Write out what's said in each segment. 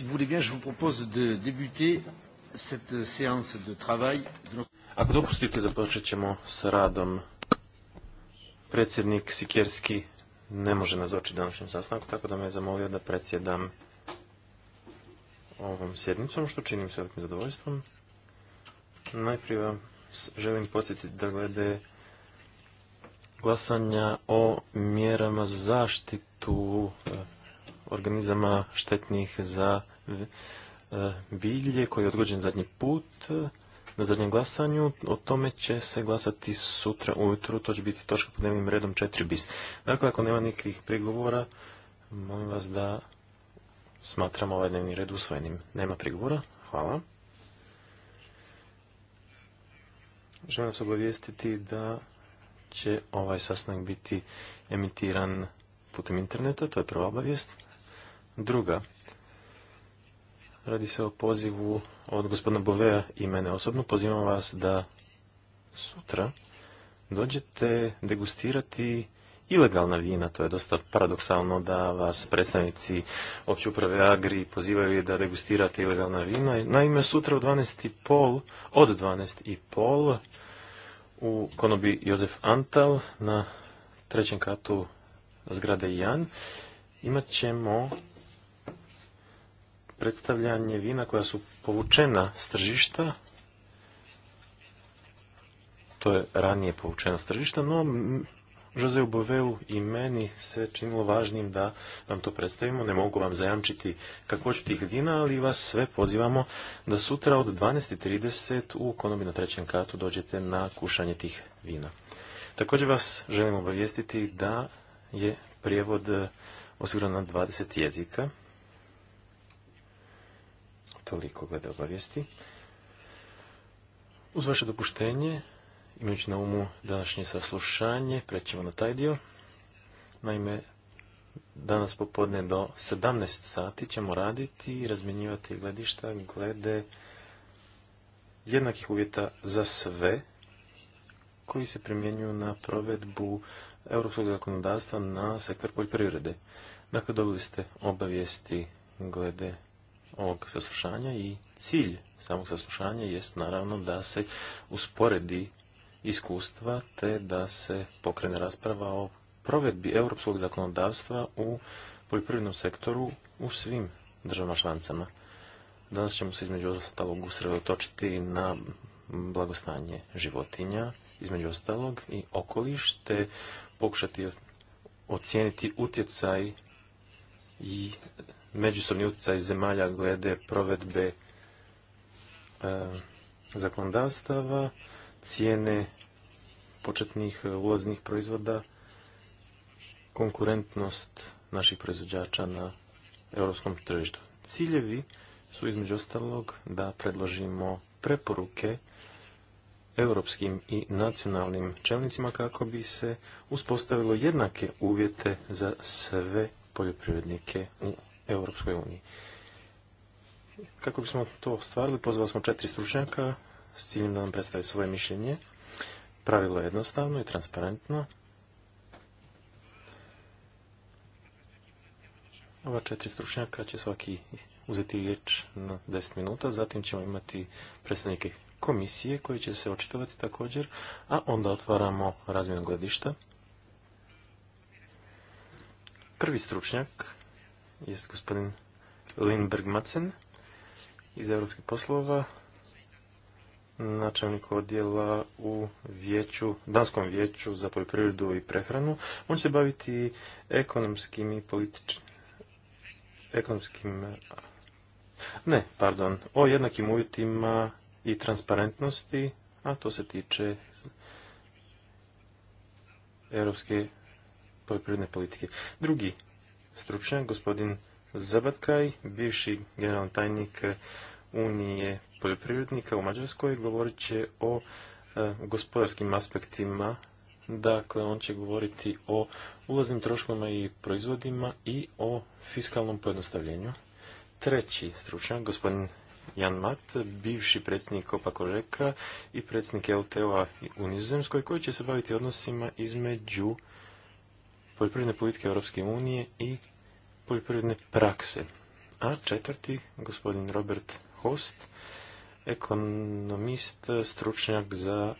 Si vous voulez bien, je vous propose de débuter Ako dopustite, započet ćemo sa radom. Predsjednik Sikerski ne može nazočiti današnjem sastanku, tako da me je zamolio da predsjedam ovom sjednicom, što činim s velikim zadovoljstvom. Najprije vam želim podsjetiti da glede glasanja o mjerama zaštitu organizama štetnih za e, bilje koji je odgođen zadnji put e, na zadnjem glasanju. O tome će se glasati sutra ujutru. To će biti točka pod dnevnim redom 4 bis. Dakle, ako nema nikakvih prigovora, molim vas da smatramo ovaj dnevni red usvojenim. Nema prigovora. Hvala. Želim vas obavijestiti da će ovaj sastanak biti emitiran putem interneta, to je prva obavijest. Druga, radi se o pozivu od gospodina Bovea i mene osobno. Pozivam vas da sutra dođete degustirati ilegalna vina. To je dosta paradoksalno da vas predstavnici opće uprave Agri pozivaju da degustirate ilegalna vina. Naime, sutra u 12.30, od 12.30 u konobi Jozef Antal na trećem katu zgrade Jan imat ćemo predstavljanje vina koja su povučena s tržišta, to je ranije povučeno s tržišta, no u Boveu i meni se činilo važnim da vam to predstavimo. Ne mogu vam zajamčiti kako ću tih vina, ali vas sve pozivamo da sutra od 12.30 u konobi na trećem katu dođete na kušanje tih vina. Također vas želim obavijestiti da je prijevod eh, osiguran na 20 jezika. Toliko glede obavijesti. Uz vaše dopuštenje, imajući na umu današnje saslušanje, prećemo na taj dio. Naime, danas popodne do 17 sati ćemo raditi i razmjenjivati gledišta glede jednakih uvjeta za sve koji se primjenjuju na provedbu europskog zakonodavstva na sektor poljoprivrede. Dakle, dobili ste obavijesti glede ovog saslušanja i cilj samog saslušanja jest naravno da se usporedi iskustva te da se pokrene rasprava o provedbi europskog zakonodavstva u poljoprivrednom sektoru u svim državama članicama. Danas ćemo se između ostalog usredotočiti na blagostanje životinja, između ostalog i okoliš, te pokušati ocijeniti utjecaj i međusobni utjecaj zemalja glede provedbe e, zakonodavstava, cijene početnih e, ulaznih proizvoda, konkurentnost naših proizvođača na europskom tržištu. Ciljevi su između ostalog da predložimo preporuke europskim i nacionalnim čelnicima kako bi se uspostavilo jednake uvjete za sve poljoprivrednike u Europskoj uniji. Kako bismo to ostvarili, pozvali smo četiri stručnjaka s ciljem da nam predstavi svoje mišljenje. Pravilo je jednostavno i transparentno. Ova četiri stručnjaka će svaki uzeti riječ na 10 minuta, zatim ćemo imati predstavnike komisije koji će se očitovati također, a onda otvaramo razmjenu gledišta. Prvi stručnjak jest gospodin Lindberg Macen iz Europskih poslova, načelnik odjela u vijeću, Danskom vijeću za poljoprivredu i prehranu. On će se baviti ekonomskim i političnim ekonomskim ne, pardon, o jednakim uvjetima i transparentnosti, a to se tiče europske poljoprivredne politike. Drugi stručnjak, gospodin Zabatkaj, bivši generalni tajnik Unije poljoprivrednika u Mađarskoj, govorit će o e, gospodarskim aspektima. Dakle, on će govoriti o ulaznim troškovima i proizvodima i o fiskalnom pojednostavljenju. Treći stručnjak, gospodin Jan Mat, bivši predsjednik OPAKO i predsjednik LTO-a u Nizozemskoj, koji će se baviti odnosima između poljoprivredne politike Europske unije i poljoprivredne prakse. A četvrti, gospodin Robert Host, ekonomist, stručnjak za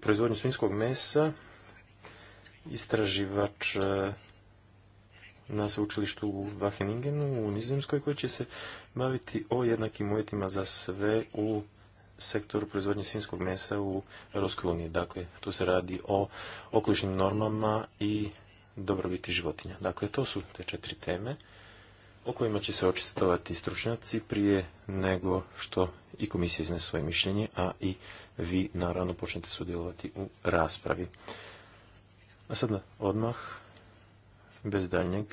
proizvodnju svinskog mesa, istraživač e, na sveučilištu u Vaheningenu u Nizozemskoj koji će se baviti o jednakim uvjetima za sve u sektoru proizvodnje svinjskog mesa u Europskoj uniji. Dakle, tu se radi o okolišnim normama i dobrobiti životinja. Dakle, to su te četiri teme o kojima će se očitovati stručnjaci prije nego što i komisija izne svoje mišljenje, a i vi naravno počnete sudjelovati u raspravi. A sad odmah, bez daljnjeg,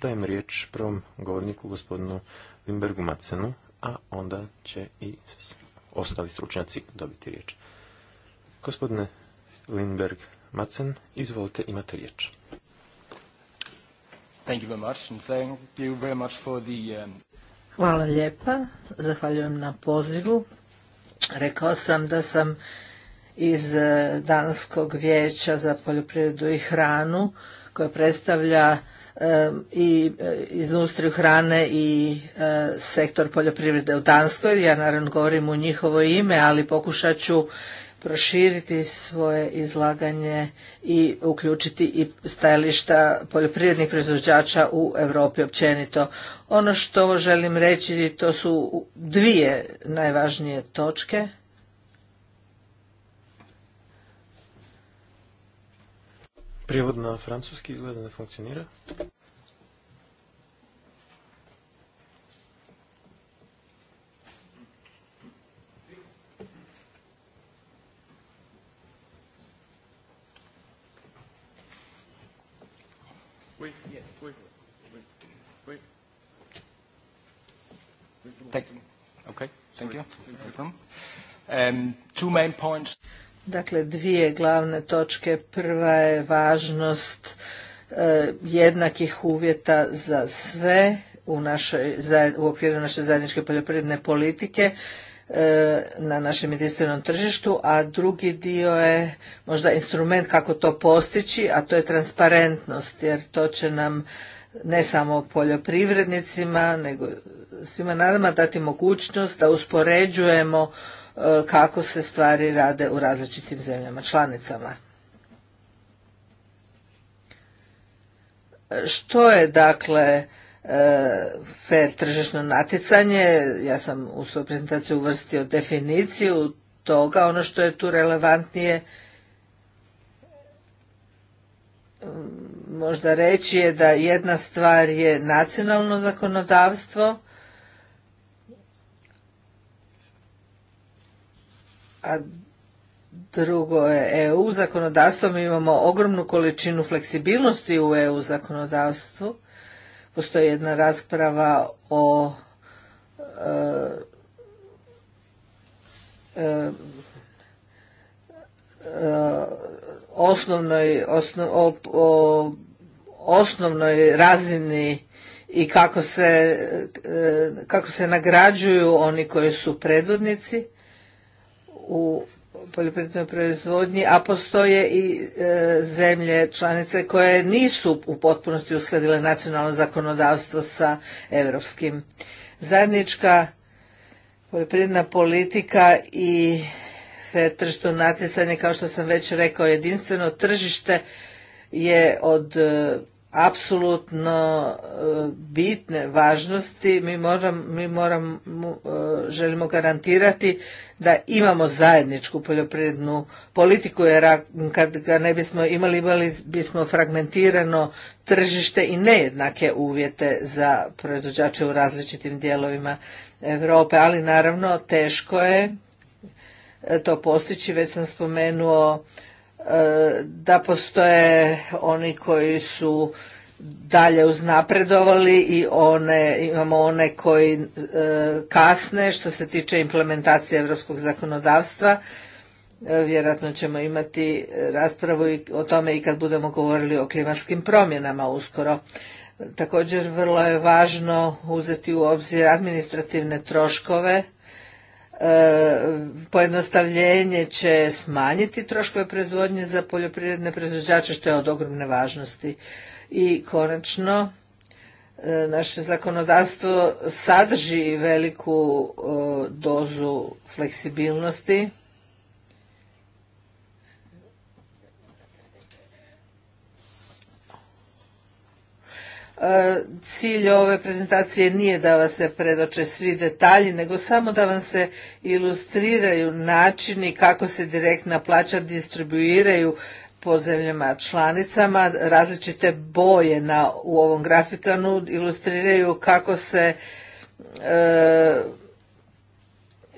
dajem riječ prvom govorniku gospodinu Limbergu Macenu, a onda će i ostali stručnjaci dobiti riječ. Gospodine Lindberg Macen, izvolite, imate riječ. Thank you Hvala lijepa, zahvaljujem na pozivu. Rekao sam da sam iz eh, Danskog vijeća za poljoprivredu i hranu koje predstavlja i e, industriju hrane i e, sektor poljoprivrede u Danskoj. Ja naravno govorim u njihovo ime, ali pokušat ću proširiti svoje izlaganje i uključiti i stajališta poljoprivrednih proizvođača u Europi općenito. Ono što želim reći to su dvije najvažnije točke. Prijevod na francuski izgleda da funkcionira. Okay, thank you. Um, two main points. Dakle, dvije glavne točke. Prva je važnost e, jednakih uvjeta za sve u, našoj, u okviru naše zajedničke poljoprivredne politike e, na našem jedinstvenom tržištu, a drugi dio je možda instrument kako to postići, a to je transparentnost, jer to će nam ne samo poljoprivrednicima, nego svima nadama dati mogućnost da uspoređujemo E, kako se stvari rade u različitim zemljama članicama. Što je dakle e, fair tržišno natjecanje? Ja sam u svoju prezentaciju uvrstio definiciju toga. Ono što je tu relevantnije možda reći je da jedna stvar je nacionalno zakonodavstvo a drugo je EU zakonodavstvo. Mi imamo ogromnu količinu fleksibilnosti u EU zakonodavstvu. Postoji jedna rasprava o e, e, e, osnovnoj, osnovnoj razini i kako se, kako se nagrađuju oni koji su predvodnici u poljoprivrednoj proizvodnji, a postoje i e, zemlje članice koje nisu u potpunosti uskladile nacionalno zakonodavstvo sa europskim. Zajednička poljoprivredna politika i tržišno natjecanje, kao što sam već rekao, jedinstveno tržište je od e, apsolutno e, bitne važnosti. Mi, moram, želimo garantirati da imamo zajedničku poljoprivrednu politiku jer kad ga ne bismo imali imali bismo fragmentirano tržište i nejednake uvjete za proizvođače u različitim dijelovima Europe, ali naravno teško je e, to postići, već sam spomenuo e, da postoje oni koji su dalje uznapredovali i one, imamo one koji e, kasne što se tiče implementacije europskog zakonodavstva. E, vjerojatno ćemo imati raspravu o tome i kad budemo govorili o klimatskim promjenama uskoro. Također vrlo je važno uzeti u obzir administrativne troškove. E, pojednostavljenje će smanjiti troškove proizvodnje za poljoprivredne proizvođače što je od ogromne važnosti i konačno e, naše zakonodavstvo sadrži veliku e, dozu fleksibilnosti e, Cilj ove prezentacije nije da vas se predoče svi detalji, nego samo da vam se ilustriraju načini kako se direktna plaća distribuiraju po zemljama članicama. Različite boje na, u ovom grafikanu ilustriraju kako se e,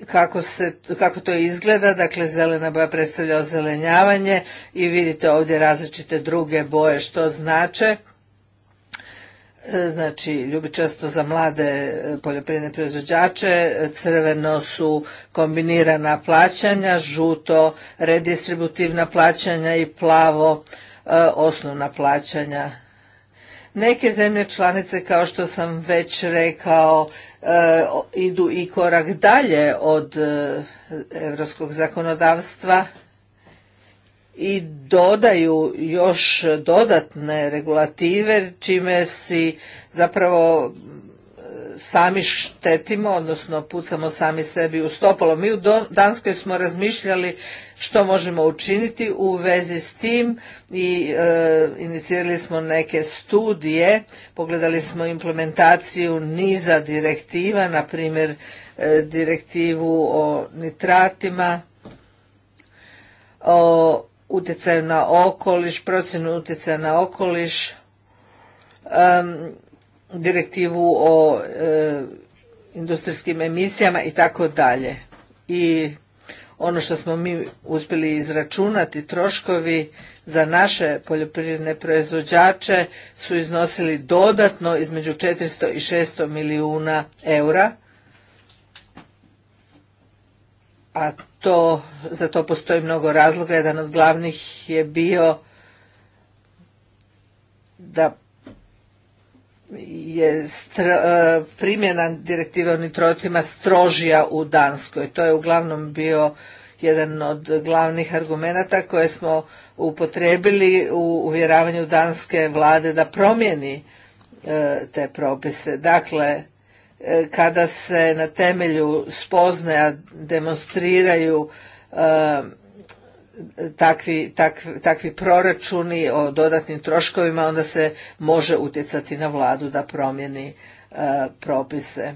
kako, se, kako to izgleda, dakle zelena boja predstavlja ozelenjavanje i vidite ovdje različite druge boje što znače. E, znači često za mlade e, poljoprivredne proizvođače, crveno su kombinirana plaćanja, žuto redistributivna plaćanja i plavo e, osnovna plaćanja. Neke zemlje članice, kao što sam već rekao, idu i korak dalje od europskog zakonodavstva i dodaju još dodatne regulative čime si zapravo e, sami štetimo, odnosno pucamo sami sebi u stopalo. Mi u Danskoj smo razmišljali što možemo učiniti u vezi s tim i e, inicirali smo neke studije, pogledali smo implementaciju niza direktiva, na primjer e, direktivu o nitratima, o utjecaju na okoliš, procjenu utjecaja na okoliš, direktivu o eh, industrijskim emisijama i tako dalje. I ono što smo mi uspjeli izračunati, troškovi za naše poljoprivredne proizvođače su iznosili dodatno između 400 i 600 milijuna eura a to, za to postoji mnogo razloga. Jedan od glavnih je bio da je e, primjena direktive o nitrotima strožija u Danskoj. To je uglavnom bio jedan od glavnih argumenata koje smo upotrebili u uvjeravanju danske vlade da promijeni e, te propise. Dakle, E, kada se na temelju spoznaja demonstriraju e, takvi, takvi, takvi proračuni o dodatnim troškovima onda se može utjecati na vladu da promjeni e, propise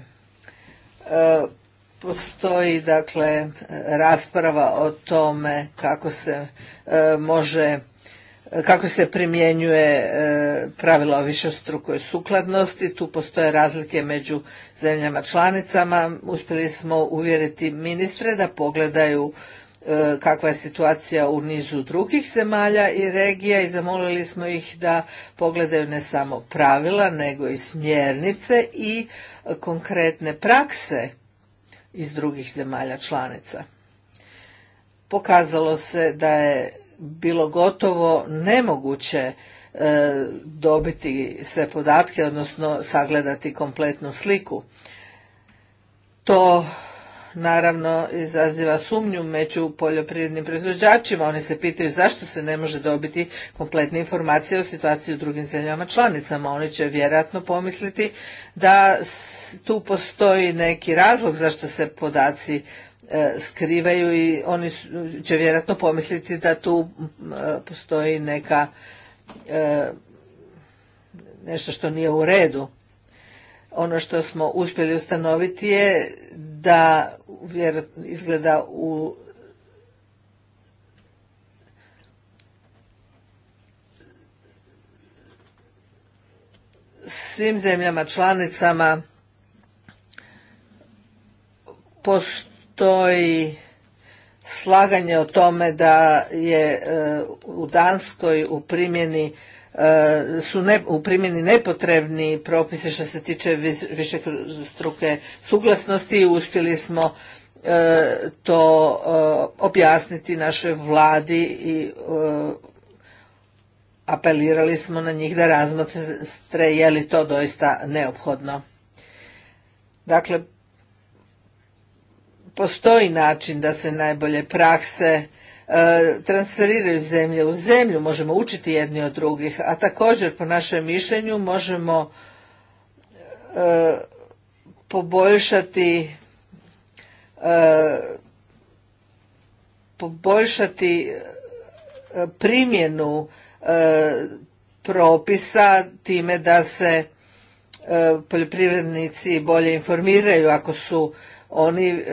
postoji dakle rasprava o tome kako se može kako se primjenjuje e, pravila o višestrukoj sukladnosti. Tu postoje razlike među zemljama članicama. Uspjeli smo uvjeriti ministre da pogledaju e, kakva je situacija u nizu drugih zemalja i regija i zamolili smo ih da pogledaju ne samo pravila nego i smjernice i konkretne prakse iz drugih zemalja članica. Pokazalo se da je bilo gotovo nemoguće e, dobiti sve podatke, odnosno sagledati kompletnu sliku. To naravno izaziva sumnju među poljoprivrednim proizvođačima. Oni se pitaju zašto se ne može dobiti kompletne informacije o situaciji u drugim zemljama članicama. Oni će vjerojatno pomisliti da tu postoji neki razlog zašto se podaci E, skrivaju i oni će vjerojatno pomisliti da tu e, postoji neka e, nešto što nije u redu. Ono što smo uspjeli ustanoviti je da vjerojatno izgleda u svim zemljama članicama postoji to je slaganje o tome da je e, u Danskoj u primjeni e, su ne, u primjeni nepotrebni propisi što se tiče više struke suglasnosti i uspjeli smo e, to objasniti našoj vladi i apelirali smo na njih da razmotre je li to doista neophodno. Dakle, postoji način da se najbolje prakse e, transferiraju zemlje u zemlju, možemo učiti jedni od drugih, a također po našem mišljenju možemo e, poboljšati e, poboljšati primjenu propisa time da se poljoprivrednici bolje informiraju ako su oni e,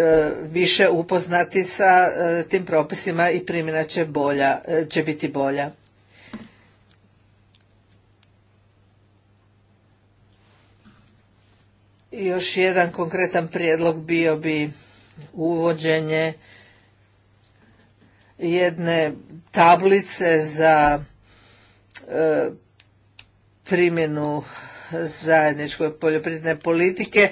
više upoznati sa e, tim propisima i primjena će, bolja, e, će biti bolja. još jedan konkretan prijedlog bio bi uvođenje jedne tablice za primjenu zajedničke poljoprivredne politike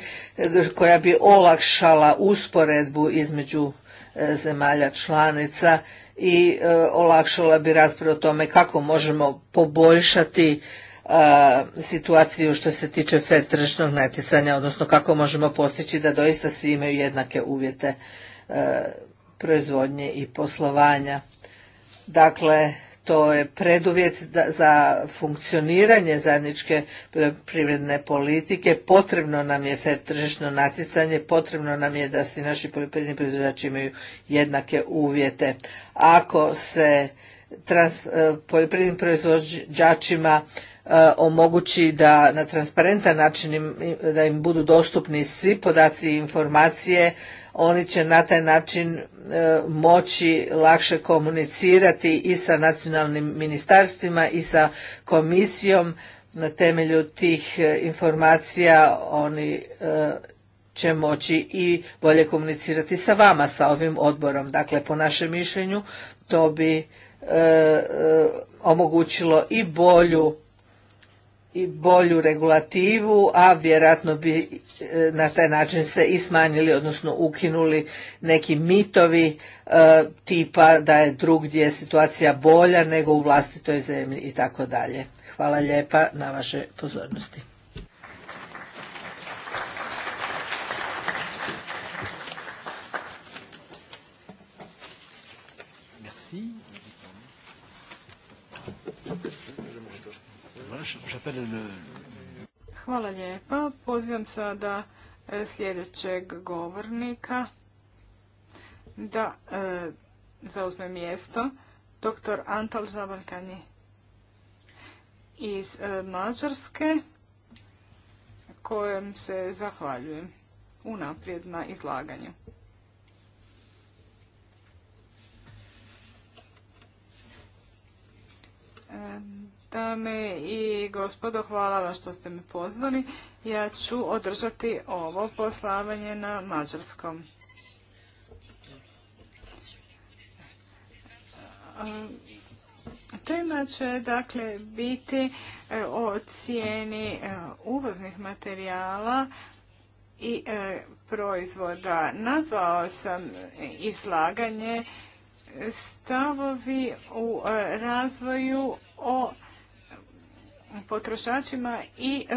koja bi olakšala usporedbu između e, zemalja članica i e, olakšala bi raspravu o tome kako možemo poboljšati e, situaciju što se tiče fer tržišnog natjecanja, odnosno kako možemo postići da doista svi imaju jednake uvjete proizvodnje i poslovanja. Dakle, to je preduvjet za funkcioniranje zajedničke privredne politike, potrebno nam je fer tržišno natjecanje, potrebno nam je da svi naši poljoprivredni proizvođači imaju jednake uvjete. Ako se e, poljoprivrednim proizvođačima e, omogući da na transparentan način da im budu dostupni svi podaci i informacije oni će na taj način e, moći lakše komunicirati i sa nacionalnim ministarstvima i sa komisijom na temelju tih e, informacija oni e, će moći i bolje komunicirati sa vama sa ovim odborom dakle po našem mišljenju to bi omogućilo i bolju i bolju regulativu, a vjerojatno bi e, na taj način se i smanjili, odnosno ukinuli neki mitovi e, tipa da je drugdje situacija bolja nego u vlastitoj zemlji i tako dalje. Hvala lijepa na vaše pozornosti. Hvala lijepa. Pozivam sada e, sljedećeg govornika da e, zauzme mjesto. Dr. Antal Žabalkani iz e, Mađarske kojem se zahvaljujem unaprijed na izlaganju. Dame i gospodo, hvala vam što ste me pozvali. Ja ću održati ovo poslavanje na mađarskom. E, tema će dakle biti e, o cijeni e, uvoznih materijala i proizvoda. Nazvao sam izlaganje stavovi u razvoju o potrošačima i e,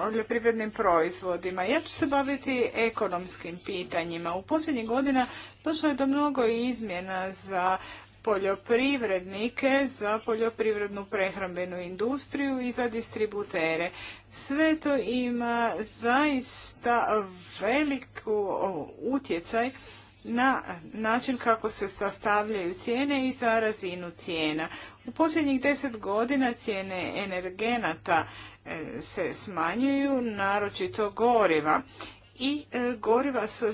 poljoprivrednim proizvodima. Ja ću se baviti ekonomskim pitanjima. U posljednjih godina došlo je do mnogo izmjena za poljoprivrednike, za poljoprivrednu prehrambenu industriju i za distributere. Sve to ima zaista veliku utjecaj na način kako se sastavljaju cijene i za razinu cijena. U posljednjih deset godina cijene energenata e, se smanjuju, naročito goriva. I e, goriva se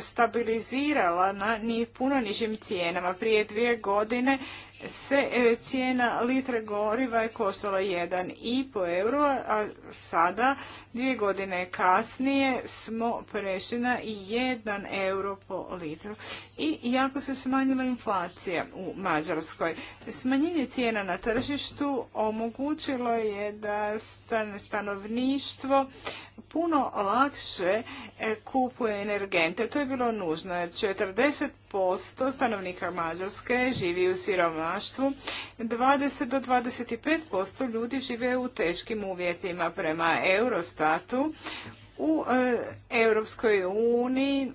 stabilizirala na puno nižim cijenama. Prije dvije godine se e, cijena litre goriva je kostala 1,5 euro, a sada Dvije godine kasnije smo prešli na 1 euro po litru i jako se smanjila inflacija u Mađarskoj. Smanjenje cijena na tržištu omogućilo je da stanovništvo puno lakše e, kupuje energente. To je bilo nužno jer 40% stanovnika Mađarske živi u siromaštvu, 20 do 25% ljudi žive u teškim uvjetima prema Eurostatu rezultatu u e, Europskoj uniji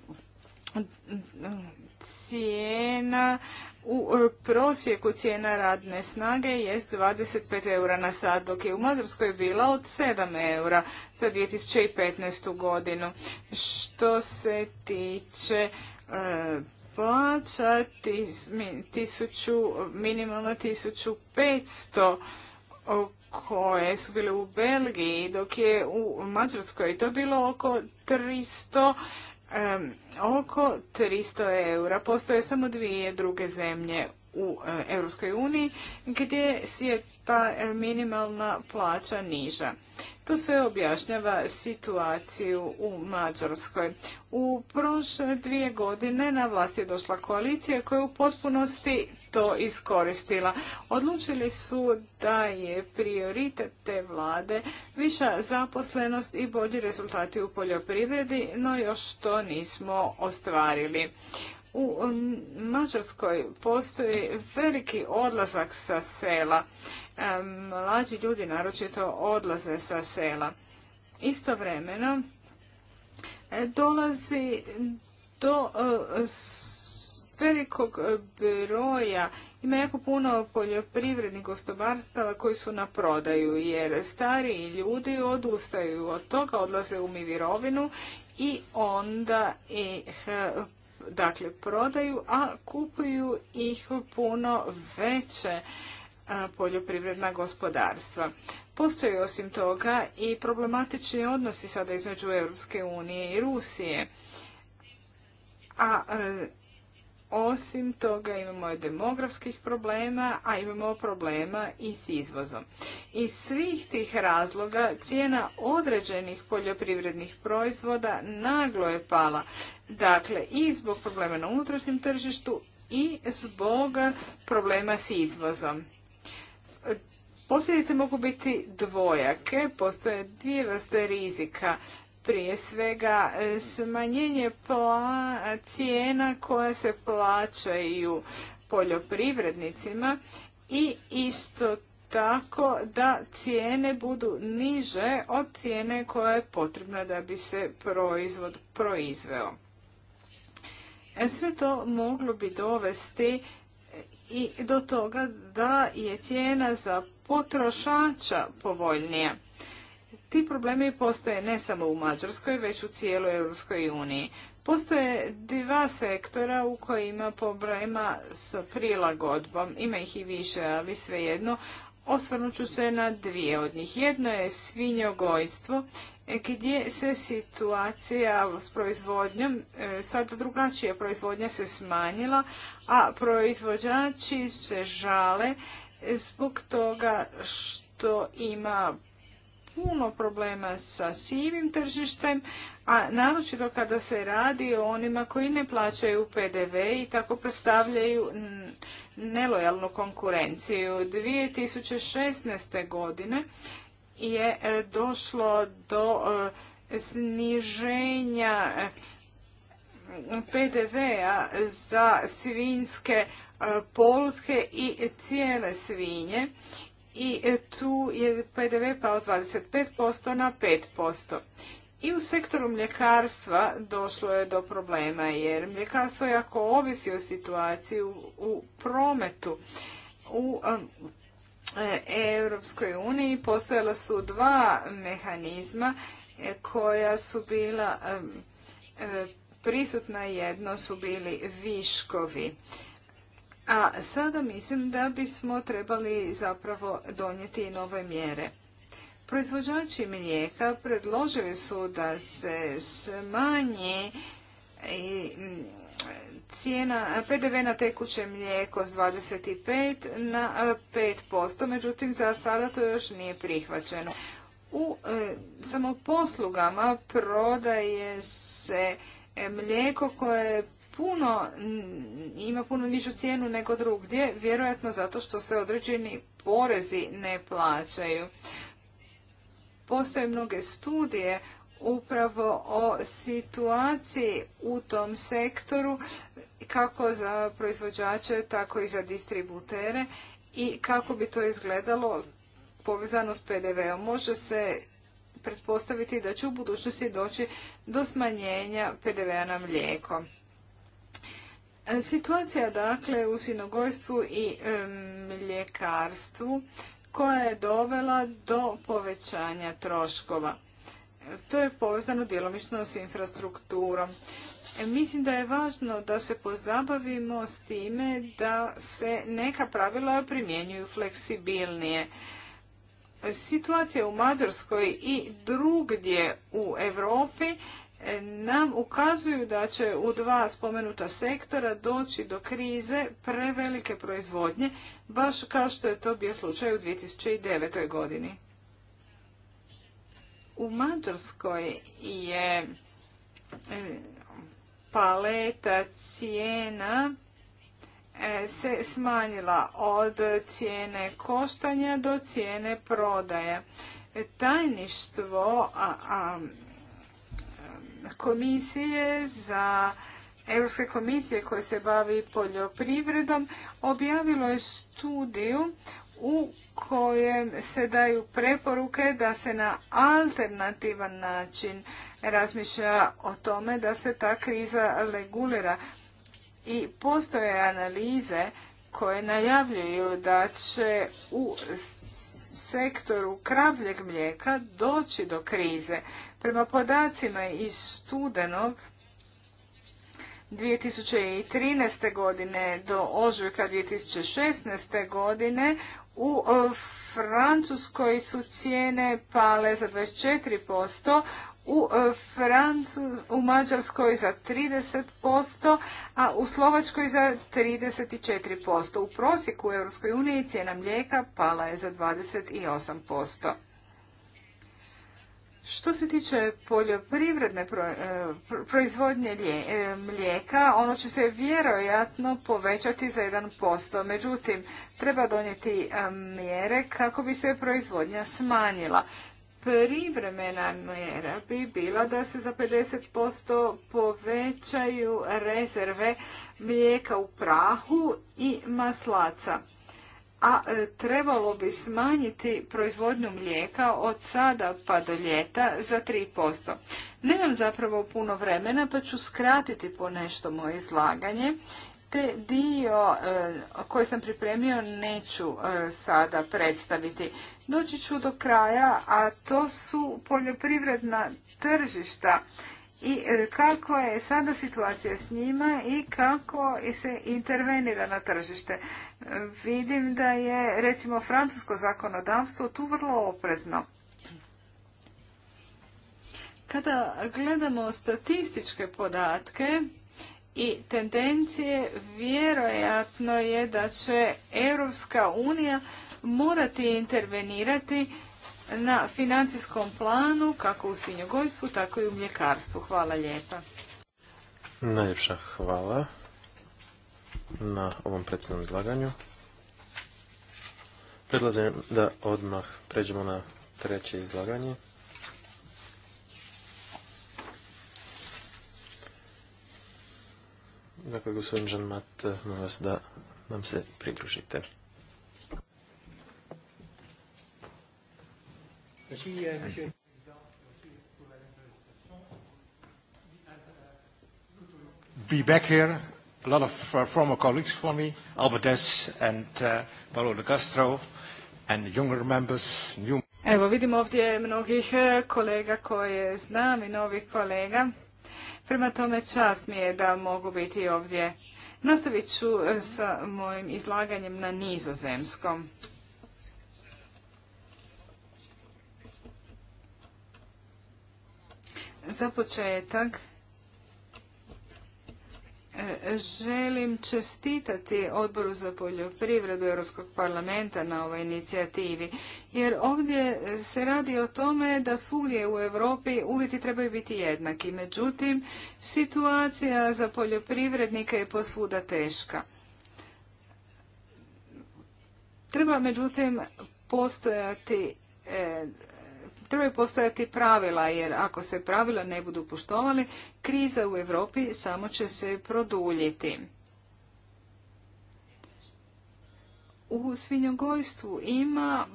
cijena u e, prosjeku cijena radne snage je 25 eura na sat, dok je u Mađarskoj bila od 7 eura za 2015. godinu. Što se tiče e, plaća, minimalno 1500 eura koje su bile u Belgiji, dok je u Mađarskoj to bilo oko 300 oko 300 eura. Postoje samo dvije druge zemlje u e, Europskoj uniji gdje je ta e, minimalna plaća niža. To sve objašnjava situaciju u Mađarskoj. U prošle dvije godine na vlast je došla koalicija koja je u potpunosti to iskoristila. Odlučili su da je prioritet te vlade viša zaposlenost i bolji rezultati u poljoprivredi, no još to nismo ostvarili. U Mađarskoj postoji veliki odlazak sa sela. Mlađi ljudi naročito odlaze sa sela. Istovremeno e, dolazi do e, velikog e, broja. Ima jako puno poljoprivrednih gostobarstava koji su na prodaju, jer stariji ljudi odustaju od toga, odlaze u mirovinu i onda ih e, dakle, prodaju, a kupuju ih puno veće e, poljoprivredna gospodarstva. Postoji osim toga i problematični odnosi sada između Europske unije i Rusije. A osim toga imamo i demografskih problema, a imamo problema i s izvozom. Iz svih tih razloga cijena određenih poljoprivrednih proizvoda naglo je pala. Dakle, i zbog problema na unutrašnjem tržištu i zbog problema s izvozom. Posljedice mogu biti dvojake, postoje dvije vrste rizika prije svega e, smanjenje cijena koja se plaćaju poljoprivrednicima i isto tako da cijene budu niže od cijene koja je potrebna da bi se proizvod proizveo. E, sve to moglo bi dovesti e, i do toga da je cijena za potrošača povoljnija. Ti problemi postoje ne samo u Mađarskoj, već u cijeloj Europskoj uniji. Postoje dva sektora u kojima problema s prilagodbom, ima ih i više, ali svejedno, osvrnut ću se na dvije od njih. Jedno je svinjogojstvo, gdje se situacija s proizvodnjom, e, sad drugačije proizvodnja se smanjila, a proizvođači se žale zbog toga što ima puno problema sa sivim tržištem, a naročito kada se radi o onima koji ne plaćaju PDV i tako predstavljaju nelojalnu konkurenciju. 2016. godine je e, došlo do e, sniženja e, pdv za svinske polutke i cijele svinje i e, tu je PDV pao s 25% na 5%. I u sektoru mljekarstva došlo je do problema jer mljekarstvo jako ovisi o situaciji u, prometu. U um, e, Europskoj uniji postojala su dva mehanizma e, koja su bila um, prisutna jedno su bili viškovi a sada mislim da bismo trebali zapravo donijeti i nove mjere. Proizvođači mlijeka predložili su da se smanji e, cijena PDV na tekuće mlijeko s 25 na 5%, međutim za sada to još nije prihvaćeno. U e, samoposlugama prodaje se mlijeko koje je puno, ima puno nižu cijenu nego drugdje, vjerojatno zato što se određeni porezi ne plaćaju. Postoje mnoge studije upravo o situaciji u tom sektoru kako za proizvođače, tako i za distributere i kako bi to izgledalo povezano s PDV-om. Može se pretpostaviti da će u budućnosti doći do smanjenja PDV-a na mlijeko. Situacija dakle u sinogojstvu i mljekarstvu koja je dovela do povećanja troškova. To je povezano djelomično s infrastrukturom. E, mislim da je važno da se pozabavimo s time da se neka pravila primjenjuju fleksibilnije. Situacija u Mađarskoj i drugdje u Europi nam ukazuju da će u dva spomenuta sektora doći do krize prevelike proizvodnje, baš kao što je to bio slučaj u 2009. godini. U Mađarskoj je e, paleta cijena e, se smanjila od cijene koštanja do cijene prodaje. E, tajništvo a komisije za Europske komisije koje se bavi poljoprivredom objavilo je studiju u kojem se daju preporuke da se na alternativan način razmišlja o tome da se ta kriza regulira. I postoje analize koje najavljuju da će u sektoru kravljeg mlijeka doći do krize Prema podacima iz studenog 2013. godine do ožujka 2016. godine u e, Francuskoj su cijene pale za 24%, u, e, Francu, u Mađarskoj za 30%, a u Slovačkoj za 34%. U prosjeku u EU cijena mlijeka pala je za 28%. Što se tiče poljoprivredne e, proizvodnje e, mlijeka, ono će se vjerojatno povećati za 1%. Međutim, treba donijeti e, mjere kako bi se proizvodnja smanjila. Privremena mjera bi bila da se za 50% povećaju rezerve mlijeka u prahu i maslaca a e, trebalo bi smanjiti proizvodnju mlijeka od sada pa do ljeta za 3%. Nemam zapravo puno vremena pa ću skratiti po nešto moje izlaganje. Te dio e, koji sam pripremio neću e, sada predstaviti. Doći ću do kraja, a to su poljoprivredna tržišta i e, kako je sada situacija s njima i kako se intervenira na tržište. E, vidim da je recimo francusko zakonodavstvo tu vrlo oprezno. Kada gledamo statističke podatke i tendencije, vjerojatno je da će Europska unija morati intervenirati na financijskom planu, kako u svinjogojstvu, tako i u mljekarstvu. Hvala lijepa. Najljepša hvala na ovom predsjednom izlaganju. Predlažem da odmah pređemo na treće izlaganje. Dakle, gospodin Žanmat, molim vas da nam se pridružite. Merci, euh, monsieur. Be back here. A lot of uh, former colleagues for me, Albertes and uh, Paolo de Castro, and younger members, new... Evo, vidimo ovdje mnogih e, kolega koje znam i novih kolega. Prema tome čast mi je da mogu biti ovdje. Nastavit ću e, sa mojim izlaganjem na nizozemskom. Za početak e, želim čestitati Odboru za poljoprivredu Europskog parlamenta na ovoj inicijativi, jer ovdje se radi o tome da svugdje u Europi uvjeti trebaju biti jednaki. Međutim, situacija za poljoprivrednike je posvuda teška. Treba međutim postojati e, Trebaju postojati pravila, jer ako se pravila ne budu poštovali, kriza u Europi samo će se produljiti. U svinjogojstvu ima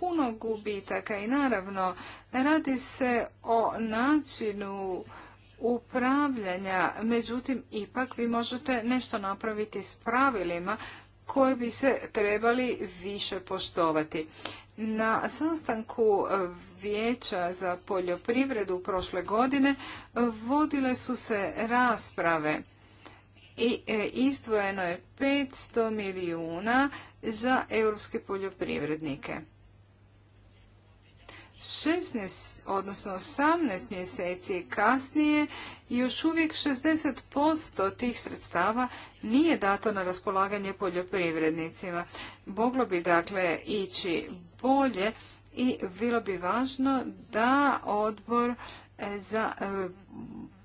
puno gubitaka i naravno radi se o načinu upravljanja, međutim ipak vi možete nešto napraviti s pravilima koji bi se trebali više poštovati. Na sastanku vijeća za poljoprivredu prošle godine vodile su se rasprave i e, izdvojeno je 500 milijuna za europske poljoprivrednike. 16, odnosno 18 mjeseci kasnije još uvijek 60% tih sredstava nije dato na raspolaganje poljoprivrednicima. Moglo bi dakle ići bolje i bilo bi važno da odbor e, za e,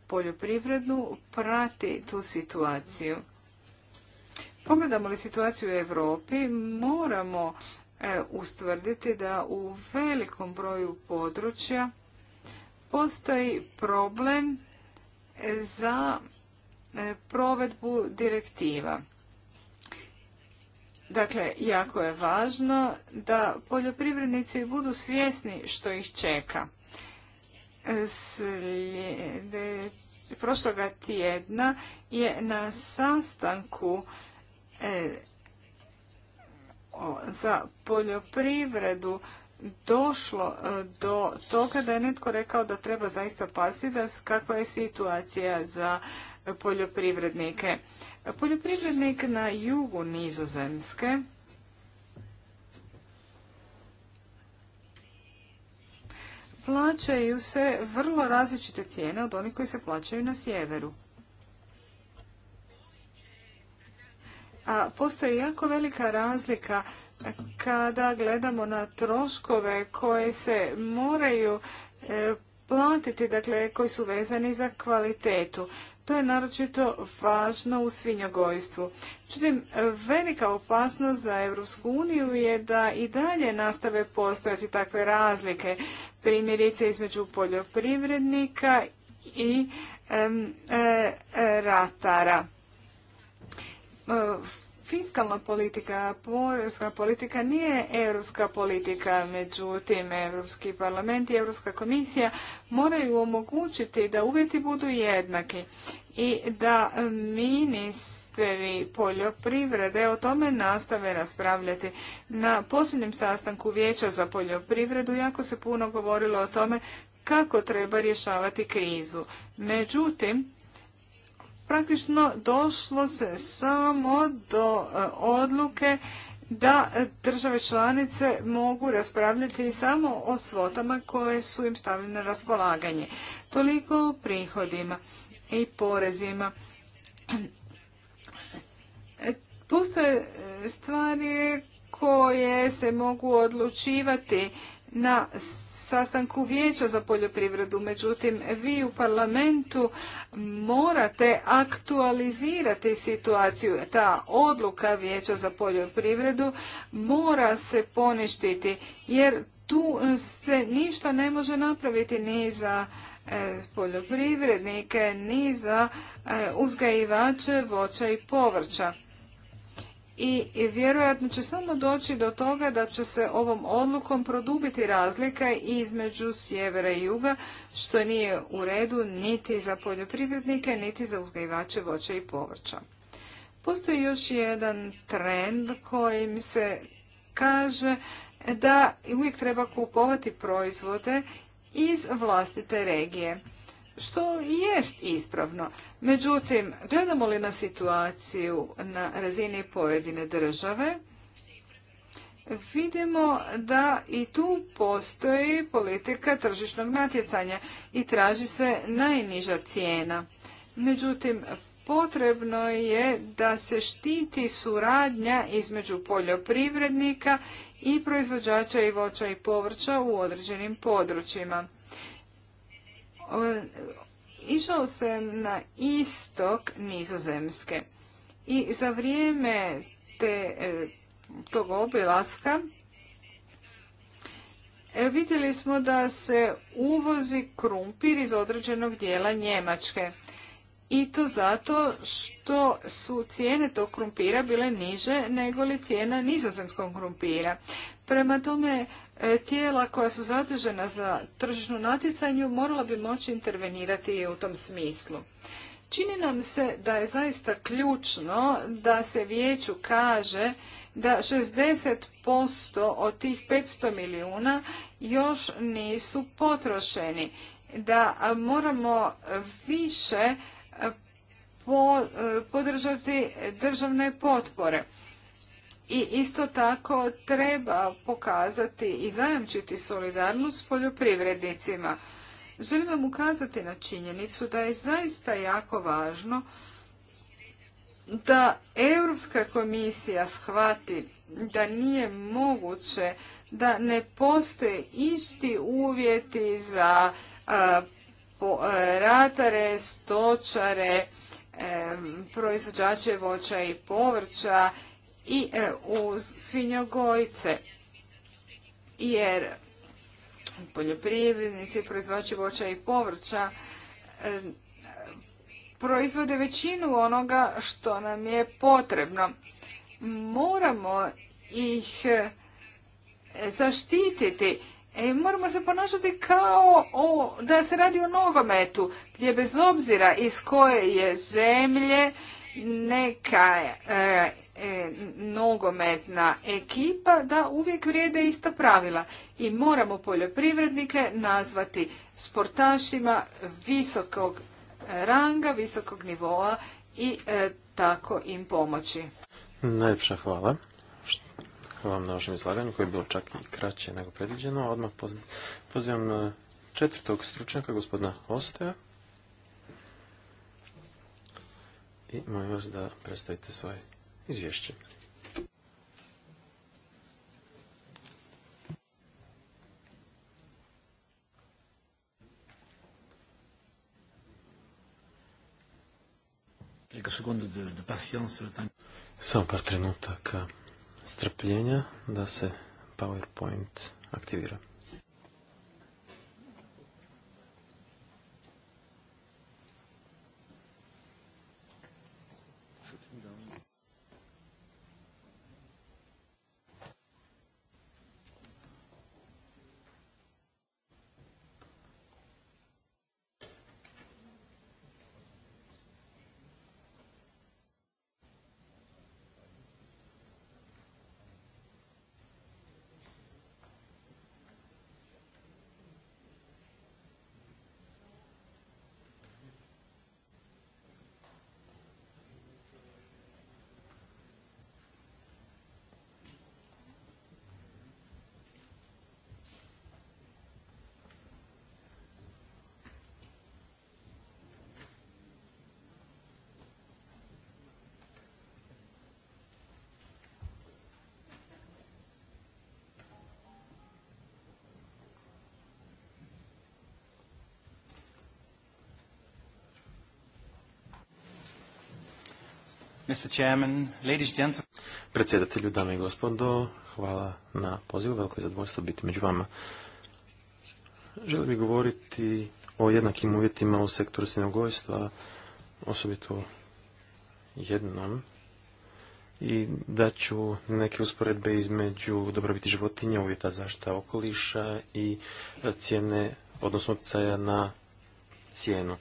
poljoprivredu prati tu situaciju. Pogledamo li situaciju u Europi, moramo e, ustvrditi da u velikom broju područja postoji problem za provedbu direktiva. Dakle, jako je važno da poljoprivrednici budu svjesni što ih čeka. Slijede, prošloga tjedna je na sastanku e, o, za poljoprivredu došlo e, do toga da je netko rekao da treba zaista paziti kakva je situacija za poljoprivrednike. Poljoprivrednik na jugu Nizozemske plaćaju se vrlo različite cijene od onih koji se plaćaju na sjeveru. A postoji jako velika razlika kada gledamo na troškove koje se moraju e, platiti, dakle koji su vezani za kvalitetu. To je naročito važno u svinjogojstvu. Međutim, velika opasnost za Europsku uniju je da i dalje nastave postojati takve razlike, primjerice između poljoprivrednika i e, e, ratara. E, fiskalna politika, porezna politika nije europska politika, međutim Europski parlament i Europska komisija moraju omogućiti da uvjeti budu jednaki i da ministri poljoprivrede o tome nastave raspravljati. Na posljednjem sastanku Vijeća za poljoprivredu jako se puno govorilo o tome kako treba rješavati krizu. Međutim, praktično došlo se samo do e, odluke da države članice mogu raspravljati samo o svotama koje su im stavljene na raspolaganje. Toliko o prihodima i porezima. E, postoje e, stvari koje se mogu odlučivati na sastanku vijeća za poljoprivredu. Međutim, vi u parlamentu morate aktualizirati situaciju. Ta odluka vijeća za poljoprivredu mora se poništiti jer tu se ništa ne može napraviti ni za e, poljoprivrednike, ni za e, uzgajivače voća i povrća i vjerojatno će samo doći do toga da će se ovom odlukom produbiti razlika između sjevera i juga, što nije u redu niti za poljoprivrednike, niti za uzgajivače voća i povrća. Postoji još jedan trend kojim se kaže da uvijek treba kupovati proizvode iz vlastite regije što jest ispravno. Međutim, gledamo li na situaciju na razini pojedine države, vidimo da i tu postoji politika tržišnog natjecanja i traži se najniža cijena. Međutim, potrebno je da se štiti suradnja između poljoprivrednika i proizvođača i voća i povrća u određenim područjima išao sam na istok nizozemske i za vrijeme te, e, tog obilaska e, vidjeli smo da se uvozi krumpir iz određenog dijela Njemačke. I to zato što su cijene tog krumpira bile niže nego li cijena nizozemskog krumpira. Prema tome, E, tijela koja su zadužena za tržišno natjecanju morala bi moći intervenirati i u tom smislu. Čini nam se da je zaista ključno da se vijeću kaže da 60% od tih 500 milijuna još nisu potrošeni, da moramo više e, podržati državne potpore i isto tako treba pokazati i zajamčiti solidarnost poljoprivrednicima. Želim vam ukazati na činjenicu da je zaista jako važno da Europska komisija shvati da nije moguće da ne postoje isti uvjeti za ratare, stočare, proizvođače voća i povrća i e, uz svinjogojce. Jer poljoprivrednici, proizvođači voća i povrća e, proizvode većinu onoga što nam je potrebno. Moramo ih e, zaštititi. i moramo se ponašati kao o, da se radi o nogometu, gdje bez obzira iz koje je zemlje neka E, nogometna ekipa da uvijek vrijede ista pravila i moramo poljoprivrednike nazvati sportašima visokog ranga, visokog nivoa i e, tako im pomoći. Najljepša hvala. vam na vašem izlaganju koje je bilo čak i kraće nego predviđeno. Odmah pozivam e, četvrtog stručnjaka, gospodina Osteja. I molim vas da predstavite svoje izvješće. Samo par trenutaka strpljenja da se PowerPoint aktivira. Mr. Chairman, ladies Predsjedatelju, dame i gospodo, hvala na pozivu, veliko je zadovoljstvo biti među vama. Želim bi govoriti o jednakim uvjetima u sektoru sinogojstva, osobito jednom, i da ću neke usporedbe između dobrobiti životinja, uvjeta zašta okoliša i cijene, odnosno utjecaja na cijenu.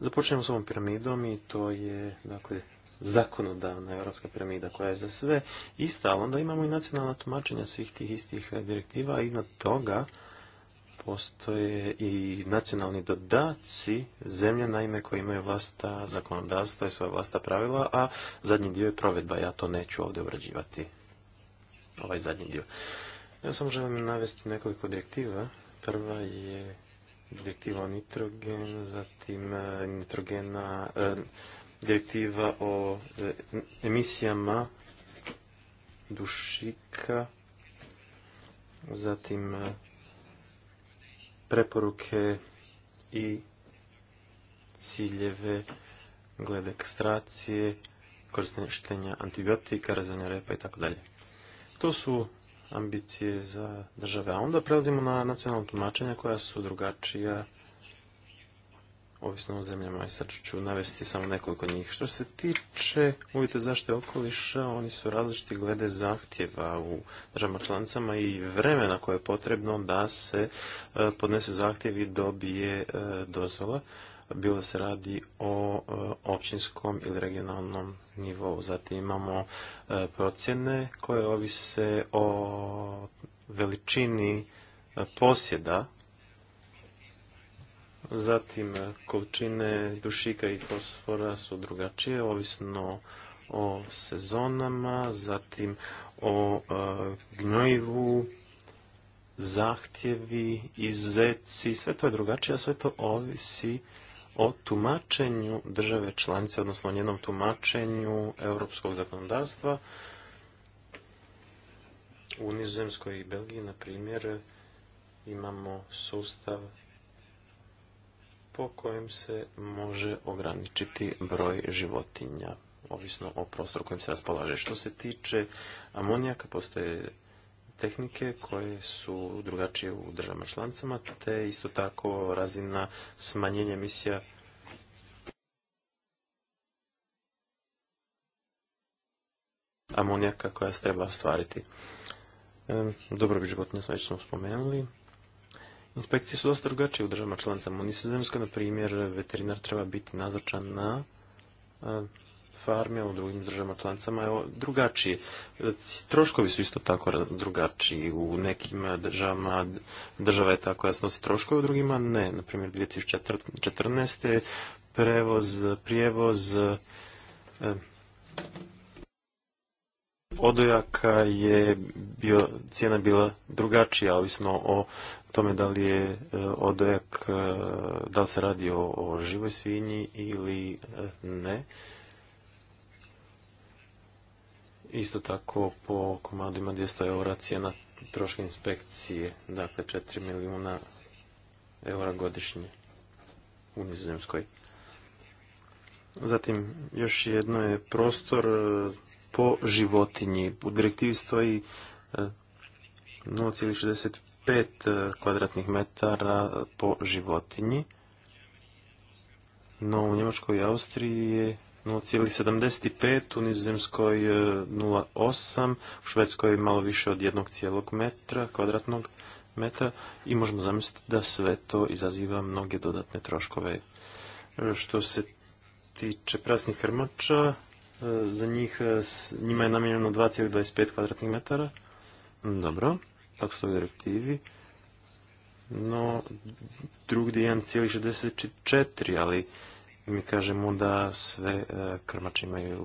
Započnemo s ovom piramidom i to je dakle zakonodavna europska piramida koja je za sve ista, ali onda imamo i nacionalna tumačenja svih tih istih direktiva, a iznad toga postoje i nacionalni dodaci zemlje, naime, koje imaju vlasta zakonodavstva i svoja vlasta pravila, a zadnji dio je provedba, ja to neću ovdje obrađivati, ovaj zadnji dio. Ja samo želim navesti nekoliko direktiva. Prva je direktiva o nitrogenu, zatim eh, nitrogena, eh, direktiva o e, emisijama dušika, zatim e, preporuke i ciljeve glede kastracije, korištenja antibiotika, razanja repa i tako dalje. To su ambicije za države. A onda prelazimo na nacionalna tumačenja koja su drugačija ovisno o zemljama i sad ću navesti samo nekoliko njih. Što se tiče uvjeta zaštite okoliša, oni su različiti glede zahtjeva u državama članicama i vremena koje je potrebno da se e, podnese zahtjev i dobije e, dozvola, bilo se radi o e, općinskom ili regionalnom nivou. Zatim imamo procjene koje ovise o veličini posjeda Zatim, e, količine dušika i fosfora su drugačije, ovisno o sezonama, zatim o e, gnojivu, zahtjevi, zeci sve to je drugačije, a sve to ovisi o tumačenju države članice, odnosno o njenom tumačenju europskog zakonodavstva. U Nizozemskoj i Belgiji, na primjer, imamo sustav po kojem se može ograničiti broj životinja, ovisno o prostoru kojim se raspolaže. Što se tiče amonijaka, postoje tehnike koje su drugačije u državama članicama, te isto tako razina smanjenja emisija amonijaka koja se treba ostvariti. E, bi životinja već smo spomenuli. Inspekcije su dosta drugačije u državama članicama. U Nizozemskoj, na primjer, veterinar treba biti nazočan na e, farme, u drugim državama članicama je drugačije. Troškovi su isto tako drugačiji. U nekim državama država je ta koja snosi troškove, u drugima ne. Na primjer, 2014. prevoz, prijevoz, e, odojaka je bio, cijena bila drugačija, ovisno o tome da li je e, odojak, e, da li se radi o, živoj svinji ili e, ne. Isto tako po komadima 200 eura cijena troške inspekcije, dakle 4 milijuna eura godišnje u Nizozemskoj. Zatim, još jedno je prostor po životinji. U direktivi stoji 0,65 e, e, kvadratnih metara po životinji, no u Njemačkoj i Austriji je 0,75, u Nizozemskoj 0,8, e, u Švedskoj malo više od cijelog metra, kvadratnog metra i možemo zamisliti da sve to izaziva mnoge dodatne troškove. Što se tiče prasnih hrmača, E, za njih, e, njima je namijenjeno 2,25 kvadratnih metara. Dobro, tako su direktivi. No, drugdje je 1,64, ali mi kažemo da sve e, krmače imaju,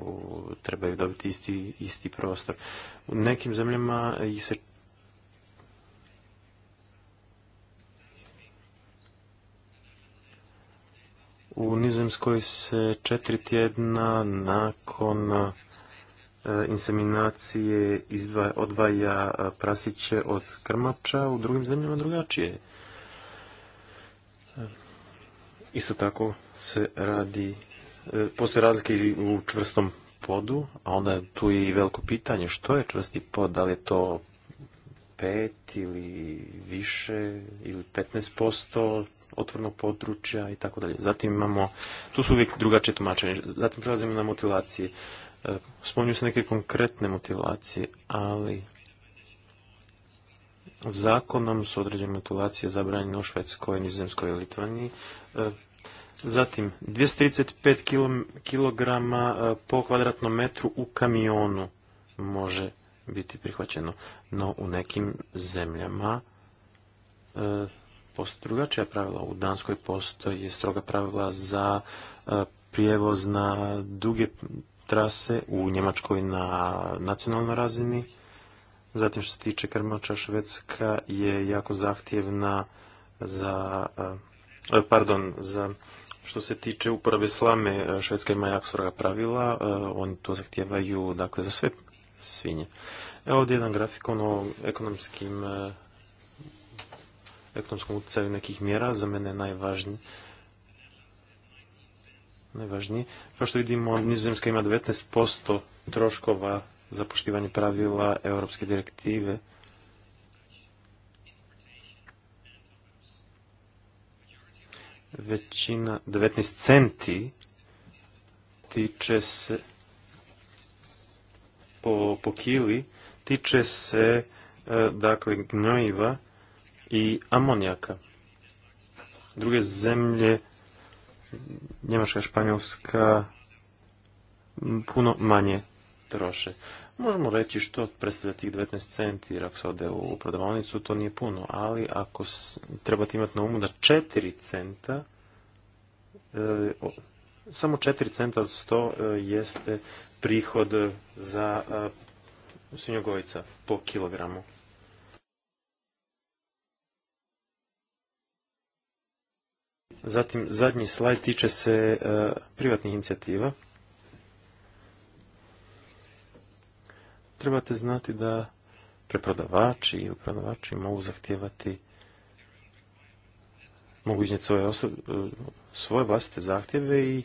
trebaju dobiti isti, isti prostor. U nekim zemljama ih se U nizemskoj se četiri tjedna nakon e, inseminacije odvaja e, prasiće od krmača, u drugim zemljama drugačije. E, isto tako se radi, postoje razlike u čvrstom podu, a onda tu je i veliko pitanje što je čvrsti pod, da li je to pet ili više ili 15%, otvornog područja i tako dalje. Zatim imamo, tu su uvijek drugačije tumačenje, zatim prelazimo na motivacije. E, spominju se neke konkretne motivacije, ali zakonom su određene motivacije zabranjene u Švedskoj, Nizozemskoj i Litvaniji. E, zatim, 235 kg e, po kvadratnom metru u kamionu može biti prihvaćeno. No, u nekim zemljama postoje drugačija pravila. U Danskoj postoje stroga pravila za e, prijevoz na duge trase, u Njemačkoj na nacionalnoj razini. Zatim što se tiče krmača, Švedska je jako zahtjevna za, e, e, pardon, za što se tiče uporabe slame, Švedska ima jako stroga pravila, oni to zahtijevaju dakle, za sve svinje. Evo ovdje jedan grafikon o ekonomskim ekonomskom utjecaju nekih mjera, za mene je najvažnije. Najvažnije. Kao što vidimo, Nizozemska ima 19% troškova za poštivanje pravila europske direktive. Većina, 19 centi tiče se po, kili, tiče se e, dakle gnojiva i amonijaka. Druge zemlje, Njemačka, Španjolska, puno manje troše. Možemo reći što predstavlja tih 19 centi, jer ako se ode u prodavalnicu, to nije puno, ali ako trebate imati na umu da 4 centa, e, samo 4 centa od 100 e, jeste prihod za e, po kilogramu. Zatim, zadnji slajd tiče se e, privatnih inicijativa. Trebate znati da preprodavači i prodavači mogu zahtijevati mogu iznijeti svoje, svoje vlastite zahtjeve i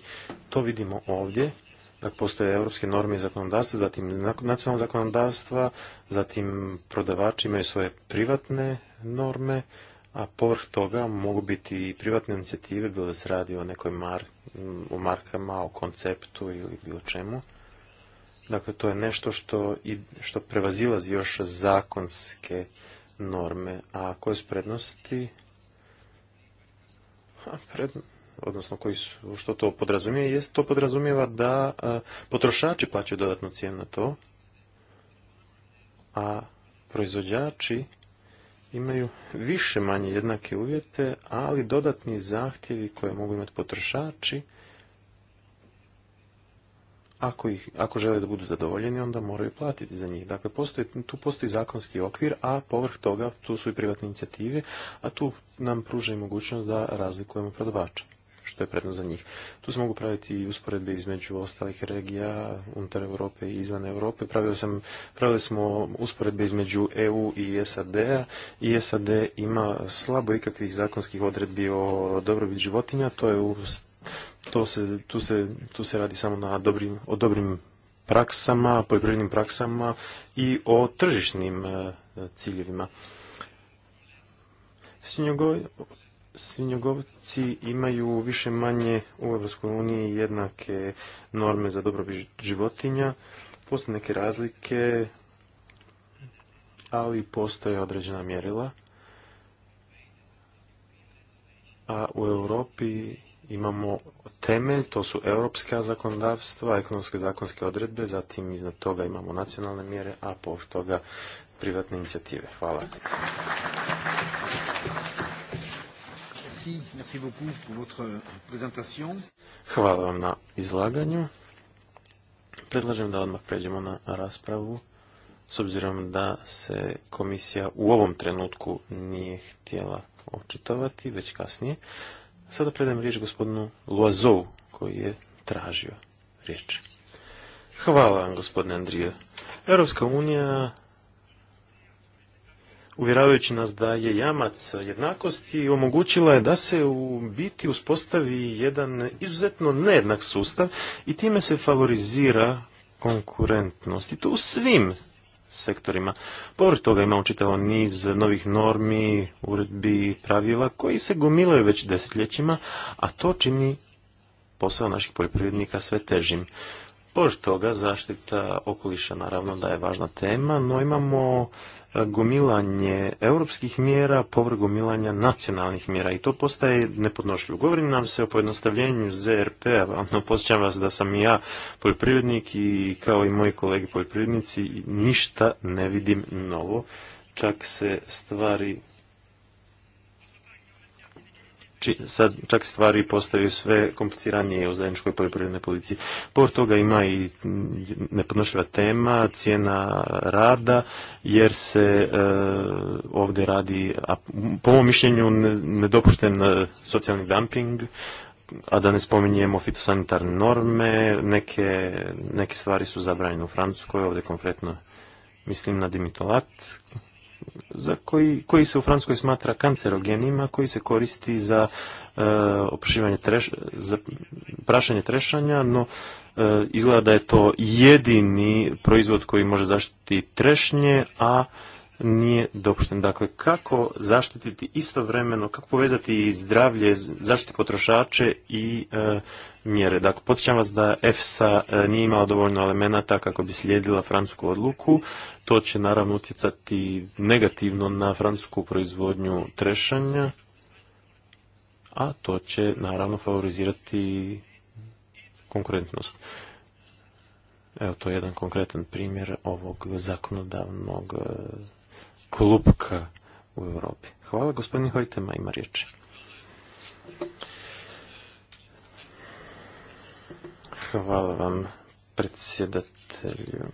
to vidimo ovdje. Dakle, postoje europske norme i zakonodavstva, zatim nacionalna zakonodavstva, zatim prodavači imaju svoje privatne norme a povrh toga mogu biti i privatne inicijative, bilo da se radi o nekoj mar, o markama, o konceptu ili bilo čemu. Dakle, to je nešto što, i, što prevazilazi još zakonske norme. A koje su prednosti? A, pred, odnosno koji što to podrazumije? Jest, to podrazumijeva da potrošači plaćaju dodatnu cijenu na to, a proizvođači imaju više manje jednake uvjete, ali dodatni zahtjevi koje mogu imati potrošači, ako, ih, ako žele da budu zadovoljeni, onda moraju platiti za njih. Dakle, postoji, tu postoji zakonski okvir, a povrh toga tu su i privatne inicijative, a tu nam pruža i mogućnost da razlikujemo prodavača što je prednost za njih. Tu se mogu praviti i usporedbe između ostalih regija unutar Europe i izvan Europe. Pravili, sam, pravili smo usporedbe između EU i SAD-a i SAD ima slabo ikakvih zakonskih odredbi o dobrobit životinja. To je to se, tu, se, tu se radi samo na dobrim, o dobrim praksama, poljoprivrednim praksama i o tržišnim e, ciljevima svinjogovci imaju više manje u Europskoj uniji jednake norme za dobrobit životinja. Postoje neke razlike, ali postoje određena mjerila. A u Europi imamo temelj, to su europska zakonodavstva, ekonomske zakonske odredbe, zatim iznad toga imamo nacionalne mjere, a pošto toga privatne inicijative. Hvala. Euh, Hvala vam na izlaganju. Predlažem da odmah pređemo na raspravu, s obzirom da se komisija u ovom trenutku nije htjela očitovati, već kasnije. Sada predajem riječ gospodinu Loazovu, koji je tražio riječ. Hvala vam, gospodine Andrije. Europska unija uvjeravajući nas da je jamac jednakosti, omogućila je da se u biti uspostavi jedan izuzetno nejednak sustav i time se favorizira konkurentnost. I to u svim sektorima. Povrh toga imamo čitavo niz novih normi, uredbi, pravila koji se gomilaju već desetljećima, a to čini posao naših poljoprivrednika sve težim. Pored toga, zaštita okoliša naravno da je važna tema, no imamo e, gomilanje europskih mjera povr gomilanja nacionalnih mjera i to postaje nepodnošljivo. Govori nam se o pojednostavljenju ZRP-a, no posjećam vas da sam i ja poljoprivrednik i kao i moji kolegi poljoprivrednici ništa ne vidim novo. Čak se stvari sad čak stvari postaju sve kompliciranije u zajedničkoj poljoprivrednoj politici. Povr toga ima i nepodnošljiva tema, cijena rada, jer se e, ovdje radi, a po mom mišljenju, nedopušten e, socijalni dumping, a da ne spominjemo fitosanitarne norme, neke, neke stvari su zabranjene u Francuskoj, ovdje konkretno mislim na dimitolat, za koji, koji se u Francuskoj smatra kancerogenima, koji se koristi za e, treš, za prašanje trešanja, no e, izgleda da je to jedini proizvod koji može zaštiti trešnje, a nije dopušten. Dakle, kako zaštititi istovremeno, kako povezati i zdravlje, zaštiti potrošače i e, mjere. Dakle, podsjećam vas da EFSA e, nije imala dovoljno elemenata kako bi slijedila francusku odluku. To će naravno utjecati negativno na francusku proizvodnju trešanja, a to će naravno favorizirati konkurentnost. Evo, to je jedan konkretan primjer ovog zakonodavnog e, klupka u Europi. Hvala, gospodin Hojtema ima riječ. Hvala vam, predsjedatelju.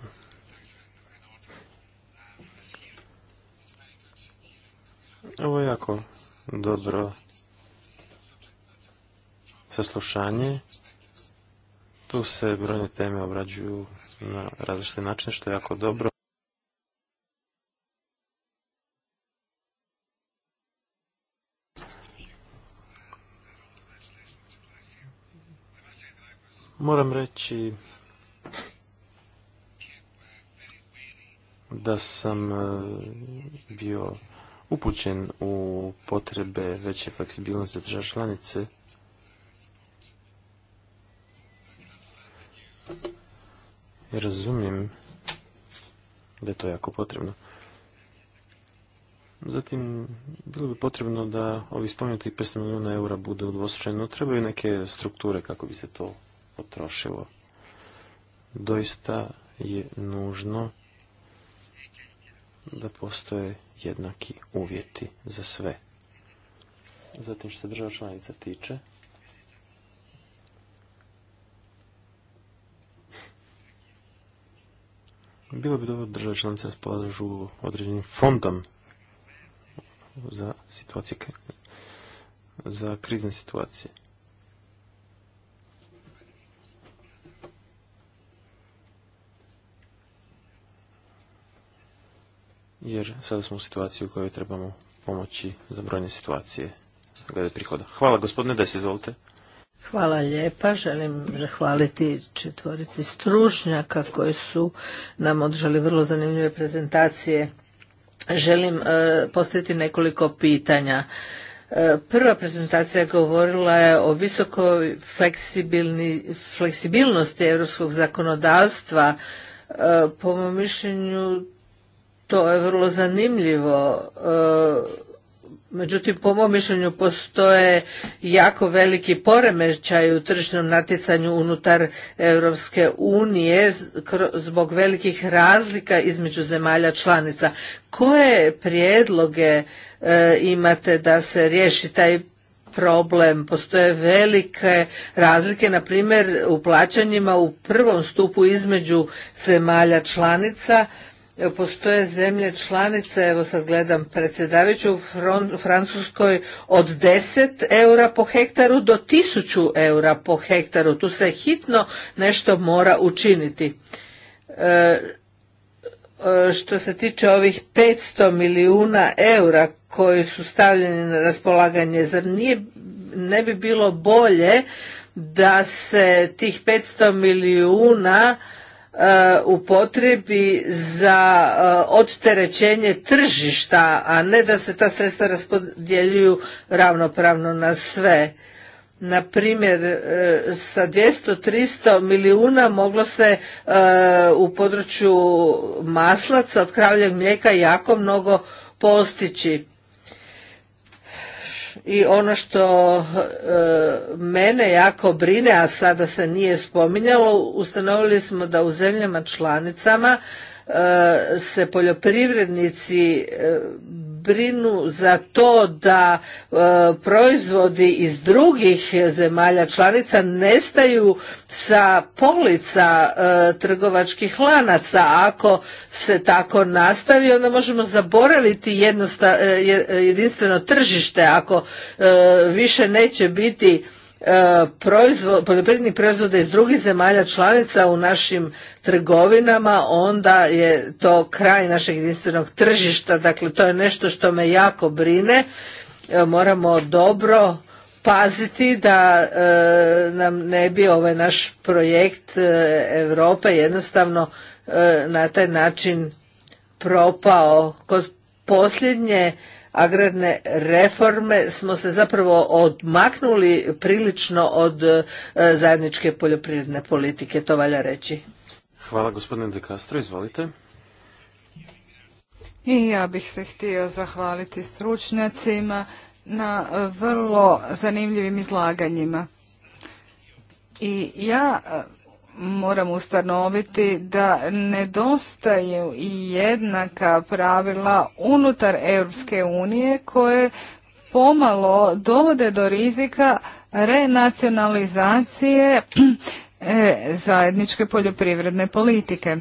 Ovo je jako dobro saslušanje. Tu se brojne teme obrađuju na različite načine, što je jako dobro. Moram reći da sam e, bio upućen u potrebe veće fleksibilnosti država članice. razumijem da je to jako potrebno. Zatim, bilo bi potrebno da ovi spomenuti 500 milijuna eura bude udvostručeno, no trebaju neke strukture kako bi se to potrošilo. Doista je nužno da postoje jednaki uvjeti za sve. Zatim što se država članica tiče, bilo bi dobro da države članice raspolažu određenim fondom za situacije za krizne situacije. jer sada smo u situaciji u kojoj trebamo pomoći za brojne situacije glede prihoda. Hvala gospodine se izvolite. Hvala lijepa. Želim zahvaliti četvorici stručnjaka koji su nam održali vrlo zanimljive prezentacije. Želim e, postaviti nekoliko pitanja. E, prva prezentacija govorila je o visokoj fleksibilnosti europskog zakonodavstva. E, po mom mišljenju to je vrlo zanimljivo. E, međutim, po mom mišljenju postoje jako veliki poremećaj u tržišnom natjecanju unutar Europske unije zbog velikih razlika između zemalja članica. Koje prijedloge e, imate da se riješi taj problem. Postoje velike razlike, na primjer, u plaćanjima u prvom stupu između zemalja članica Postoje zemlje članice, evo sad gledam predsjedaviću, u Francuskoj od 10 eura po hektaru do 1000 eura po hektaru. Tu se hitno nešto mora učiniti. E, e, što se tiče ovih 500 milijuna eura koji su stavljeni na raspolaganje, zar ne bi bilo bolje da se tih 500 milijuna E, u potrebi za e, odterećenje tržišta, a ne da se ta sredstva raspodjeljuju ravnopravno na sve. Na primjer, e, sa 200-300 milijuna moglo se u području maslaca od kravljeg mlijeka jako mnogo postići i ono što e, mene jako brine, a sada se nije spominjalo, ustanovili smo da u zemljama članicama se poljoprivrednici e, brinu za to da e, proizvodi iz drugih zemalja članica nestaju sa polica e, trgovačkih lanaca. Ako se tako nastavi, onda možemo zaboraviti jedinstveno tržište. Ako više neće biti E, Proizvod, poljoprivrednih proizvoda iz drugih zemalja članica u našim trgovinama, onda je to kraj našeg jedinstvenog tržišta. Dakle, to je nešto što me jako brine. E, moramo dobro paziti da e, nam ne bi ovaj naš projekt Europe jednostavno na taj način propao. Kod posljednje agrarne reforme smo se zapravo odmaknuli prilično od e, zajedničke poljoprivredne politike, to valja reći. Hvala gospodine De Castro, izvolite. I ja bih se htio zahvaliti stručnjacima na e, vrlo zanimljivim izlaganjima. I ja e, Moram ustanoviti da nedostaju i jednaka pravila unutar Europske unije koje pomalo dovode do rizika renacionalizacije e, zajedničke poljoprivredne politike.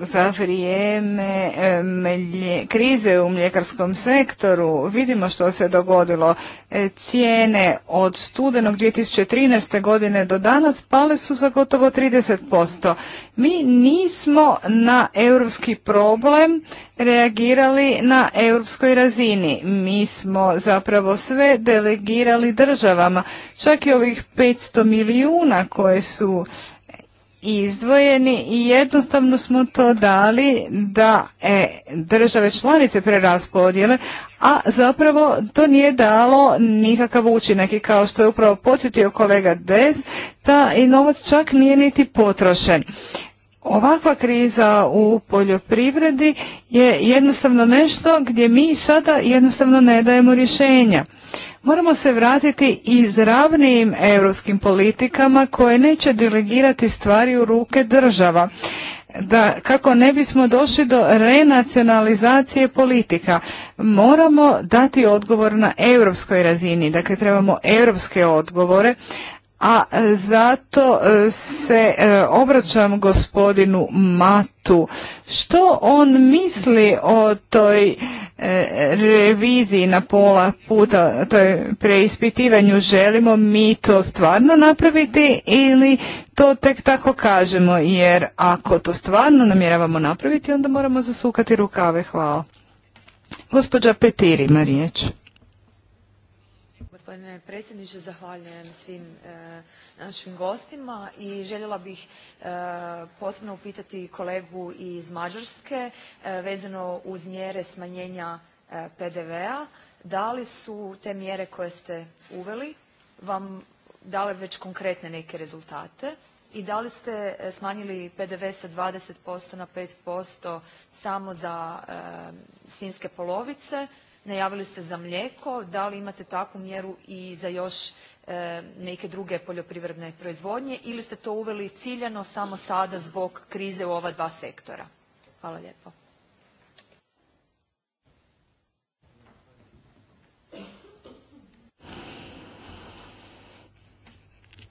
za vrijeme e, krize u mljekarskom sektoru vidimo što se dogodilo. E, cijene od studenog 2013. godine do danas pale su za gotovo 30%. Mi nismo na europski problem reagirali na europskoj razini. Mi smo zapravo sve delegirali državama. Čak i ovih 500 milijuna koje su izdvojeni i jednostavno smo to dali da e, države članice preraspodijele, a zapravo to nije dalo nikakav učinak i kao što je upravo podsjetio kolega Des, ta i novac čak nije niti potrošen. Ovakva kriza u poljoprivredi je jednostavno nešto gdje mi sada jednostavno ne dajemo rješenja. Moramo se vratiti izravnijim europskim politikama koje neće delegirati stvari u ruke država. Da kako ne bismo došli do renacionalizacije politika, moramo dati odgovor na europskoj razini. Dakle, trebamo europske odgovore, a e, zato e, se e, obraćam gospodinu Matu. Što on misli o toj reviziji na pola puta, toj preispitivanju, želimo mi to stvarno napraviti ili to tek tako kažemo, jer ako to stvarno namjeravamo napraviti, onda moramo zasukati rukave. Hvala. Gospođa Petir ima riječ. Gospodine predsjedniče, zahvaljujem svim našim gostima i željela bih e, posebno upitati kolegu iz Mađarske e, vezano uz mjere smanjenja e, PDV-a. Da li su te mjere koje ste uveli vam dale već konkretne neke rezultate i da li ste smanjili PDV sa 20% na 5% samo za svinske polovice? Najavili ste za mlijeko. Da li imate takvu mjeru i za još E, neke druge poljoprivredne proizvodnje ili ste to uveli ciljano samo sada zbog krize u ova dva sektora? Hvala lijepo.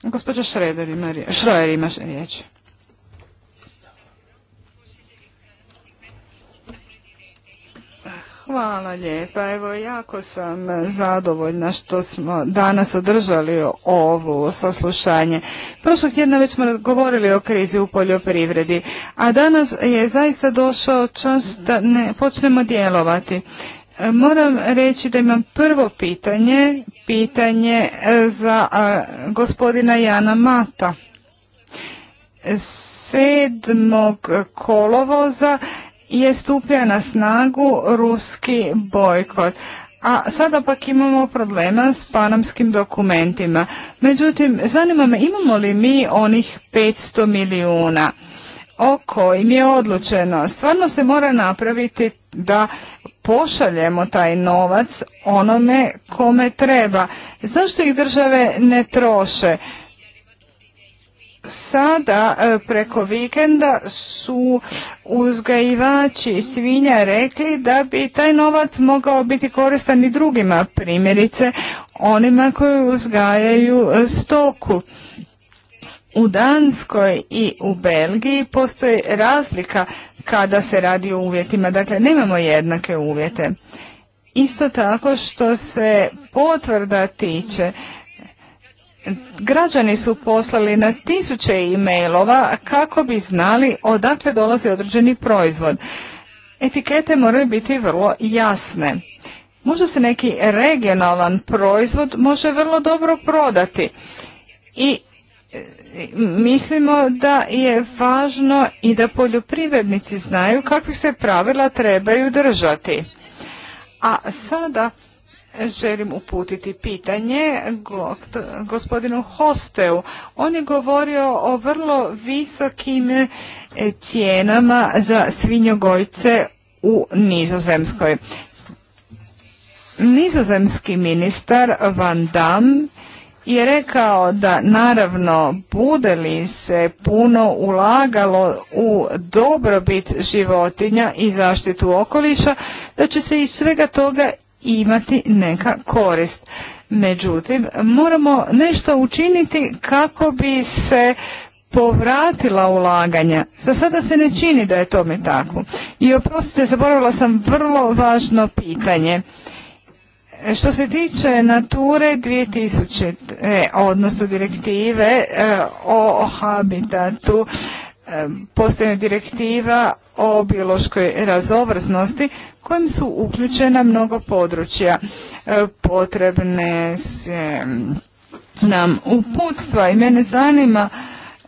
Gospođa ima riječ. Hvala lijepa. Evo jako sam zadovoljna što smo danas održali ovo saslušanje. Prošlog tjedna već smo govorili o krizi u poljoprivredi, a danas je zaista došao čas da ne počnemo djelovati. Moram reći da imam prvo pitanje, pitanje za gospodina Jana Mata. 7. kolovoza je stupio na snagu ruski bojkot. A sada pak imamo problema s panamskim dokumentima. Međutim, zanima me imamo li mi onih 500 milijuna o kojim je odlučeno. Stvarno se mora napraviti da pošaljemo taj novac onome kome treba. Zašto ih države ne troše? Sada e, preko vikenda su uzgajivači svinja rekli da bi taj novac mogao biti koristan i drugima, primjerice onima koji uzgajaju e, stoku. U Danskoj i u Belgiji postoji razlika kada se radi o uvjetima, dakle nemamo jednake uvjete. Isto tako što se potvrda tiče, Građani su poslali na tisuće e-mailova kako bi znali odakle dolazi određeni proizvod. Etikete moraju biti vrlo jasne. Možda se neki regionalan proizvod može vrlo dobro prodati i e, mislimo da je važno i da poljoprivrednici znaju kakvih se pravila trebaju držati. A sada želim uputiti pitanje gospodinu Hosteu. On je govorio o vrlo visokim e, cijenama za svinjogojce u Nizozemskoj. Nizozemski ministar Van Dam je rekao da naravno bude li se puno ulagalo u dobrobit životinja i zaštitu okoliša, da će se iz svega toga imati neka korist. Međutim, moramo nešto učiniti kako bi se povratila ulaganja. Za sada se ne čini da je tome tako. I oprostite, zaboravila sam vrlo važno pitanje. Što se tiče Nature 2000, e, odnosno direktive e, o habitatu, Postoji direktiva o biološkoj razovrsnosti kojim su uključena mnogo područja. E, potrebne se nam uputstva i mene zanima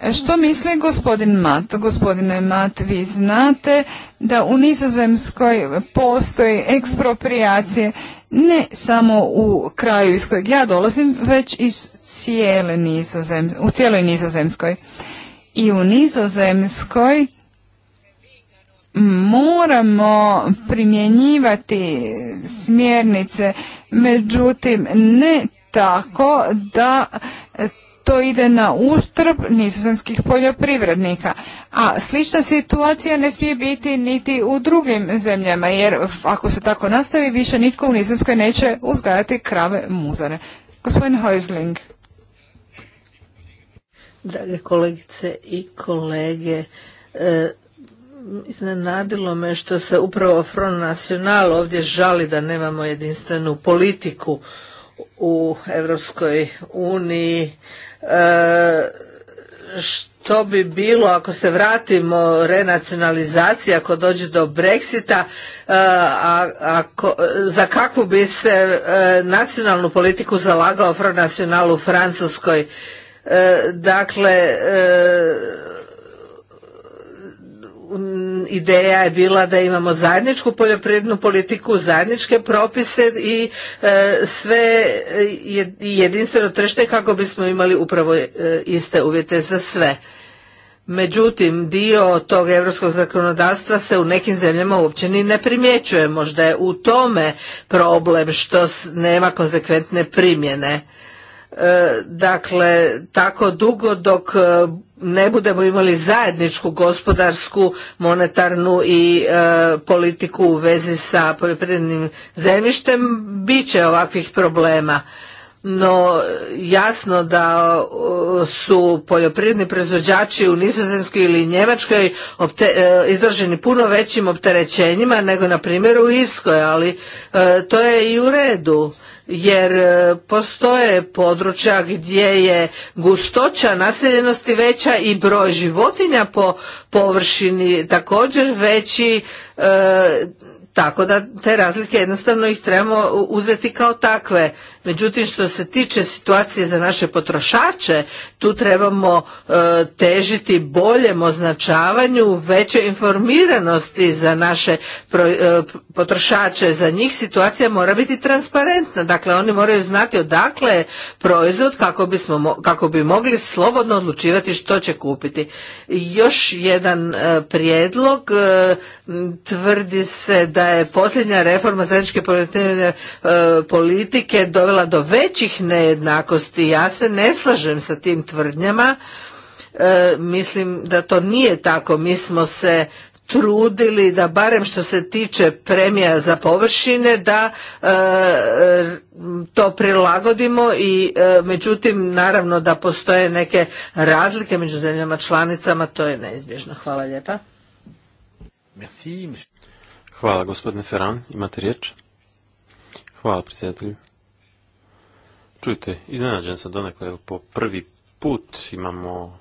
e, što misli gospodin Mat? Gospodine Mat, vi znate da u Nizozemskoj postoji ekspropriacije ne samo u kraju iz kojeg ja dolazim, već iz cijele u cijeloj Nizozemskoj i u Nizozemskoj moramo primjenjivati smjernice, međutim ne tako da to ide na uštrb nizozemskih poljoprivrednika. A slična situacija ne smije biti niti u drugim zemljama, jer ako se tako nastavi, više nitko u Nizozemskoj neće uzgajati krave muzare. Gospodin Heusling. Drage kolegice i kolege, e, iznenadilo me što se upravo Front National ovdje žali da nemamo jedinstvenu politiku u Europskoj uniji. E, što bi bilo ako se vratimo renacionalizacija, ako dođe do Brexita, e, a, za kakvu bi se nacionalnu politiku zalagao Front National u Francuskoj? E, dakle, e, ideja je bila da imamo zajedničku poljoprivrednu politiku, zajedničke propise i e, sve jedinstveno tržište kako bismo imali upravo iste uvjete za sve. Međutim, dio tog europskog zakonodavstva se u nekim zemljama uopće ni ne primjećuje. Možda je u tome problem što nema konsekventne primjene. E, dakle tako dugo dok e, ne budemo imali zajedničku gospodarsku monetarnu i e, politiku u vezi sa poljoprivrednim zemljištem bit će ovakvih problema no jasno da su poljoprivredni proizvođači u Nizozemskoj ili Njemačkoj opte, puno većim opterećenjima nego na primjer u Irskoj, ali to je i u redu jer e, postoje područja gdje je gustoća naseljenosti veća i broj životinja po površini također veći e, tako da te razlike jednostavno ih trebamo uzeti kao takve. Međutim, što se tiče situacije za naše potrošače, tu trebamo e, težiti boljem označavanju, veće informiranosti za naše e, potrošače. Za njih situacija mora biti transparentna. Dakle, oni moraju znati odakle je proizvod kako, bismo, kako bi mogli slobodno odlučivati što će kupiti. Još jedan e, prijedlog tvrdi se da da je posljednja reforma zajedničke poljoprivredne e, politike dovela do većih nejednakosti. Ja se ne slažem sa tim tvrdnjama. E, mislim da to nije tako. Mi smo se trudili da barem što se tiče premija za površine da e, to prilagodimo i međutim naravno da postoje neke razlike među zemljama članicama to je neizbježno hvala lijepa Merci. Hvala, gospodine Ferran. Imate riječ? Hvala, predsjedatelju. Čujte, iznenađen sam donekle, jer po prvi put imamo,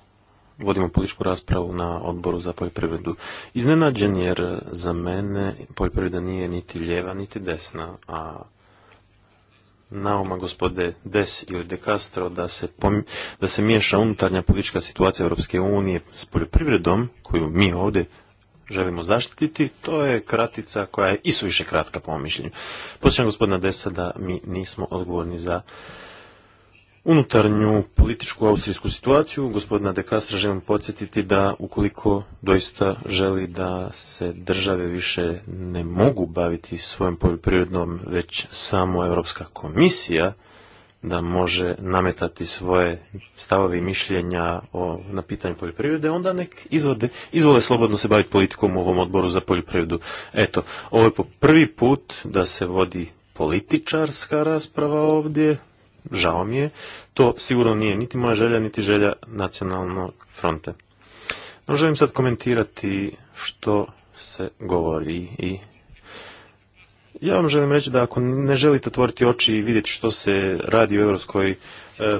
vodimo političku raspravu na odboru za poljoprivredu. Iznenađen jer za mene poljoprivreda nije niti lijeva, niti desna, a naoma gospode Des ili De Castro da se, da se miješa unutarnja politička situacija Europske unije s poljoprivredom, koju mi ovdje želimo zaštititi, to je kratica koja je više kratka po mišljenju. gospodina Desa da mi nismo odgovorni za unutarnju političku austrijsku situaciju. Gospodina De Castra želim podsjetiti da ukoliko doista želi da se države više ne mogu baviti svojom poljoprivrednom, već samo Europska komisija, da može nametati svoje stavove i mišljenja o, na pitanju poljoprivrede, onda nek izvode, izvole slobodno se baviti politikom u ovom odboru za poljoprivredu. Eto, ovo je po prvi put da se vodi političarska rasprava ovdje, žao mi je, to sigurno nije niti moja želja, niti želja nacionalnog fronte. No, želim sad komentirati što se govori i ja vam želim reći da ako ne želite otvoriti oči i vidjeti što se radi u europskoj e,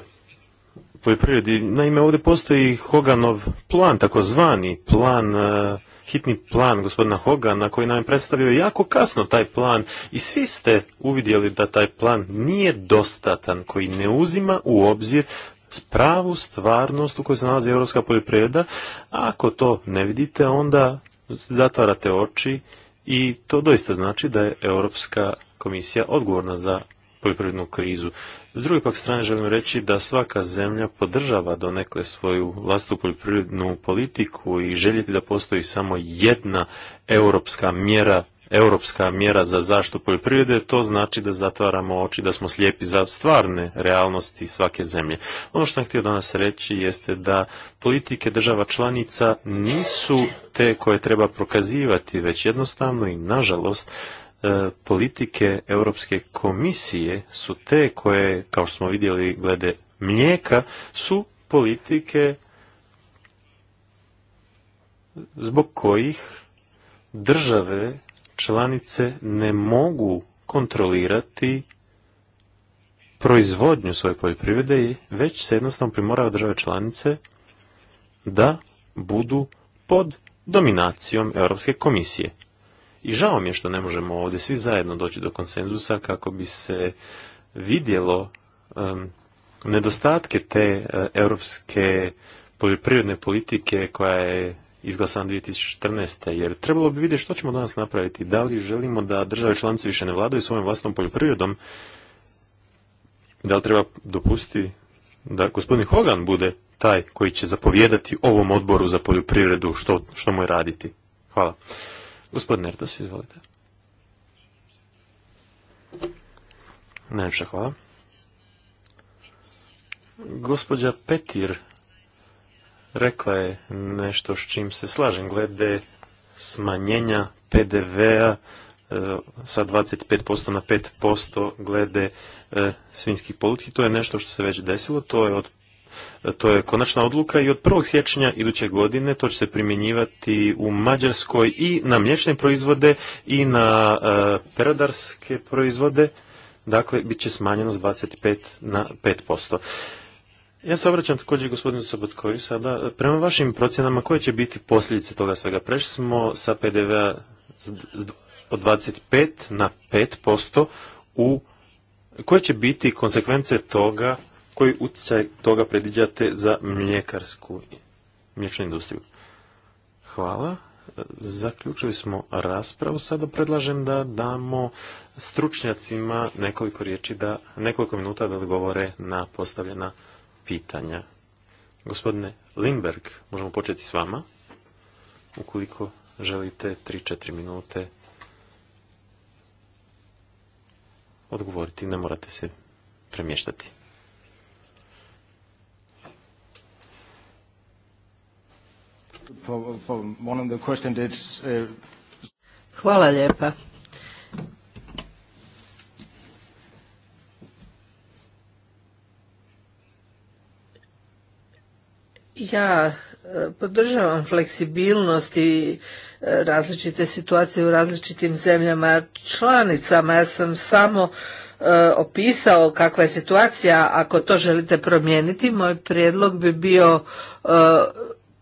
poljoprivredi, naime ovdje postoji Hoganov plan, takozvani plan, e, hitni plan gospodina Hogana koji nam je predstavio jako kasno taj plan i svi ste uvidjeli da taj plan nije dostatan, koji ne uzima u obzir pravu stvarnost u kojoj se nalazi europska poljoprivreda, ako to ne vidite onda zatvarate oči i to doista znači da je Europska komisija odgovorna za poljoprivrednu krizu. S druge pak strane želim reći da svaka zemlja podržava donekle svoju vlastitu poljoprivrednu politiku i željeti da postoji samo jedna europska mjera europska mjera za zaštitu poljoprivrede, to znači da zatvaramo oči, da smo slijepi za stvarne realnosti svake zemlje. Ono što sam htio danas reći jeste da politike država članica nisu te koje treba prokazivati, već jednostavno i nažalost e, politike Europske komisije su te koje, kao što smo vidjeli glede mlijeka, su politike zbog kojih države članice ne mogu kontrolirati proizvodnju svoje poljoprivrede, već se jednostavno primorava države članice da budu pod dominacijom Europske komisije. I žao mi je što ne možemo ovdje svi zajedno doći do konsenzusa kako bi se vidjelo nedostatke te e, europske poljoprivredne politike koja je izglasan 2014. Jer trebalo bi vidjeti što ćemo danas napraviti. Da li želimo da države članice više ne vladaju svojom vlastnom poljoprivredom? Da li treba dopustiti da gospodin Hogan bude taj koji će zapovjedati ovom odboru za poljoprivredu što, što mu je raditi? Hvala. Gospodin Erdos, izvolite. Najljepša hvala. Gospođa Petir rekla je nešto s čim se slažem glede smanjenja PDV-a e, sa 25% na 5% glede e, svinskih polutki. To je nešto što se već desilo, to je od to je konačna odluka i od 1. siječnja iduće godine to će se primjenjivati u Mađarskoj i na mliječne proizvode i na e, peradarske proizvode, dakle bit će smanjeno s 25 na 5%. Ja se obraćam također gospodinu Sabotkovi, sada. Prema vašim procjenama, koje će biti posljedice toga svega? Prešli smo sa PDV-a od 25 na 5% u koje će biti konsekvence toga, koji utjecaj toga predviđate za mljekarsku mliječnu industriju? Hvala. Zaključili smo raspravu. Sada predlažem da damo stručnjacima nekoliko riječi, da nekoliko minuta da odgovore na postavljena pitanja. Gospodine Lindberg, možemo početi s vama. Ukoliko želite 3-4 minute odgovoriti, ne morate se premještati. Uh, Hvala lijepa. Ja e, podržavam fleksibilnost i e, različite situacije u različitim zemljama članicama. Ja sam samo e, opisao kakva je situacija. Ako to želite promijeniti, moj prijedlog bi bio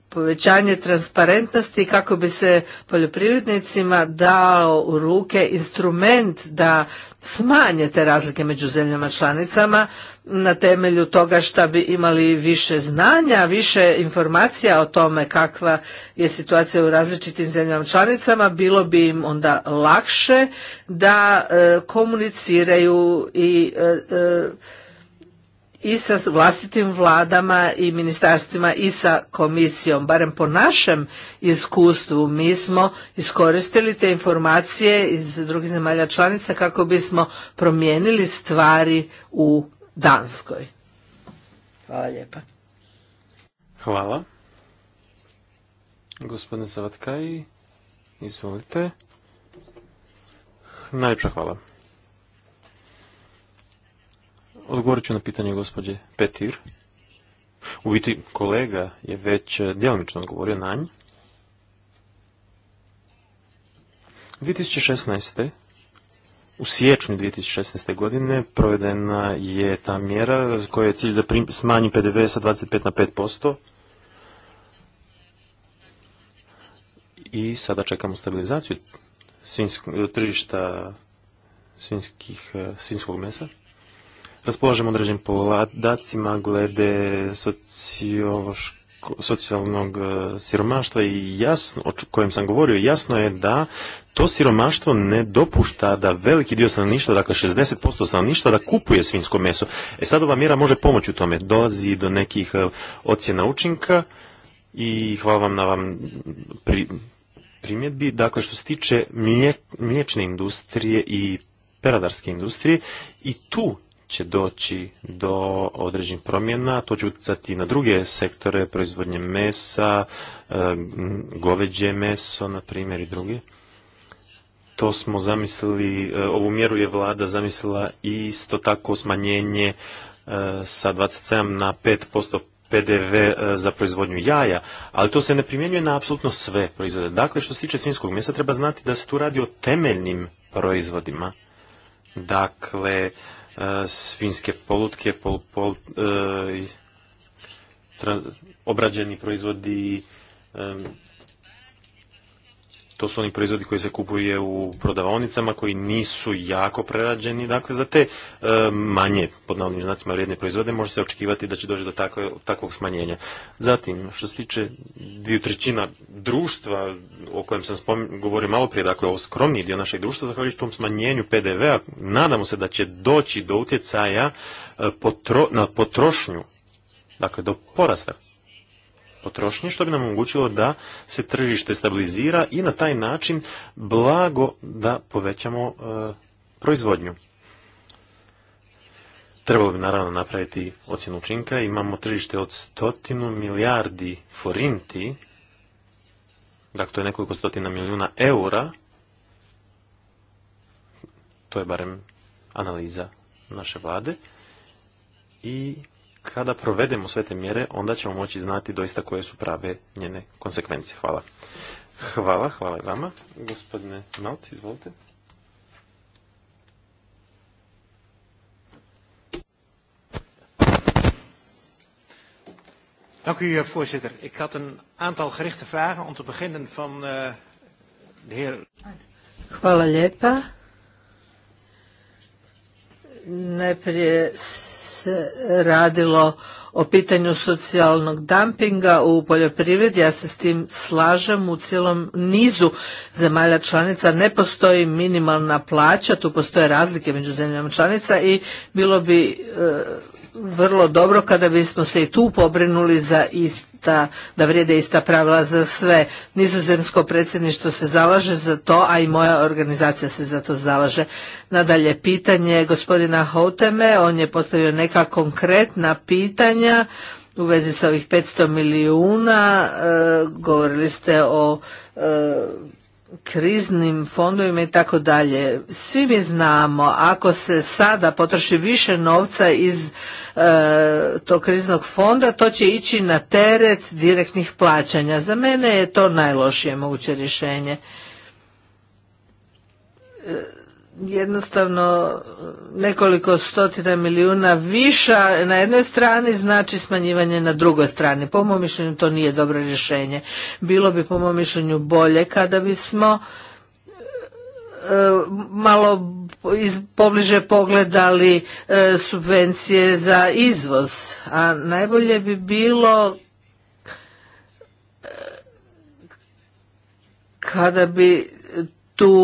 povećanje transparentnosti kako bi se poljoprivrednicima dao u ruke instrument da smanje te razlike među zemljama članicama na temelju toga što bi imali više znanja, više informacija o tome kakva je situacija u različitim zemljama članicama, bilo bi im onda lakše da e, komuniciraju i e, e, i sa vlastitim vladama i ministarstvima i sa komisijom. Barem po našem iskustvu mi smo iskoristili te informacije iz drugih zemalja članica kako bismo promijenili stvari u Danskoj. Hvala lijepa. Hvala. Gospodine Savatkaj, izvolite. Najljepša hvala. Odgovorit ću na pitanje gospođe Petir. U biti kolega je već djelomično odgovorio na nj. 2016. U siječnju 2016. godine provedena je ta mjera koja je cilj da smanji PDV sa 25 na 5%. I sada čekamo stabilizaciju tržišta svinskog e, svinjskog mesa. Raspolažemo određenim podacima glede socijalnog e, siromaštva i jasno, o kojem sam govorio, jasno je da to siromaštvo ne dopušta da veliki dio stanovništva, dakle 60% stanovništva, da kupuje svinsko meso. E sad ova mjera može pomoći u tome. Dolazi do nekih e, ocjena učinka i hvala vam na vam primjedbi. Dakle, što se tiče mliječne mlječne industrije i peradarske industrije i tu će doći do određenih promjena, to će utjecati na druge sektore proizvodnje mesa, e, goveđe meso, na primjer, i druge to smo zamislili, e, ovu mjeru je vlada zamislila isto tako smanjenje e, sa 27 na 5% PDV e, za proizvodnju jaja, ali to se ne primjenjuje na apsolutno sve proizvode. Dakle, što se tiče svinskog mjesta, treba znati da se tu radi o temeljnim proizvodima. Dakle, svinske polutke, pol, obrađeni proizvodi, to su oni proizvodi koji se kupuje u prodavaonicama koji nisu jako prerađeni. Dakle, za te e, manje, pod navodnim znacima, vrijedne proizvode može se očekivati da će doći do takvog smanjenja. Zatim, što se tiče dviju trećina društva o kojem sam govorio malo prije, dakle, o skromniji dio našeg društva, zahvaljujući tom smanjenju PDV-a, nadamo se da će doći do utjecaja e, na potrošnju, dakle, do porasta potrošnje, što bi nam omogućilo da se tržište stabilizira i na taj način blago da povećamo e, proizvodnju. Trebalo bi naravno napraviti ocjenu učinka. Imamo tržište od stotinu milijardi forinti, dakle to je nekoliko stotina milijuna eura. To je barem analiza naše vlade. I kada provedemo sve te mjere, onda ćemo moći znati doista koje su prave njene konsekvencije. Hvala. Hvala, hvala i vama. Gospodine Naut, izvolite. Dank u, eh, voorzitter. Ik had een aantal gerichte vragen om te beginnen van eh, de heer... Hvala lijepa. Najprije se radilo o pitanju socijalnog dumpinga u poljoprivredi, ja se s tim slažem u cijelom nizu zemalja članica ne postoji minimalna plaća, tu postoje razlike među zemljama članica i bilo bi e, vrlo dobro kada bismo se i tu pobrinuli za isti ista, da vrijede ista pravila za sve. Nizozemsko predsjedništvo se zalaže za to, a i moja organizacija se za to zalaže. Nadalje, pitanje gospodina Houteme, on je postavio neka konkretna pitanja u vezi sa ovih 500 milijuna, e, govorili ste o e, kriznim fondovima i tako dalje. Svi mi znamo, ako se sada potroši više novca iz e, tog kriznog fonda, to će ići na teret direktnih plaćanja. Za mene je to najlošije moguće rješenje. E, jednostavno nekoliko stotina milijuna viša na jednoj strani znači smanjivanje na drugoj strani. Po mom mišljenju to nije dobro rješenje. Bilo bi po mom mišljenju bolje kada bismo e, malo pobliže pogledali e, subvencije za izvoz, a najbolje bi bilo e, kada bi tu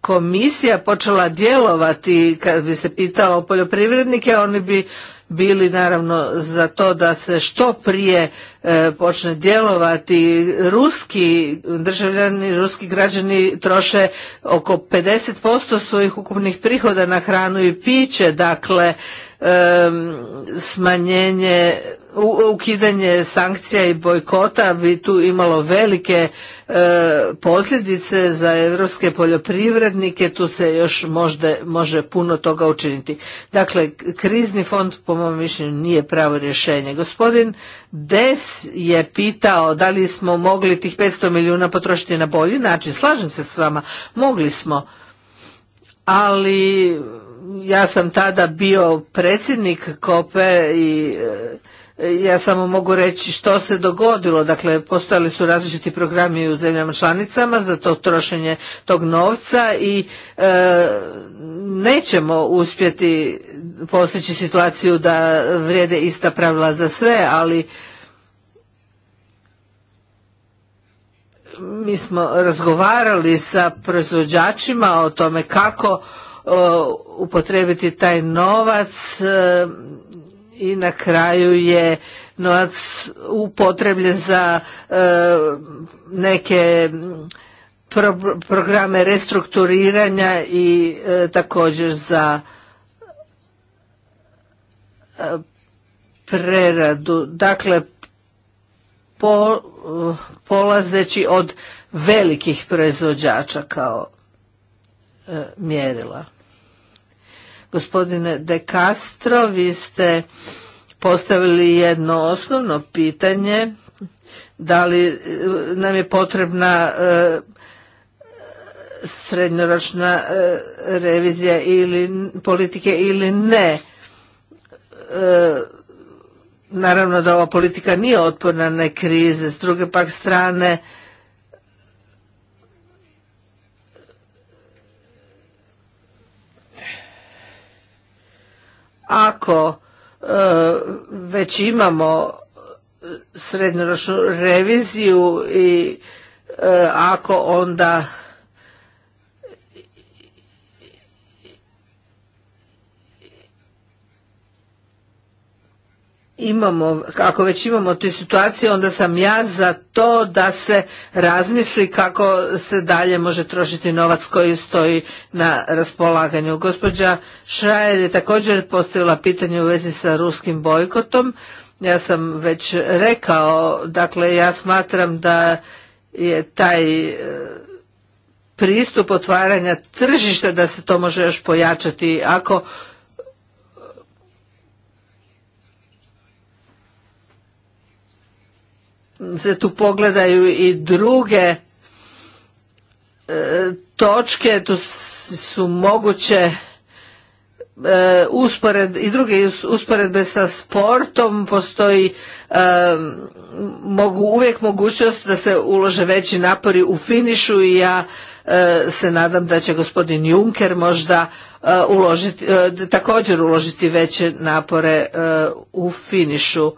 komisija počela djelovati kad bi se pitalo poljoprivrednike oni bi bili naravno za to da se što prije e, počne djelovati ruski državljani ruski građani troše oko 50% svojih ukupnih prihoda na hranu i piće dakle smanjenje ukidanje sankcija i bojkota bi tu imalo velike e, posljedice za europske poljoprivrednike, tu se još možda, može puno toga učiniti. Dakle, krizni fond po mom mišljenju nije pravo rješenje. Gospodin Des je pitao da li smo mogli tih 500 milijuna potrošiti na bolji način. Slažem se s vama, mogli smo, ali ja sam tada bio predsjednik Kope i e, ja samo mogu reći što se dogodilo. Dakle, postojali su različiti programi u zemljama članicama za to trošenje tog novca i e, nećemo uspjeti postići situaciju da vrijede ista pravila za sve, ali mi smo razgovarali sa proizvođačima o tome kako upotrebiti taj novac e, i na kraju je novac upotrebljen za e, neke programe restrukturiranja i e, također za preradu. Dakle, polazeći od velikih proizvođača kao mjerila. Gospodine De Castro, vi ste postavili jedno osnovno pitanje, da li e, nam je potrebna e, srednjoročna e, revizija ili politike ili ne. Naravno da ova politika nije otporna na krize, s druge pak strane Ako e, već imamo e, srednjoročnu reviziju i e, ako onda imamo, ako već imamo tu situaciju, onda sam ja za to da se razmisli kako se dalje može trošiti novac koji stoji na raspolaganju. Gospođa Šrajer je također postavila pitanje u vezi sa ruskim bojkotom. Ja sam već rekao, dakle ja smatram da je taj e, pristup otvaranja tržišta da se to može još pojačati. Ako se tu pogledaju i druge e, točke, tu su moguće e, i druge usporedbe sa sportom postoji e, mogu uvijek mogućnost da se ulože veći napori u finišu i ja se nadam da će gospodin Juncker možda uložiti također uložiti veće napore u finišu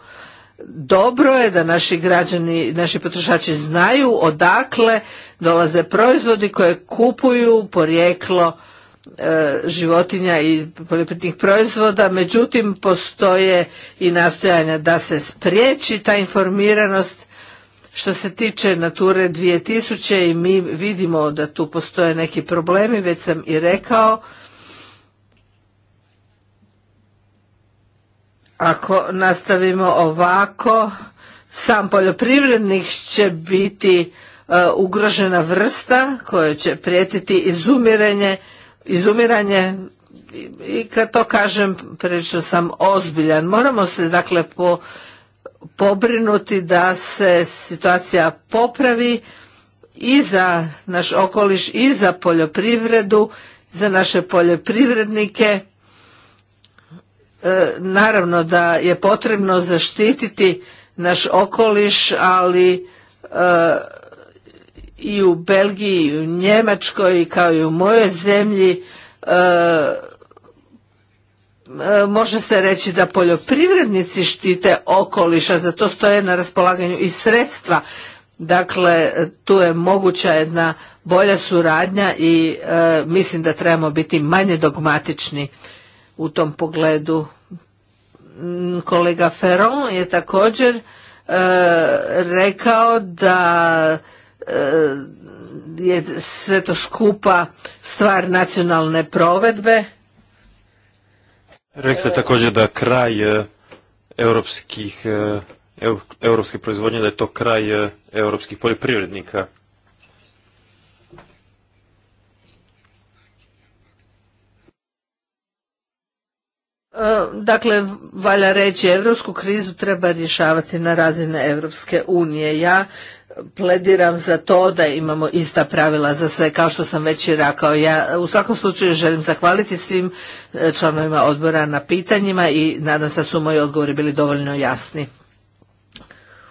dobro je da naši građani, naši potrošači znaju odakle dolaze proizvodi koje kupuju porijeklo e, životinja i poljoprivrednih proizvoda, međutim postoje i nastojanja da se spriječi ta informiranost što se tiče Nature 2000 i mi vidimo da tu postoje neki problemi, već sam i rekao Ako nastavimo ovako, sam poljoprivrednik će biti e, ugrožena vrsta koja će prijetiti izumiranje, izumiranje i kad to kažem prilično sam ozbiljan. Moramo se dakle pobrinuti da se situacija popravi i za naš okoliš i za poljoprivredu, za naše poljoprivrednike E, naravno da je potrebno zaštititi naš okoliš, ali e, i u Belgiji, i u Njemačkoj, kao i u mojoj zemlji, e, može se reći da poljoprivrednici štite a za to stoje na raspolaganju i sredstva. Dakle, tu je moguća jedna bolja suradnja i mislim da trebamo biti manje dogmatični u tom pogledu. Mm, kolega Ferron je također e, rekao da e, je sve to skupa stvar nacionalne provedbe. Rekli ste također da kraj e, europskih, europske proizvodnje, da je to kraj europskih poljoprivrednika. E, dakle, valja reći, evropsku krizu treba rješavati na razine Evropske unije. Ja plediram za to da imamo ista pravila za sve, kao što sam već i rekao. Ja u svakom slučaju želim zahvaliti svim e, članovima odbora na pitanjima i nadam se da su moji odgovori bili dovoljno jasni.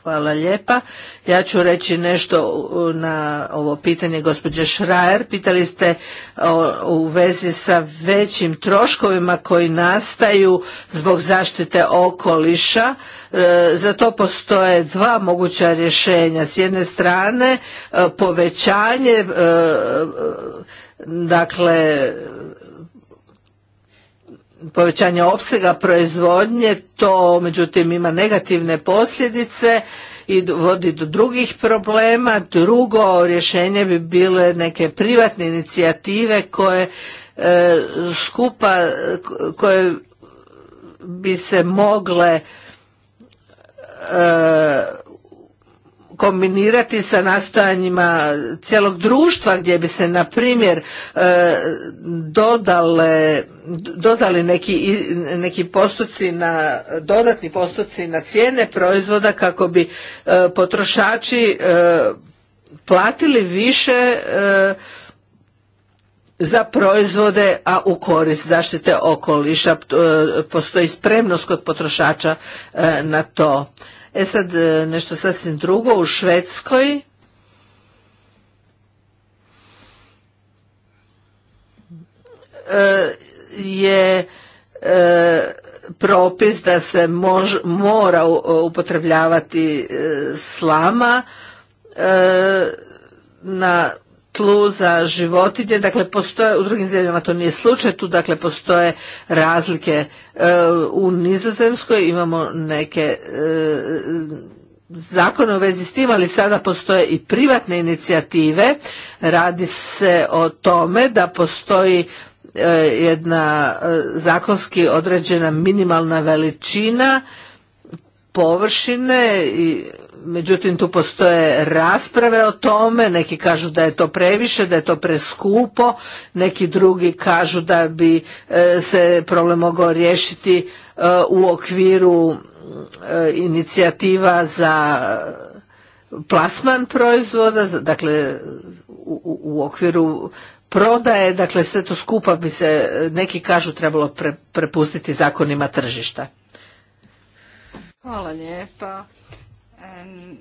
Hvala lijepa. Ja ću reći nešto na ovo pitanje gospođe Šrajer. Pitali ste u vezi sa većim troškovima koji nastaju zbog zaštite okoliša. E, za to postoje dva moguća rješenja. S jedne strane e, povećanje e, dakle povećanje opsega proizvodnje, to međutim ima negativne posljedice i vodi do drugih problema. Drugo rješenje bi bile neke privatne inicijative koje e, skupa, koje bi se mogle e, kombinirati sa nastojanjima cijelog društva gdje bi se na primjer e, dodale, dodali neki, neki na dodatni postoci na cijene proizvoda kako bi e, potrošači e, platili više za proizvode, a u korist zaštite okoliša. Postoji spremnost kod potrošača na to. E sad e, nešto sasvim drugo, u Švedskoj e, je e, propis da se mora upotrebljavati slama na tlu za životinje. Dakle, postoje, u drugim zemljama to nije slučaj, tu dakle postoje razlike. E, u Nizozemskoj imamo neke e, zakone u vezi s tim, ali sada postoje i privatne inicijative. Radi se o tome da postoji e, jedna zakonski određena minimalna veličina površine i međutim tu postoje rasprave o tome, neki kažu da je to previše, da je to preskupo, neki drugi kažu da bi e, se problem mogao riješiti e, u okviru e, inicijativa za plasman proizvoda, dakle u, okviru prodaje, dakle sve to skupa bi se, neki kažu, trebalo prepustiti zakonima tržišta. Hvala lijepa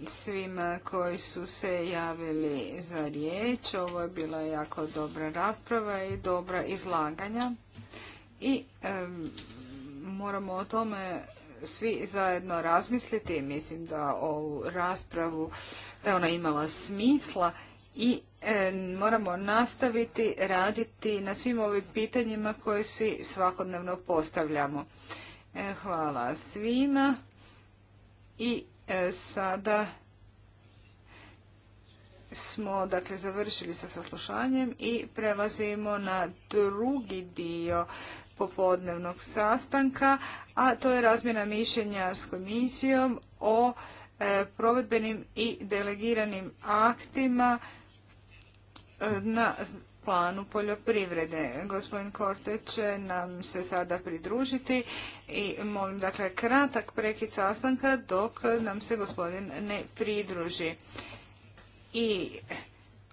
svima eh, koji su se javili za riječ. Ovo je bila jako dobra rasprava i dobra izlaganja. I moramo o tome svi zajedno razmisliti. Mislim da ovu raspravu, da ona imala smisla i moramo nastaviti raditi na svim ovim pitanjima koje svi svakodnevno postavljamo. Eh, hvala svima i E, sada smo dakle završili sa saslušanjem i prelazimo na drugi dio popodnevnog sastanka, a to je razmjena mišljenja s komisijom o e, provedbenim i delegiranim aktima e, na planu poljoprivrede. Gospodin Korte će nam se sada pridružiti i molim dakle kratak prekid sastanka dok nam se gospodin ne pridruži. I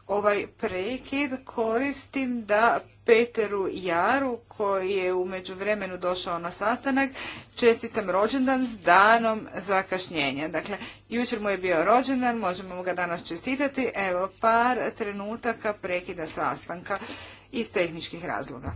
ovaj prekid koristim da Peteru Jaru koji je u međuvremenu došao na sastanak čestitam rođendan s danom zakašnjenja. Dakle, jučer mu je bio rođendan, možemo mu ga danas čestitati. Evo par trenutaka prekida sastanka iz tehničkih razloga.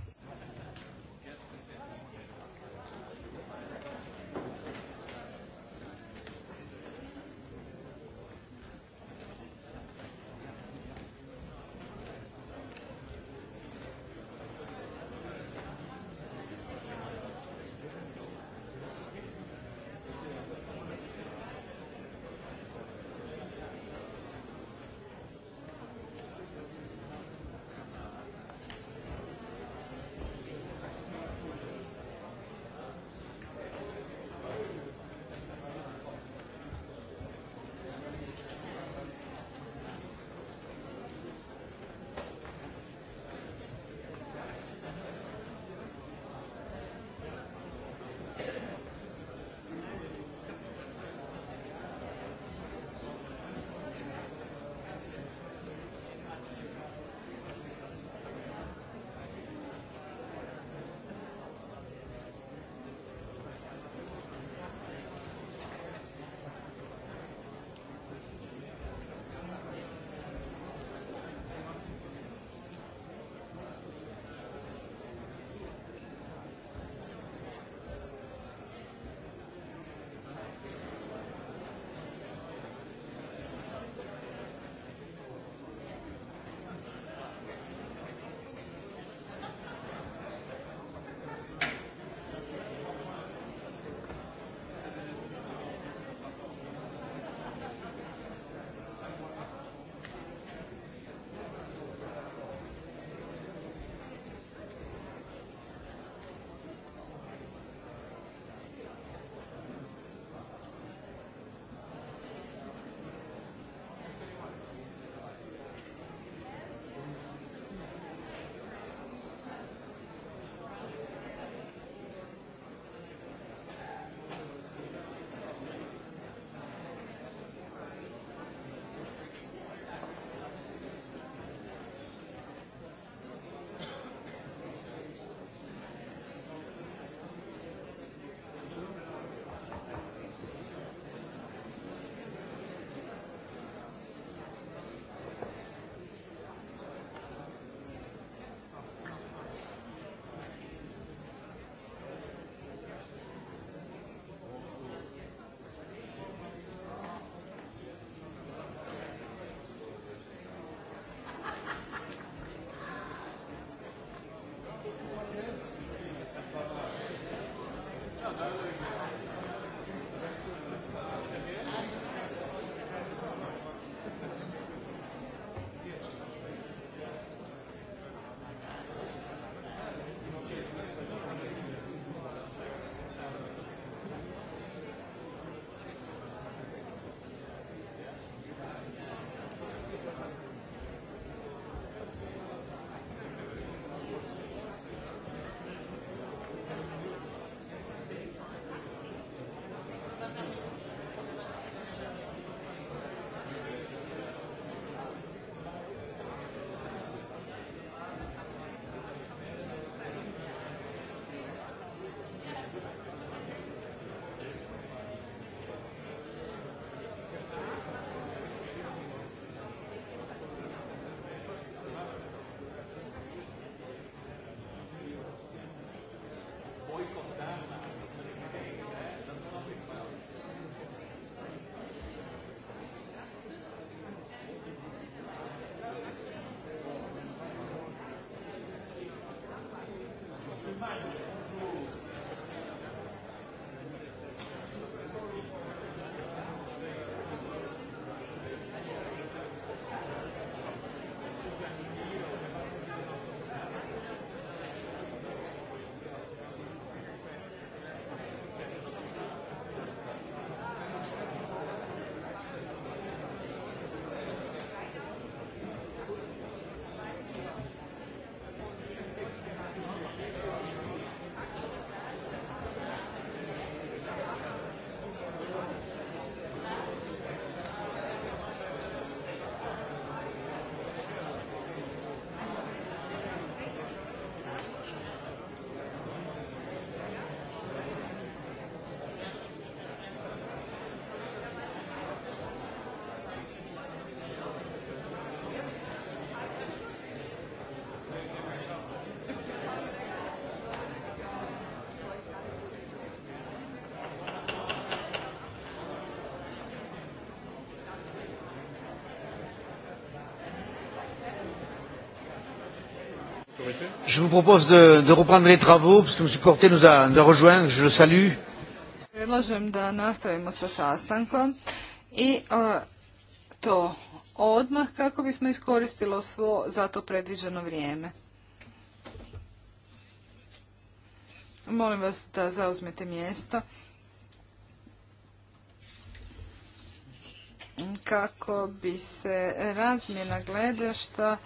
Je vous propose de, de reprendre les travaux, parce que M. Corté nous a, je le salue. Predlažem da nastavimo sa sastankom i e, to odmah kako bismo iskoristilo svo za to predviđeno vrijeme. Molim vas da zauzmete mjesto kako bi se razmjena gledašta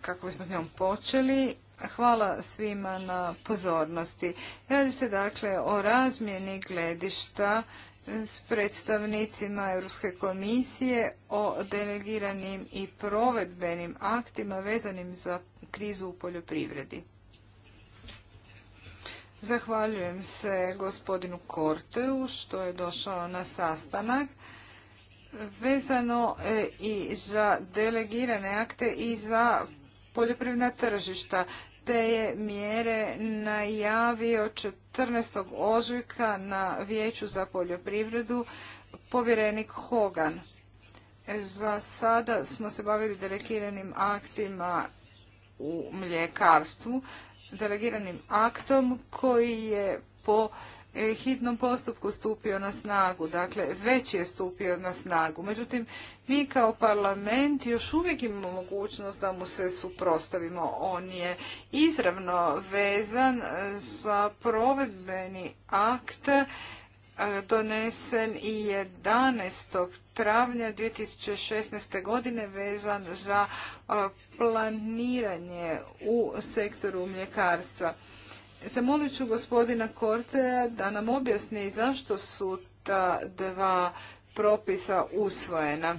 kako bismo s njom počeli. Hvala svima na pozornosti. Radi se dakle o razmjeni gledišta s predstavnicima Europske komisije o delegiranim i provedbenim aktima vezanim za krizu u poljoprivredi. Zahvaljujem se gospodinu Korteu što je došao na sastanak vezano e, i za delegirane akte i za poljoprivredna tržišta. Te je mjere najavio 14. ožujka na Vijeću za poljoprivredu povjerenik Hogan. Za sada smo se bavili delegiranim aktima u mljekarstvu, delegiranim aktom koji je po E, hitnom postupku stupio na snagu, dakle već je stupio na snagu. Međutim, mi kao parlament još uvijek imamo mogućnost da mu se suprostavimo. On je izravno vezan e, za provedbeni akt e, donesen i 11. travnja 2016. godine vezan za planiranje u sektoru mljekarstva. Zamolit ću gospodina Korte da nam objasni zašto su ta dva propisa usvojena.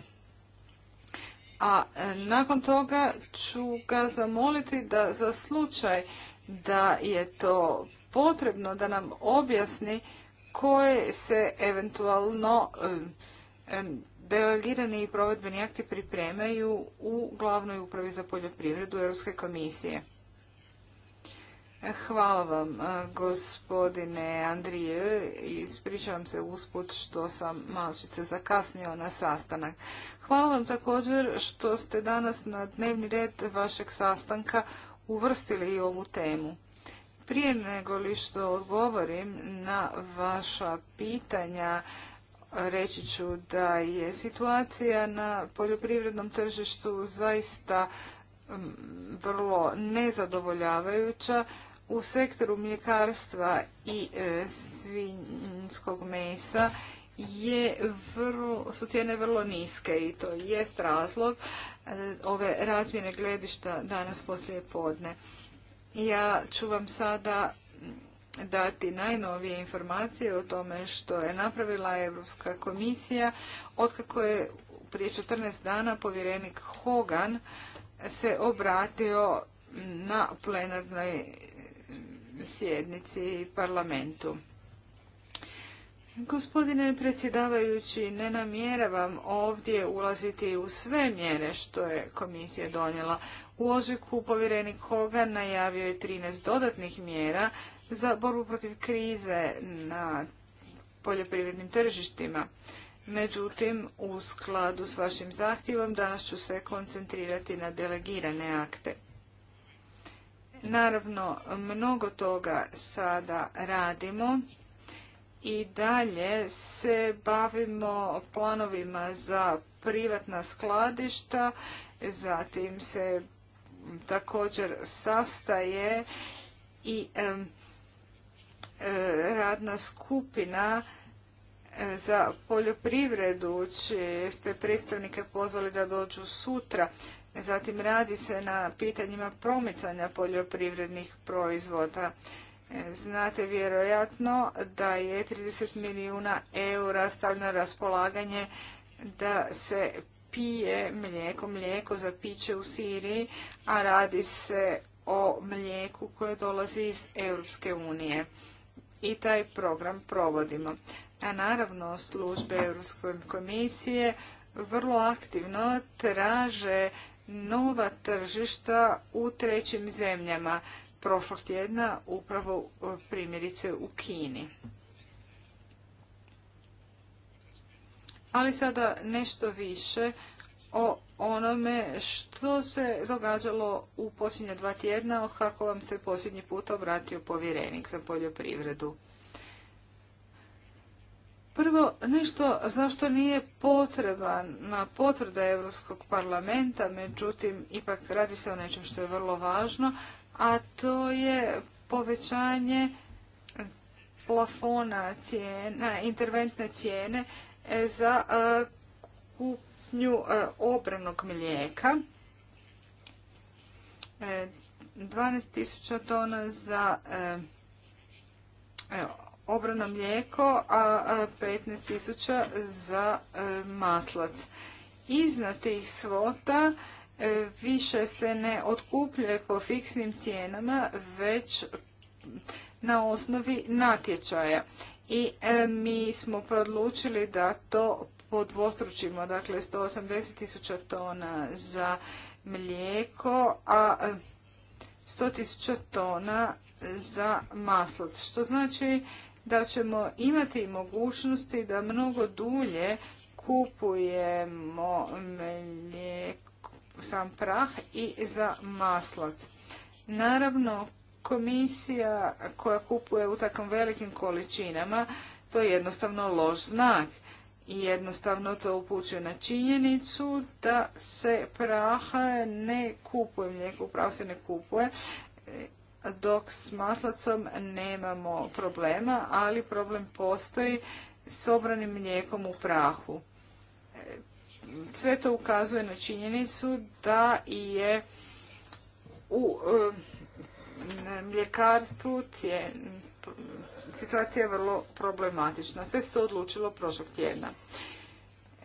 A e, nakon toga ću ga zamoliti da za slučaj da je to potrebno da nam objasni koje se eventualno e, e, delegirani i provedbeni akti pripremaju u glavnoj upravi za poljoprivredu Europske komisije. Hvala vam, e, gospodine Andrije. Ispričavam se usput što sam malčice zakasnio na sastanak. Hvala vam također što ste danas na dnevni red vašeg sastanka uvrstili i ovu temu. Prije nego li što odgovorim na vaša pitanja, reći ću da je situacija na poljoprivrednom tržištu zaista vrlo nezadovoljavajuća u sektoru mljekarstva i e, svinjskog mesa je su cijene vrlo niske i to jest razlog e, ove razmjene gledišta danas poslije podne. Ja ću vam sada dati najnovije informacije o tome što je napravila Europska komisija otkako je prije 14 dana povjerenik Hogan se obratio na plenarnoj sjednici parlamentu. Gospodine predsjedavajući, ne namjeravam ovdje ulaziti u sve mjere što je komisija donijela. U ožujku povjerenik Hogan najavio je 13 dodatnih mjera za borbu protiv krize na poljoprivrednim tržištima. Međutim, u skladu s vašim zahtjevom danas ću se koncentrirati na delegirane akte. Naravno, mnogo toga sada radimo i dalje se bavimo planovima za privatna skladišta, zatim se također sastaje i e, radna skupina e, za poljoprivredu, čije ste predstavnike pozvali da dođu sutra. Zatim radi se na pitanjima promicanja poljoprivrednih proizvoda. E, znate vjerojatno da je 30 milijuna eura stavljeno raspolaganje da se pije mlijeko, mlijeko za piće u Siriji, a radi se o mlijeku koje dolazi iz Europske unije. I taj program provodimo. A naravno službe Europske komisije vrlo aktivno traže nova tržišta u trećim zemljama. Prošlog tjedna upravo e, primjerice u Kini. Ali sada nešto više o onome što se događalo u posljednja dva tjedna kako vam se posljednji put obratio povjerenik za poljoprivredu. Prvo, nešto zašto nije potreba na potvrda Europskog parlamenta, međutim, ipak radi se o nečem što je vrlo važno, a to je povećanje plafona cijena, interventne cijene e, za e, kupnju e, obranog mlijeka. 12.000 tona za obrano mlijeko, a 15 tisuća za e, maslac. Iznad tih svota e, više se ne otkupljuje po fiksnim cijenama, već na osnovi natječaja. I e, mi smo prodlučili da to podvostručimo, dakle 180 tisuća tona za mlijeko, a 100 tisuća tona za maslac, što znači da ćemo imati mogućnosti da mnogo dulje kupujemo sam prah i za maslac. Naravno, komisija koja kupuje u takvim velikim količinama, to je jednostavno loš znak. I jednostavno to upućuje na činjenicu da se praha ne kupuje, mlijeko prav se ne kupuje, dok s maslacom nemamo problema, ali problem postoji s obranim mlijekom u prahu. E, sve to ukazuje na činjenicu da je u e, mljekarstvu situacija je vrlo problematična. Sve se to odlučilo prošlog tjedna.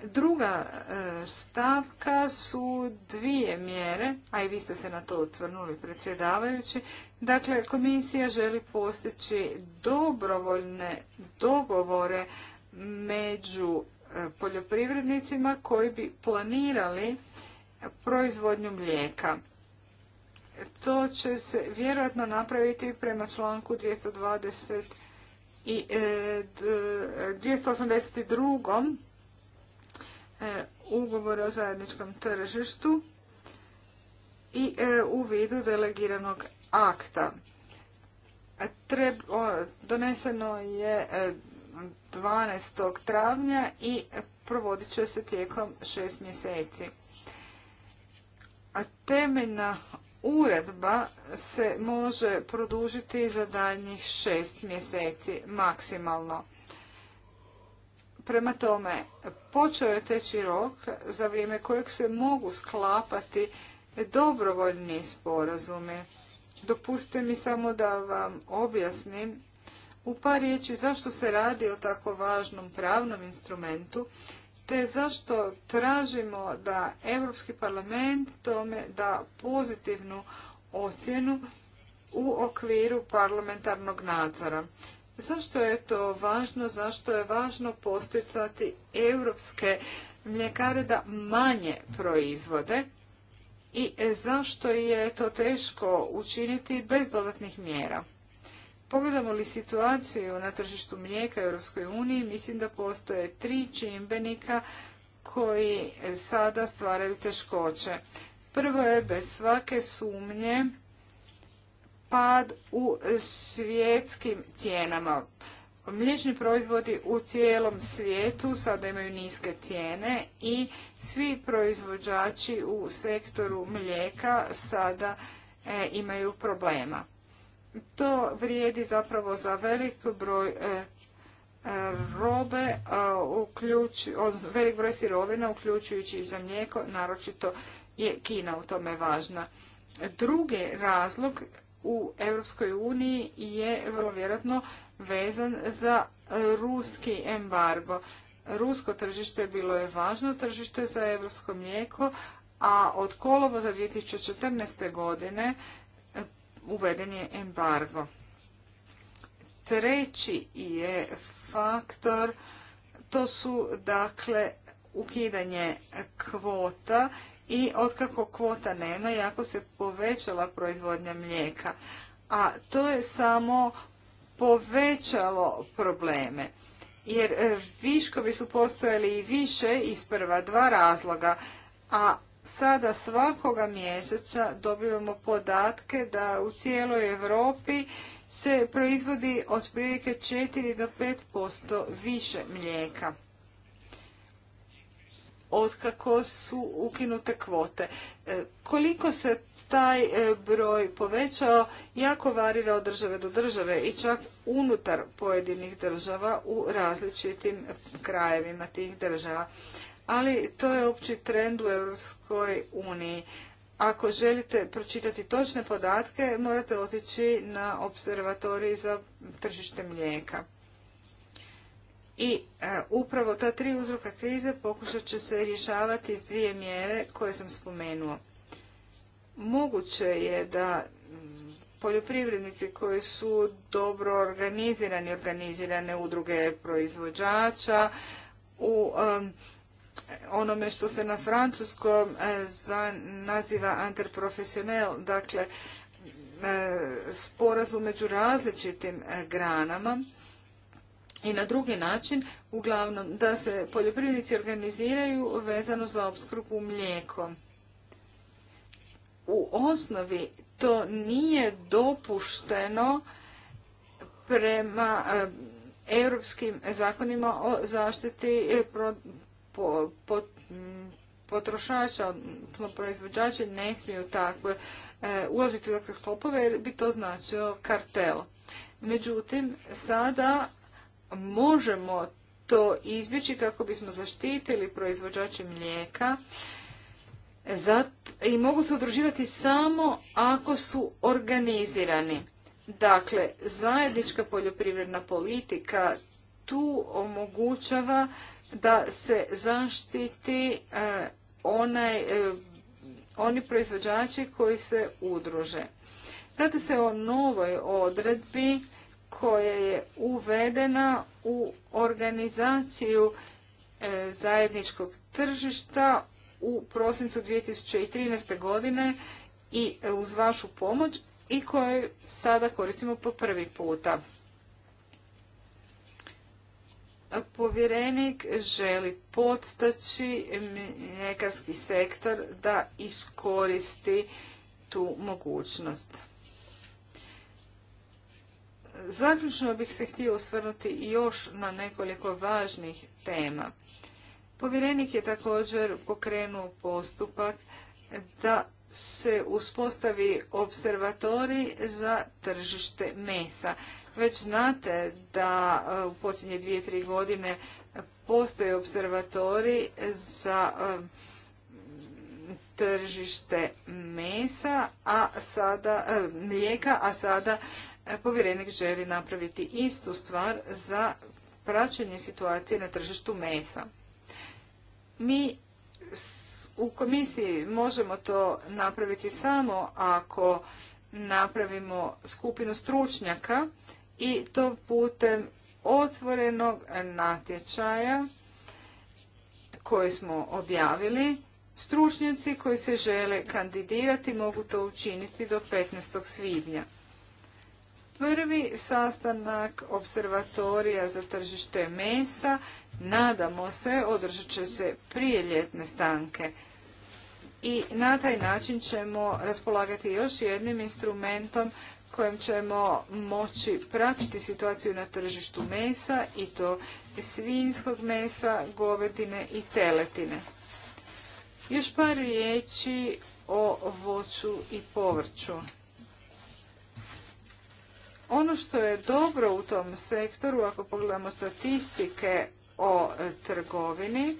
Druga e, stavka su dvije mjere, a i vi ste se na to ocvrnuli predsjedavajući. Dakle, komisija želi postići dobrovoljne dogovore među e, poljoprivrednicima koji bi planirali proizvodnju mlijeka. To će se vjerojatno napraviti prema članku 220 i 282 e, E, ugovore o zajedničkom tržištu i e, u vidu delegiranog akta. E, doneseno je 12. travnja i provodit će se tijekom šest mjeseci. A temeljna uredba se može produžiti za daljnjih šest mjeseci maksimalno. Prema tome, počeo je teći rok za vrijeme kojeg se mogu sklapati dobrovoljni sporazumi. Dopustite mi samo da vam objasnim u par riječi zašto se radi o tako važnom pravnom instrumentu, te zašto tražimo da Europski parlament tome da pozitivnu ocjenu u okviru parlamentarnog nadzora. Zašto je to važno? Zašto je važno posticati europske mljekare da manje proizvode i zašto je to teško učiniti bez dodatnih mjera? Pogledamo li situaciju na tržištu mlijeka u EU, mislim da postoje tri čimbenika koji sada stvaraju teškoće. Prvo je bez svake sumnje pad u svjetskim cijenama. Mliječni proizvodi u cijelom svijetu sada imaju niske cijene i svi proizvođači u sektoru mlijeka sada e, imaju problema. To vrijedi zapravo za velik broj e, e, robe, uključi, velik broj sirovina, uključujući i za mlijeko, naročito je Kina u tome važna. Drugi razlog u Europskoj uniji je vrlo vjerojatno vezan za ruski embargo. Rusko tržište bilo je važno tržište za evropsko mlijeko, a od za 2014. godine e, uveden je embargo. Treći je faktor, to su dakle ukidanje kvota i otkako kvota nema, jako se povećala proizvodnja mlijeka. A to je samo povećalo probleme. Jer e, viškovi su postojali i više iz prva dva razloga, a sada svakoga mjeseca dobivamo podatke da u cijeloj Europi se proizvodi otprilike 4 do 5% više mlijeka otkako su ukinute kvote. E, koliko se taj e, broj povećao jako varira od države do države i čak unutar pojedinih država u različitim krajevima tih država. Ali to je opći trend u Europskoj uniji. Ako želite pročitati točne podatke, morate otići na observatorij za tržište mlijeka. I upravo ta tri uzroka krize pokušat će se rješavati s dvije mjere koje sam spomenuo. Moguće je da mm, poljoprivrednici koji su dobro organizirani, organizirane udruge proizvođača u onome što se na francuskom e, naziva interprofesionel, dakle e, sporazum među različitim e, granama, i na drugi način, uglavnom da se poljoprivrednici organiziraju vezano za opskrbu mlijekom. U osnovi to nije dopušteno prema eh, europskim zakonima o zaštiti eh, potrošača, odnosno proizvođači ne smiju takve eh, ulaziti u takve sklopove jer bi to značio kartel. Međutim, sada možemo to izbjeći kako bismo zaštitili proizvođače mlijeka i mogu se udruživati samo ako su organizirani. Dakle, zajednička poljoprivredna politika tu omogućava da se zaštiti e, onaj, e, oni proizvođači koji se udruže. Radi se o novoj odredbi koja je uvedena u organizaciju e, zajedničkog tržišta u prosincu 2013. godine i e, uz vašu pomoć i koju sada koristimo po prvi puta. Povjerenik želi podstaći mljekarski sektor da iskoristi tu mogućnost. Zaključno bih se htio osvrnuti još na nekoliko važnih tema. Povjerenik je također pokrenuo postupak da se uspostavi observatori za tržište mesa. Već znate da e, u posljednje dvije, tri godine postoje observatori za e, tržište mesa, a sada e, mlijeka, a sada E, povjerenik želi napraviti istu stvar za praćenje situacije na tržištu mesa. Mi u komisiji možemo to napraviti samo ako napravimo skupinu stručnjaka i to putem otvorenog natječaja koji smo objavili. Stručnjaci koji se žele kandidirati mogu to učiniti do 15. svibnja prvi sastanak observatorija za tržište mesa, nadamo se, održat će se prije ljetne stanke. I na taj način ćemo raspolagati još jednim instrumentom kojim ćemo moći pratiti situaciju na tržištu mesa i to svinjskog mesa, govedine i teletine. Još par riječi o voću i povrću. Ono što je dobro u tom sektoru, ako pogledamo statistike o e, trgovini,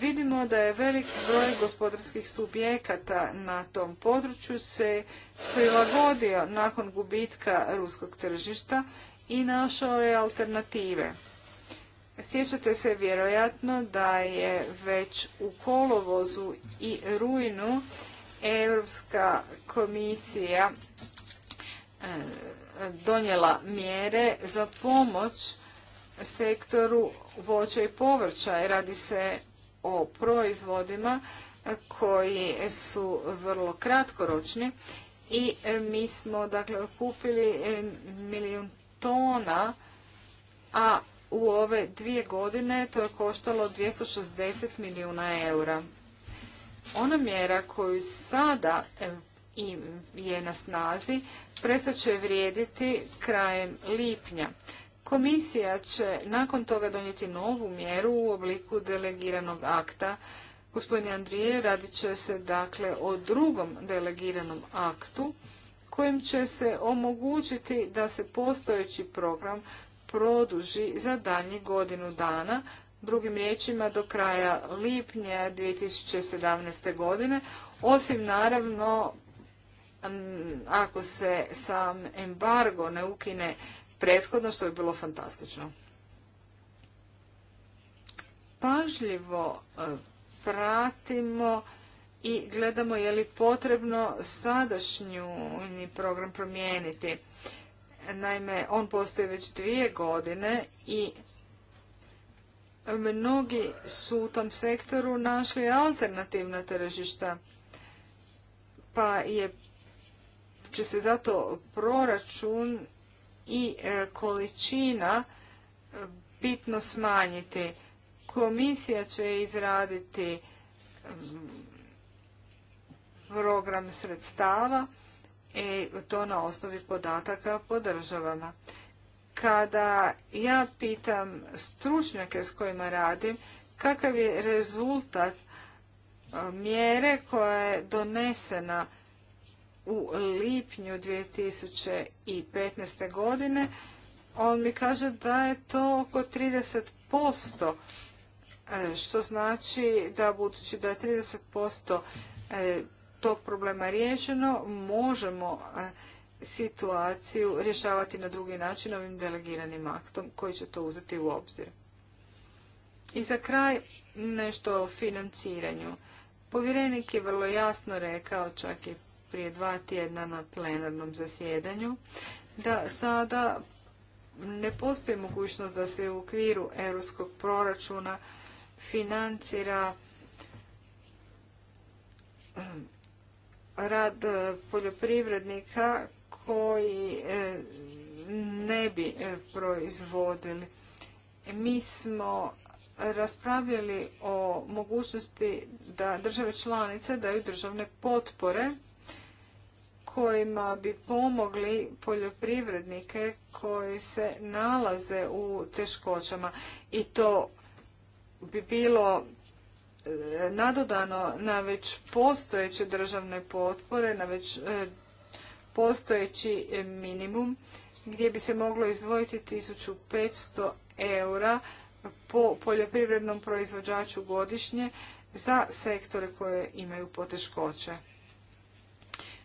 vidimo da je velik broj gospodarskih subjekata na tom području se prilagodio nakon gubitka ruskog tržišta i našao je alternative. Sjećate se vjerojatno da je već u kolovozu i rujnu Europska komisija e, donijela mjere za pomoć sektoru voća i povrća. Radi se o proizvodima koji su vrlo kratkoročni i mi smo dakle kupili e, milijun tona, a u ove dvije godine to je koštalo 260 milijuna eura. Ona mjera koju sada i je na snazi, prestat će vrijediti krajem lipnja. Komisija će nakon toga donijeti novu mjeru u obliku delegiranog akta. Gospodine Andrije, radit će se dakle o drugom delegiranom aktu kojim će se omogućiti da se postojeći program produži za daljnji godinu dana, drugim riječima do kraja lipnja 2017. godine, osim naravno ako se sam embargo ne ukine prethodno, što bi bilo fantastično. Pažljivo e, pratimo i gledamo je li potrebno sadašnju program promijeniti. Naime, on postoji već dvije godine i mnogi su u tom sektoru našli alternativna tržišta. Pa je će se zato proračun i e, količina e, bitno smanjiti. Komisija će izraditi program sredstava i to na osnovi podataka po Kada ja pitam stručnjake s kojima radim kakav je rezultat e, mjere koja je donesena u lipnju 2015. godine, on mi kaže da je to oko 30%, e, što znači da budući da je 30% e, tog problema riješeno, možemo e, situaciju rješavati na drugi način ovim delegiranim aktom koji će to uzeti u obzir. I za kraj nešto o financiranju. Povjerenik je vrlo jasno rekao, čak i prije dva tjedna na plenarnom zasjedanju, da sada ne postoji mogućnost da se u okviru europskog proračuna financira eh, rad poljoprivrednika koji eh, ne bi eh, proizvodili. Mi smo raspravljali o mogućnosti da države članice daju državne potpore kojima bi pomogli poljoprivrednike koji se nalaze u teškoćama i to bi bilo e, nadodano na već postojeće državne potpore, na već e, postojeći e, minimum gdje bi se moglo izdvojiti 1500 eura po poljoprivrednom proizvođaču godišnje za sektore koje imaju poteškoće.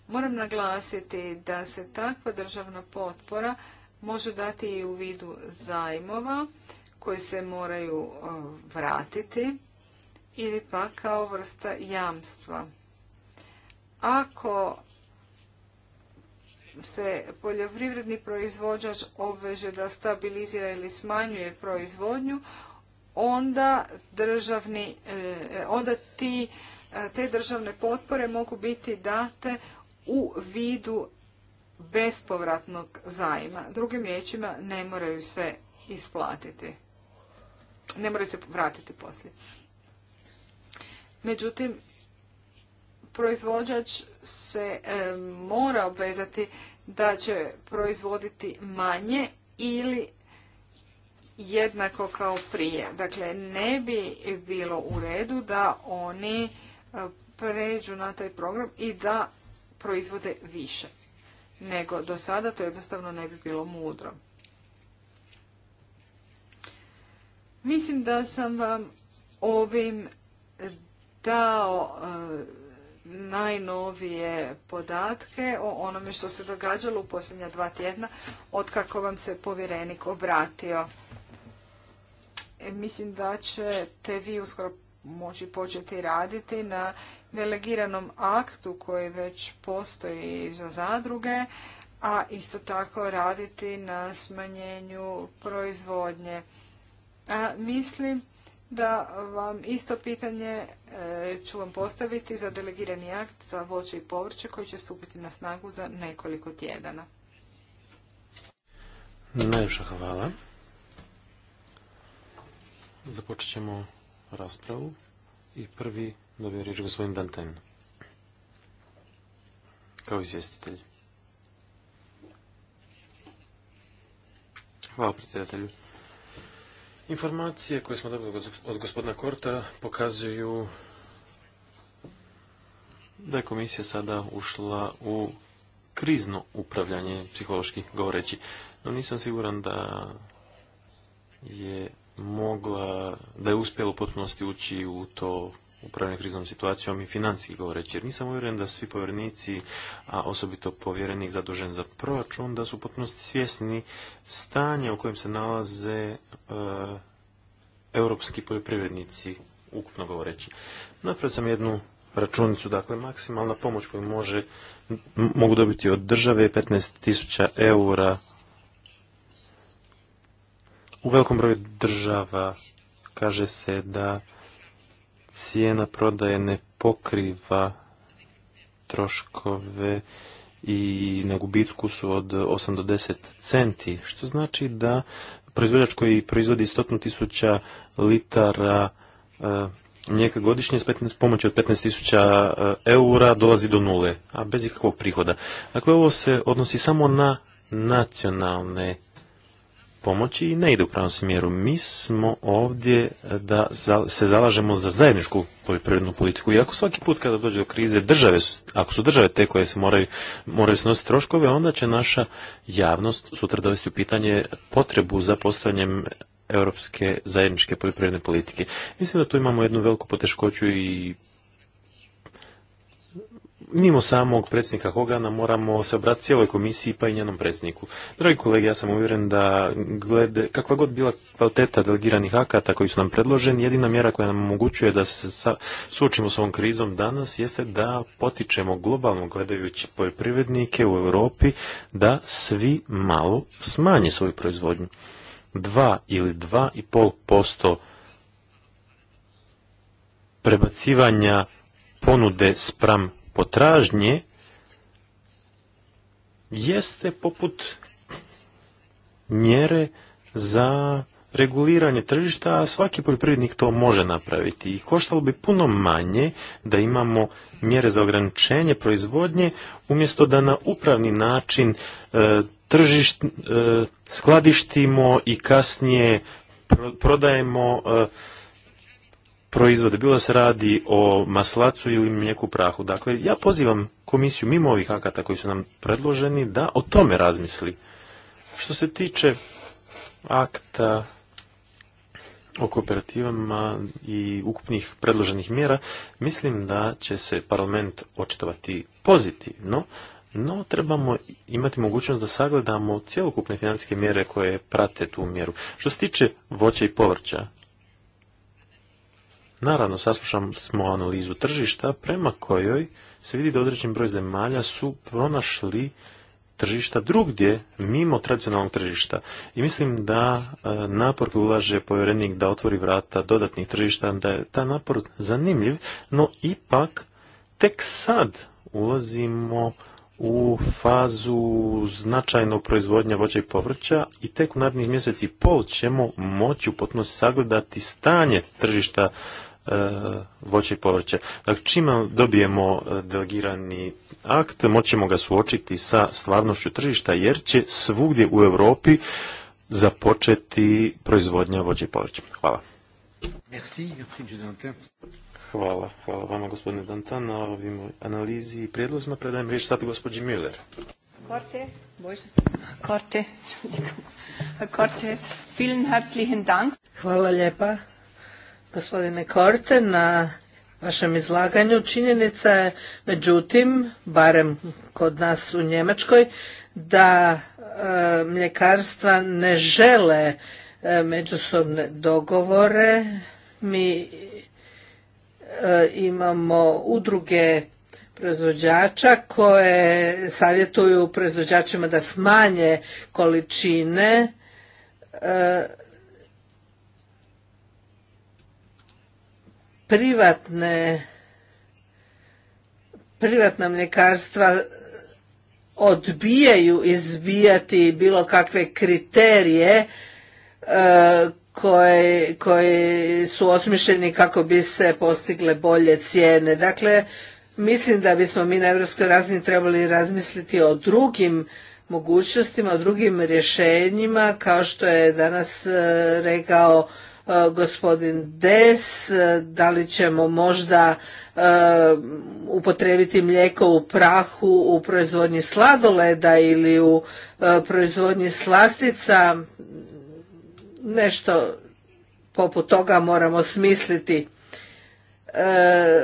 Moram naglasiti da se takva državna potpora može dati i u vidu zajmova koji se moraju vratiti ili pa kao vrsta jamstva. Ako se poljoprivredni proizvođač obveže da stabilizira ili smanjuje proizvodnju, onda državni, e, e, onda e, te državne potpore mogu biti date u vidu bespovratnog zajma. Drugim riječima ne moraju se isplatiti. Ne moraju se vratiti poslije. Međutim, proizvođač se mora obvezati da će proizvoditi manje ili jednako kao prije. Dakle, ne bi bilo u redu da oni pređu na taj program i da proizvode više nego do sada, to jednostavno ne bi bilo mudro. Mislim da sam vam ovim dao e, najnovije podatke o onome što se događalo u posljednja dva tjedna od kako vam se povjerenik obratio. E, mislim da ćete vi uskoro moći početi raditi na delegiranom aktu koji već postoji za zadruge, a isto tako raditi na smanjenju proizvodnje. A mislim da vam isto pitanje e, ću vam postaviti za delegirani akt za voće i povrće koji će stupiti na snagu za nekoliko tjedana. Najljepša hvala. Započet ćemo raspravu i prvi Dobio riječ gospodin Dantajn. Kao izvjestitelj. Hvala predsjedatelju. Informacije koje smo dobili od gospodina Korta pokazuju da je komisija sada ušla u krizno upravljanje, psihološki govoreći. No nisam siguran da je mogla, da je uspjela u potpunosti ući u to upravljanje kriznom situacijom i financijski govoreći, jer nisam uvjeren da svi povjerenici, a osobito povjerenik zadužen za proračun, da su potpunosti svjesni stanja u kojem se nalaze e, europski poljoprivrednici, ukupno govoreći. Napravio sam jednu računicu, dakle maksimalna pomoć koju može, mogu dobiti od države 15.000 eura u velikom broju država kaže se da cijena prodaje ne pokriva troškove i na gubitku su od 8 do 10 centi, što znači da proizvođač koji proizvodi 100.000 litara e, mlijeka godišnje s pomoći od 15.000 e, eura dolazi do nule, a bez ikakvog prihoda. Dakle, ovo se odnosi samo na nacionalne pomoći i ne ide u pravom smjeru. Mi smo ovdje da se zalažemo za zajedničku poljoprivrednu politiku. I ako svaki put kada dođe do krize države, ako su države te koje se moraju, moraju snositi troškove, onda će naša javnost sutra dovesti u pitanje potrebu za postojanjem europske zajedničke poljoprivredne politike. Mislim da tu imamo jednu veliku poteškoću i mimo samog predsjednika Hogana moramo se obratiti cijeloj komisiji pa i njenom predsjedniku. Dragi kolege, ja sam uvjeren da glede, kakva god bila kvaliteta delegiranih akata koji su nam predloženi, jedina mjera koja nam omogućuje da se suočimo s ovom krizom danas jeste da potičemo globalno gledajući poljoprivrednike u Europi da svi malo smanje svoju proizvodnju. Dva ili pol posto prebacivanja ponude spram potražnje jeste poput mjere za reguliranje tržišta, a svaki poljoprivrednik to može napraviti. I koštalo bi puno manje da imamo mjere za ograničenje proizvodnje, umjesto da na upravni način e, e skladištimo i kasnije prodajemo e, proizvode, bilo da se radi o maslacu ili mlijeku prahu. Dakle, ja pozivam komisiju mimo ovih akata koji su nam predloženi da o tome razmisli. Što se tiče akta o kooperativama i ukupnih predloženih mjera, mislim da će se parlament očitovati pozitivno, no trebamo imati mogućnost da sagledamo cjelokupne financijske mjere koje prate tu mjeru. Što se tiče voća i povrća, Naravno, saslušam smo analizu tržišta prema kojoj se vidi da određen broj zemalja su pronašli tržišta drugdje, mimo tradicionalnog tržišta. I mislim da e, napor koji ulaže povjerenik da otvori vrata dodatnih tržišta, da je ta napor zanimljiv, no ipak tek sad ulazimo u fazu značajnog proizvodnja voća i povrća i tek u narednih mjeseci pol ćemo moći u potpunosti sagledati stanje tržišta E, voće i povrće. Dakle, čim dobijemo e, delegirani akt, moćemo ga suočiti sa stvarnošću tržišta, jer će svugdje u Europi započeti proizvodnja voće i povrće. Hvala. Merci, merci, hvala. Hvala vama, gospodine Dantan, na ovim analizi i prijedlozima. Predajem riječ sad gospođi Müller. Korte, bojša se? Korte, Korte, vielen herzlichen Dank. Hvala lijepa gospodine Korte na vašem izlaganju. Činjenica je, međutim, barem kod nas u Njemačkoj, da e, mljekarstva ne žele e, međusobne dogovore. Mi e, imamo udruge proizvođača koje savjetuju proizvođačima da smanje količine e, privatne privatna mljekarstva odbijaju izbijati bilo kakve kriterije e, koji su osmišljeni kako bi se postigle bolje cijene. Dakle, mislim da bismo mi na europskoj razini trebali razmisliti o drugim mogućnostima, o drugim rješenjima, kao što je danas e, rekao E, gospodin Des, e, da li ćemo možda e, upotrebiti mlijeko u prahu u proizvodnji sladoleda ili u proizvodnji slastica, nešto poput toga moramo smisliti.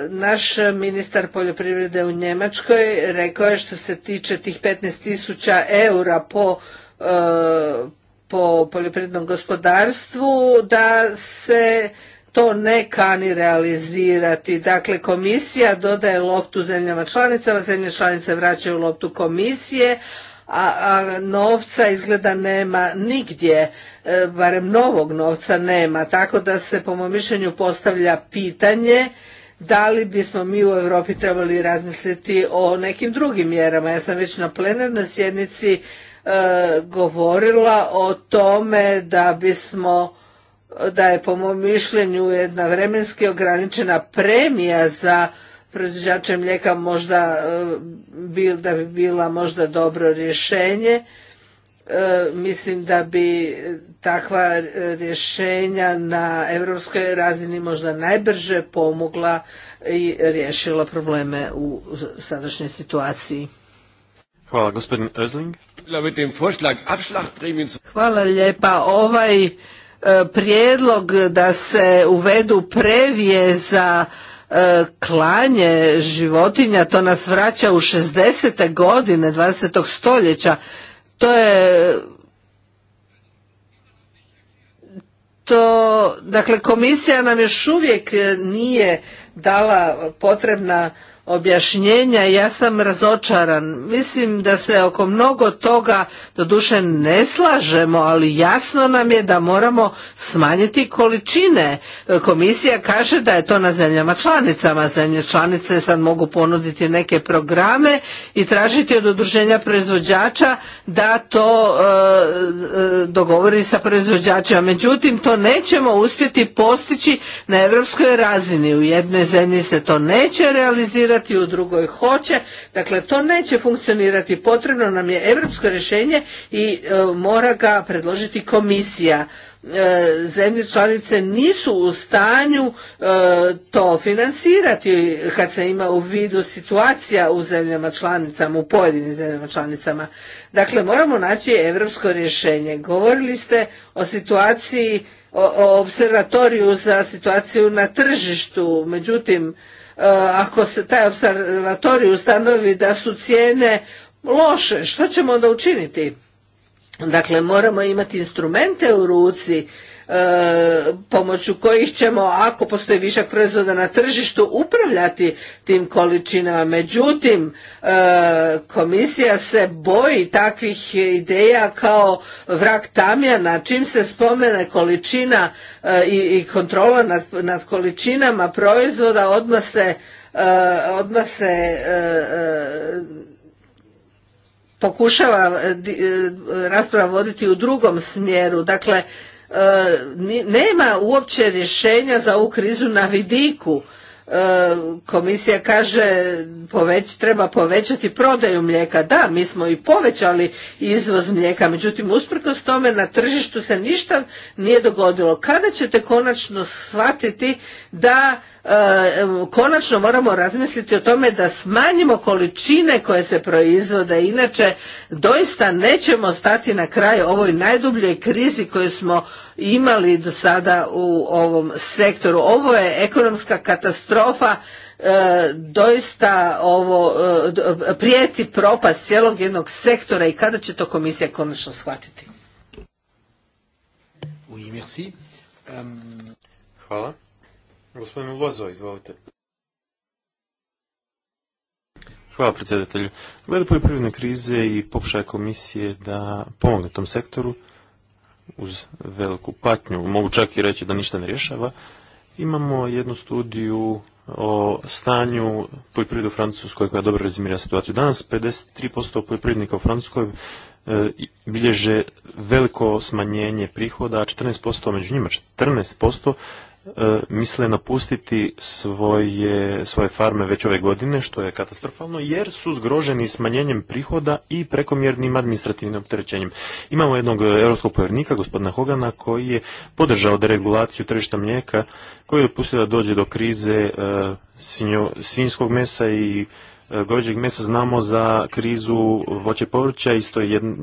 Naš ministar poljoprivrede u Njemačkoj rekao je što se tiče tih 15.000 eura po po poljoprivrednom gospodarstvu da se to ne kani realizirati. Dakle, komisija dodaje loptu zemljama članicama, zemlje članice vraćaju loptu komisije, a, novca izgleda nema nigdje, e, barem novog novca nema. Tako da se po mom mišljenju postavlja pitanje da li bismo mi u Europi trebali razmisliti o nekim drugim mjerama. Ja sam već na plenarnoj sjednici E, govorila o tome da bismo da je po mom mišljenju jedna vremenski ograničena premija za proizvođače mlijeka možda e, da bi bila možda dobro rješenje. E, mislim da bi takva rješenja na europskoj razini možda najbrže pomogla i riješila probleme u sadašnjoj situaciji. Hvala, gospodin lijepa. Ovaj e, prijedlog da se uvedu previje za e, klanje životinja, to nas vraća u 60. godine 20. stoljeća. To je to, dakle komisija nam još uvijek e, nije dala potrebna objašnjenja ja sam razočaran. Mislim da se oko mnogo toga doduše ne slažemo, ali jasno nam je da moramo smanjiti količine. Komisija kaže da je to na zemljama članicama. Zemlje članice sad mogu ponuditi neke programe i tražiti od udruženja proizvođača da to e, e, dogovori sa proizvođačima. Međutim, to nećemo uspjeti postići na europskoj razini. U jednoj zemlji se to neće realizirati u drugoj hoće. Dakle, to neće funkcionirati. Potrebno nam je europsko rješenje i e, mora ga predložiti komisija. E, zemlje članice nisu u stanju e, to financirati kad se ima u vidu situacija u zemljama članicama, u pojedinim zemljama članicama. Dakle, moramo naći europsko rješenje. Govorili ste o situaciji o observatoriju za situaciju na tržištu. Međutim, Eh, ako se taj observatorij ustanovi da su cijene loše, što ćemo onda učiniti? Dakle, moramo imati instrumente u ruci E, pomoću kojih ćemo ako postoji višak proizvoda na tržištu upravljati tim količinama. Međutim, e, komisija se boji takvih ideja kao vrak tamjana čim se spomene količina e, i kontrola nad količinama proizvoda odmah se odmah se pokušava rasprava voditi u drugom smjeru. Dakle, nema uopće rješenja za ovu krizu na vidiku. E, komisija kaže poveć, treba povećati prodaju mlijeka. Da, mi smo i povećali izvoz mlijeka, međutim usprkos tome na tržištu se ništa nije dogodilo. Kada ćete konačno shvatiti da E, konačno moramo razmisliti o tome da smanjimo količine koje se proizvode, inače doista nećemo stati na kraj ovoj najdubljoj krizi koju smo imali do sada u ovom sektoru. Ovo je ekonomska katastrofa, e, doista ovo e, prijeti propast cijelog jednog sektora i kada će to komisija konačno shvatiti? Hvala. Gospodin Lozo, izvolite. Hvala predsjedatelju. Glede poljoprivredne krize i pokušaja komisije da pomogne tom sektoru uz veliku patnju, mogu čak i reći da ništa ne rješava, imamo jednu studiju o stanju poljoprivrede u Francuskoj koja dobro rezimira situaciju. Danas 53% poljoprivrednika u Francuskoj e, bilježe veliko smanjenje prihoda, a 14% među njima, 14% E, misle napustiti svoje, svoje farme već ove godine, što je katastrofalno, jer su zgroženi smanjenjem prihoda i prekomjernim administrativnim opterećenjem. Imamo jednog europskog povjernika, gospodina Hogana, koji je podržao deregulaciju tržišta mlijeka, koji je dopustio da dođe do krize e, svinjskog mesa i E, gođeg mesa znamo za krizu voće povrća, isto je jedna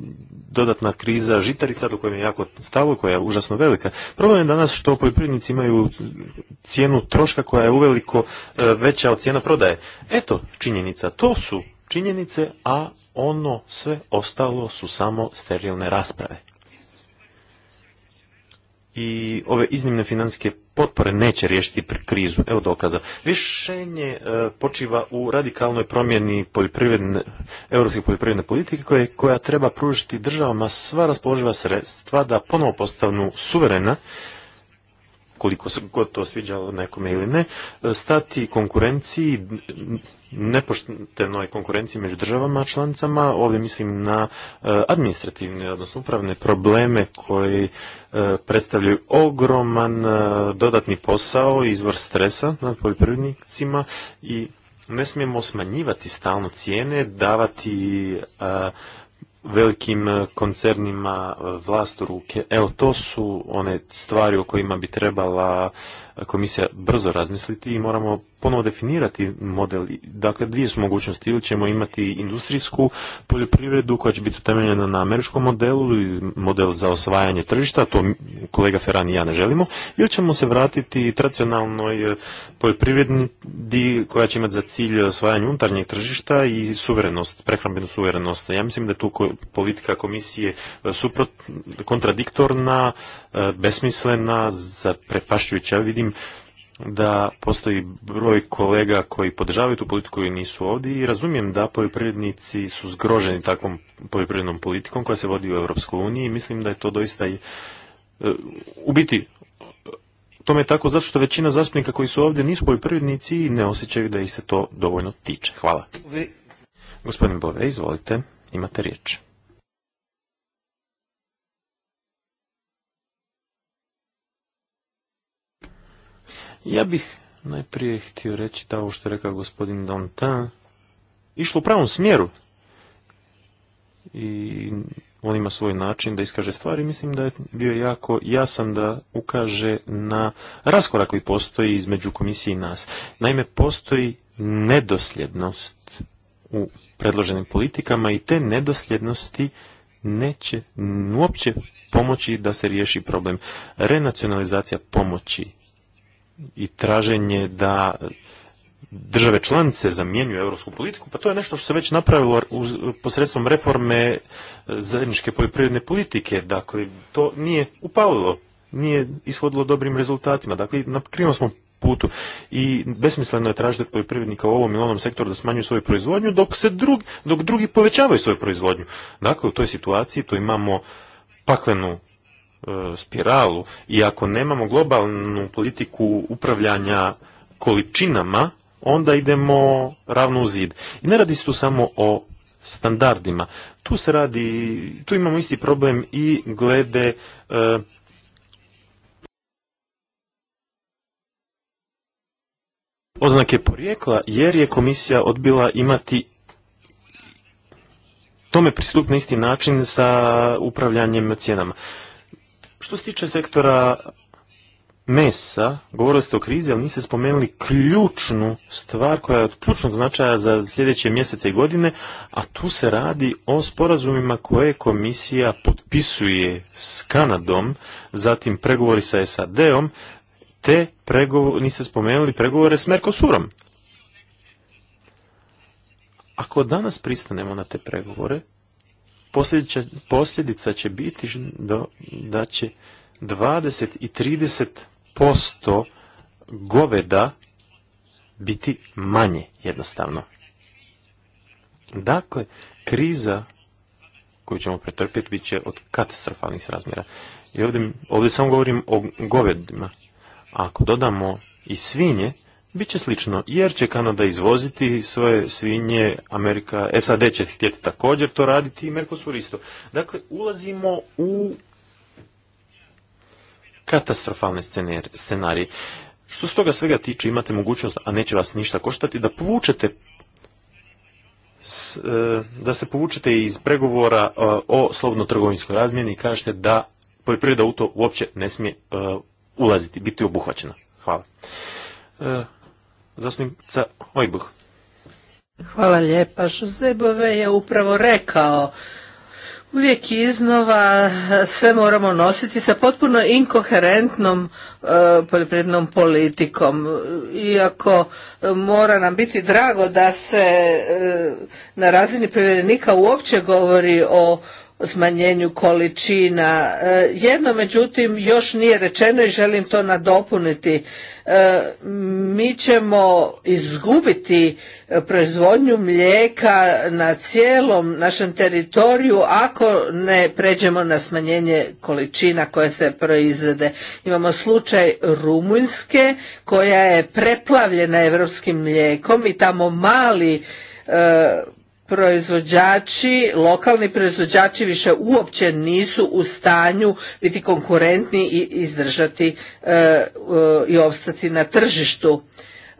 dodatna kriza žitarica do koje je jako stalo, koja je užasno velika. Problem je danas što poljoprivrednici imaju cijenu troška koja je uveliko e, veća od cijena prodaje. Eto, činjenica, to su činjenice, a ono sve ostalo su samo sterilne rasprave. I ove iznimne financijske potpore neće riješiti krizu. Evo dokaza. Rješenje e, počiva u radikalnoj promjeni poljoprivredne, europske poljoprivredne politike koja treba pružiti državama sva raspoloživa sredstva da ponovo postavnu suverena koliko se god to sviđalo nekome ili ne, e, stati konkurenciji nepoštenoj konkurenciji među državama članicama. Ovdje mislim na e, administrativne, odnosno upravne probleme koji e, predstavljaju ogroman e, dodatni posao, izvor stresa nad poljoprivrednicima i ne smijemo smanjivati stalno cijene, davati velikim koncernima vlast u ruke. Evo, to su one stvari o kojima bi trebala komisija brzo razmisliti i moramo ponovo definirati model. Dakle, dvije su mogućnosti. Ili ćemo imati industrijsku poljoprivredu koja će biti utemeljena na američkom modelu, i model za osvajanje tržišta, to kolega Ferran i ja ne želimo, ili ćemo se vratiti tradicionalnoj eh, poljoprivredi koja će imati za cilj osvajanje unutarnjeg tržišta i suverenost, prehrambenu suverenost. Ja mislim da je tu politika komisije eh, suprot, kontradiktorna, eh, besmislena, zaprepašćujuća. Vidim da postoji broj kolega koji podržavaju tu politiku i nisu ovdje i razumijem da poljoprivrednici su zgroženi takvom poljoprivrednom politikom koja se vodi u Europskoj uniji i mislim da je to doista i e, u biti e, tome je tako zato što većina zastupnika koji su ovdje nisu poljoprivrednici i ne osjećaju da ih se to dovoljno tiče. Hvala. Gospodin Bove, izvolite, imate riječ. Ja bih najprije htio reći da ovo što je rekao gospodin Dantin išlo u pravom smjeru i on ima svoj način da iskaže stvari. Mislim da je bio jako jasan da ukaže na raskorak koji postoji između komisije i nas. Naime, postoji nedosljednost u predloženim politikama i te nedosljednosti neće uopće pomoći da se riješi problem. Renacionalizacija pomoći i traženje da države članice zamjenjuju europsku politiku, pa to je nešto što se već napravilo posredstvom reforme e, zajedničke poljoprivredne politike. Dakle, to nije upalilo, nije ishodilo dobrim rezultatima. Dakle, na krivom smo putu i besmisleno je tražiti poljoprivrednika u ovom ili sektoru da smanjuju svoju proizvodnju dok, se dok drugi povećavaju svoju proizvodnju. Dakle, u toj situaciji tu imamo paklenu E, spiralu i ako nemamo globalnu politiku upravljanja količinama, onda idemo ravno u zid. I ne radi se tu samo o standardima. Tu se radi, tu imamo isti problem i glede e, oznake porijekla, jer je komisija odbila imati tome pristup na isti način sa upravljanjem cijenama. Što se tiče sektora mesa, govorili ste o krizi, ali niste spomenuli ključnu stvar koja je od ključnog značaja za sljedeće mjesece i godine, a tu se radi o sporazumima koje komisija potpisuje s Kanadom, zatim pregovori sa SAD-om, te niste spomenuli pregovore s Mercosurom. Ako danas pristanemo na te pregovore, posljedica će biti da će 20 i 30 posto goveda biti manje jednostavno. Dakle, kriza koju ćemo pretrpjeti bit će od katastrofalnih razmjera. I ovdje, ovdje samo govorim o govedima. ako dodamo i svinje, će slično, jer će Kanada izvoziti svoje svinje, Amerika, SAD će htjeti također to raditi i Mercosur isto. Dakle, ulazimo u katastrofalne scenarije. Što s toga svega tiče, imate mogućnost, a neće vas ništa koštati, da povučete e, da se povučete iz pregovora e, o slobodno trgovinskoj razmjeni i kažete da poljoprivreda u to uopće ne smije e, ulaziti, biti obuhvaćena. Hvala. Zastupnica Ojbuh. Hvala lijepa. Šuzebove je upravo rekao Uvijek iznova se moramo nositi sa potpuno inkoherentnom e, poljoprivrednom politikom. Iako mora nam biti drago da se e, na razini povjerenika uopće govori o smanjenju količina. E, jedno međutim još nije rečeno i želim to nadopuniti. E, mi ćemo izgubiti e, proizvodnju mlijeka na cijelom našem teritoriju ako ne pređemo na smanjenje količina koje se proizvede. Imamo slučaj Rumunjske koja je preplavljena evropskim mlijekom i tamo mali proizvođači, lokalni proizvođači više uopće nisu u stanju biti konkurentni i izdržati e, e, i opstati na tržištu.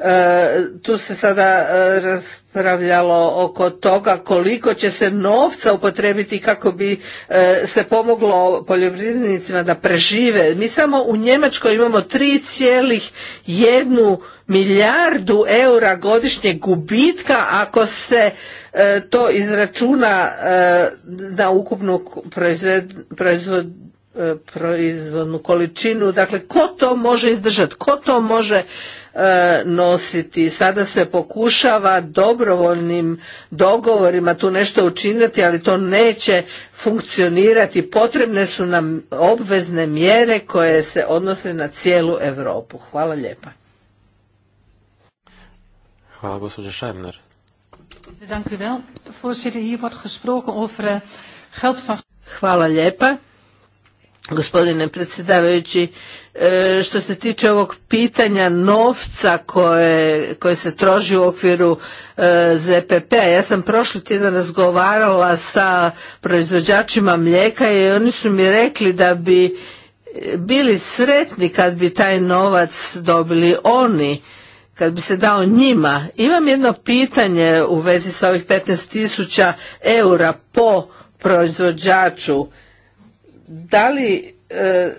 E, tu se sada e, raspravljalo oko toga koliko će se novca upotrebiti kako bi e, se pomoglo poljoprivrednicima da prežive. Mi samo u Njemačkoj imamo 3,1 milijardu eura godišnje gubitka ako se to izračuna na ukupnu proizvodnu količinu. Dakle, ko to može izdržati? Ko to može E, nositi. Sada se pokušava dobrovoljnim dogovorima tu nešto učiniti, ali to neće funkcionirati. Potrebne su nam obvezne mjere koje se odnose na cijelu Europu. Hvala lijepa. Hvala gospođa eh, van... Hvala lijepa. Gospodine predsjedavajući, e, što se tiče ovog pitanja novca koje, se troži u okviru e, ZPP, ja sam prošli tjedan razgovarala sa proizvođačima mlijeka i oni su mi rekli da bi bili sretni kad bi taj novac dobili oni, kad bi se dao njima. Imam jedno pitanje u vezi sa ovih 15.000 eura po proizvođaču da li e,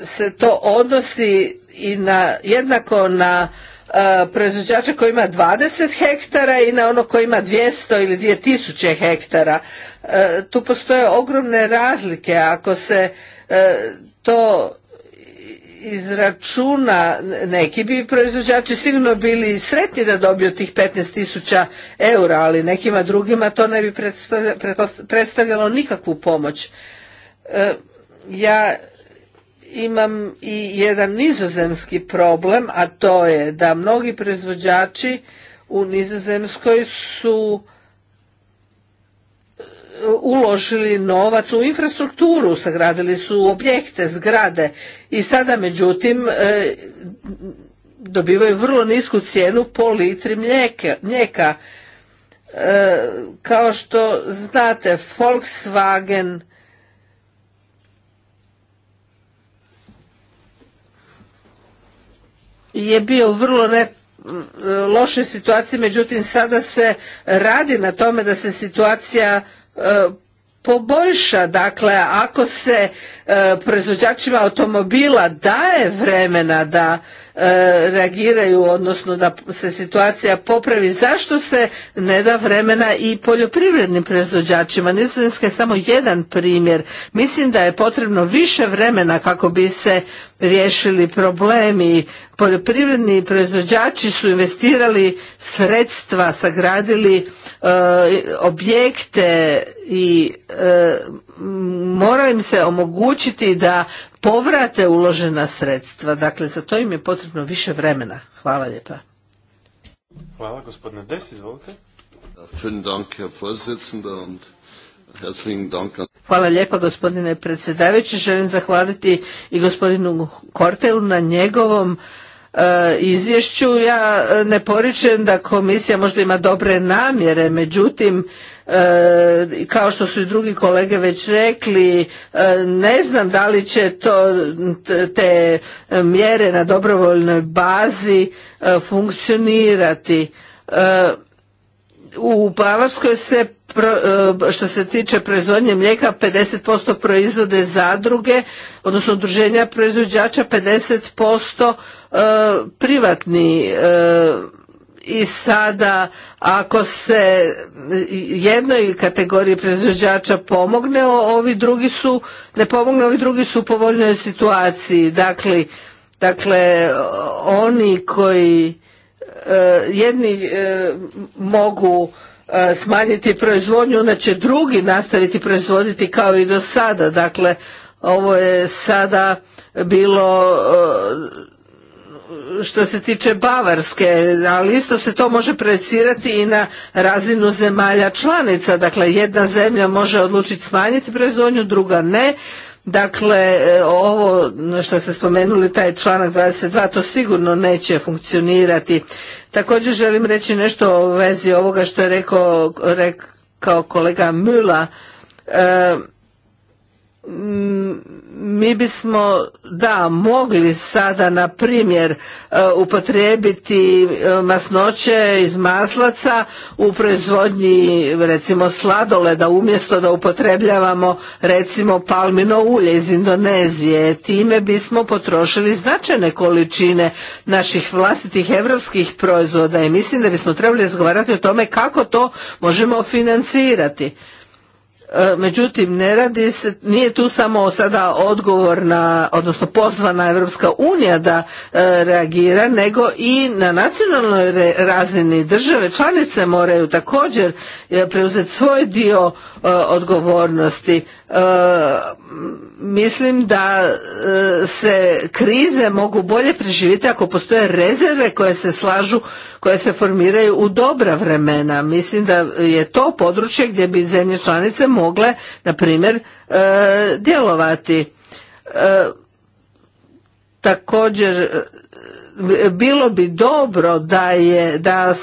se to odnosi i na jednako na e, proizvođača koji ima 20 hektara i na ono koji ima 200 ili 2000 hektara. E, tu postoje ogromne razlike ako se to izračuna neki bi proizvođači sigurno bili sretni da dobiju tih 15.000 eura, ali nekima drugima to ne bi predstavljalo nikakvu pomoć. E, ja imam i jedan nizozemski problem, a to je da mnogi proizvođači u nizozemskoj su e, uložili novac u infrastrukturu, sagradili su objekte, zgrade i sada međutim e, dobivaju vrlo nisku cijenu po litri mlijeka. Kao što znate, Volkswagen je bio u vrlo ne mm, lošoj situaciji, međutim sada se radi na tome da se situacija e, poboljša. Dakle, ako se e, proizvođačima automobila daje vremena da E, reagiraju, odnosno da se situacija popravi. Zašto se ne da vremena i poljoprivrednim proizvođačima? Nizozemska je samo jedan primjer. Mislim da je potrebno više vremena kako bi se riješili problemi. Poljoprivredni proizvođači su investirali sredstva, sagradili e, objekte i e, mora im se omogućiti da povrate uložena sredstva. Dakle, za to im je potrebno više vremena. Hvala lijepa. Hvala, gospodine Des, izvolite. Hvala lijepa gospodine predsjedavajući. Želim zahvaliti i gospodinu Kortelu na njegovom e, izvješću. Ja e, ne poričem da komisija možda ima dobre namjere, međutim E, kao što su i drugi kolege već rekli, e, ne znam da li će to te mjere na dobrovoljnoj bazi e, funkcionirati. U Bavarskoj se što se tiče proizvodnje mlijeka 50% proizvode zadruge, odnosno udruženja proizvođača 50% privatni i sada ako se jednoj kategoriji proizvođača pomogne, ovi drugi su, ne pomogne, ovi drugi su u povoljnoj situaciji. Dakle, dakle oni koji e, jedni e, mogu e, smanjiti proizvodnju, onda će drugi nastaviti proizvoditi kao i do sada. Dakle, ovo je sada bilo što se tiče Bavarske, ali isto se to može projecirati i na razinu zemalja članica. Dakle, jedna zemlja može odlučiti smanjiti proizvodnju, druga ne. Dakle, ovo što ste spomenuli, taj članak 22, to sigurno neće funkcionirati. Također želim reći nešto u vezi ovoga što je rekao, kolega Müller. E, Mm, mi bismo da mogli sada na primjer e, upotrijebiti e, masnoće iz maslaca u proizvodnji recimo sladoleda umjesto da upotrebljavamo recimo palmino ulje iz Indonezije time bismo potrošili značajne količine naših vlastitih europskih proizvoda i mislim da bismo trebali razgovarati o tome kako to možemo financirati E, međutim, ne radi se, nije tu samo sada odgovor na, odnosno pozvana Evropska unija da e, reagira, nego i na nacionalnoj razini države članice moraju također e, preuzeti svoj dio odgovornosti. E, mislim da e, se krize mogu bolje preživjeti ako postoje rezerve koje se slažu, koje se formiraju u dobra vremena. Mislim da je to područje gdje bi zemlje članice mogle, na primjer, e, djelovati. Također bilo bi dobro da je da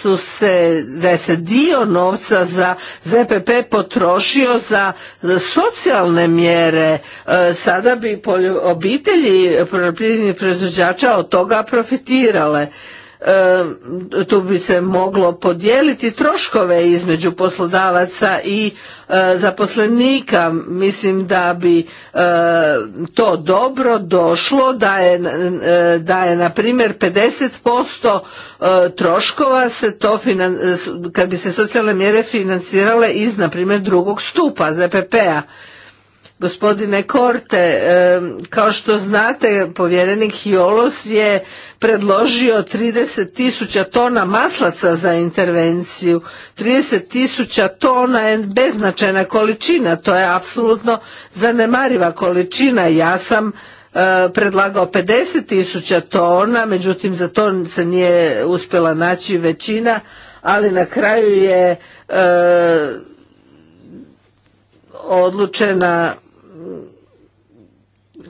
su se da je se dio novca za ZPP potrošio za socijalne mjere e, sada bi obitelji poljoprivrednih proizvođača od toga profitirale E, tu bi se moglo podijeliti troškove između poslodavaca i e, zaposlenika mislim da bi e, to dobro došlo da je da je na primjer 50% troškova se to kad bi se socijalne mjere financirale iz na primjer drugog stupa ZPP-a Gospodine Korte, kao što znate, povjerenik Hiolos je predložio 30 tisuća tona maslaca za intervenciju. 30 tisuća tona je beznačajna količina, to je apsolutno zanemariva količina. Ja sam e, predlagao 50 tisuća tona, međutim za to se nije uspjela naći većina, ali na kraju je e, odlučena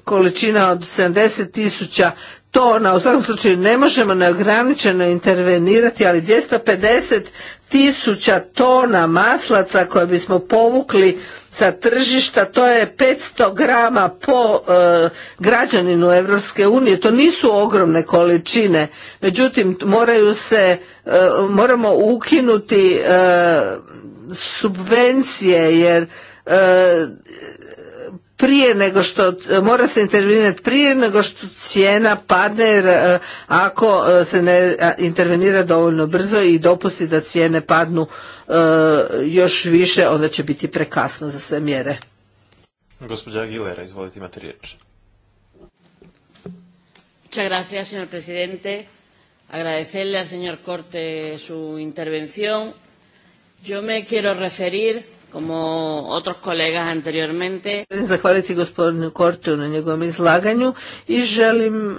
količina od 70 tisuća tona, u svakom slučaju ne možemo neograničeno intervenirati, ali 250 tisuća tona maslaca koje bismo povukli sa tržišta, to je 500 grama po e, građaninu Europske unije, to nisu ogromne količine, međutim moraju se, e, moramo ukinuti e, subvencije jer prije nego što mora se intervenirati prije nego što cijena padne jer e, ako e, se ne intervenira dovoljno brzo i dopusti da cijene padnu e, još više onda će biti prekasno za sve mjere. Gospođa Aguilera, izvolite imate riječ. Muchas gracias, señor presidente. Agradecerle al señor Corte su intervención. Yo me quiero referir como otros colegas anteriormente. zahvaliti gospodinu kortu na njegovom izlaganju i želim e,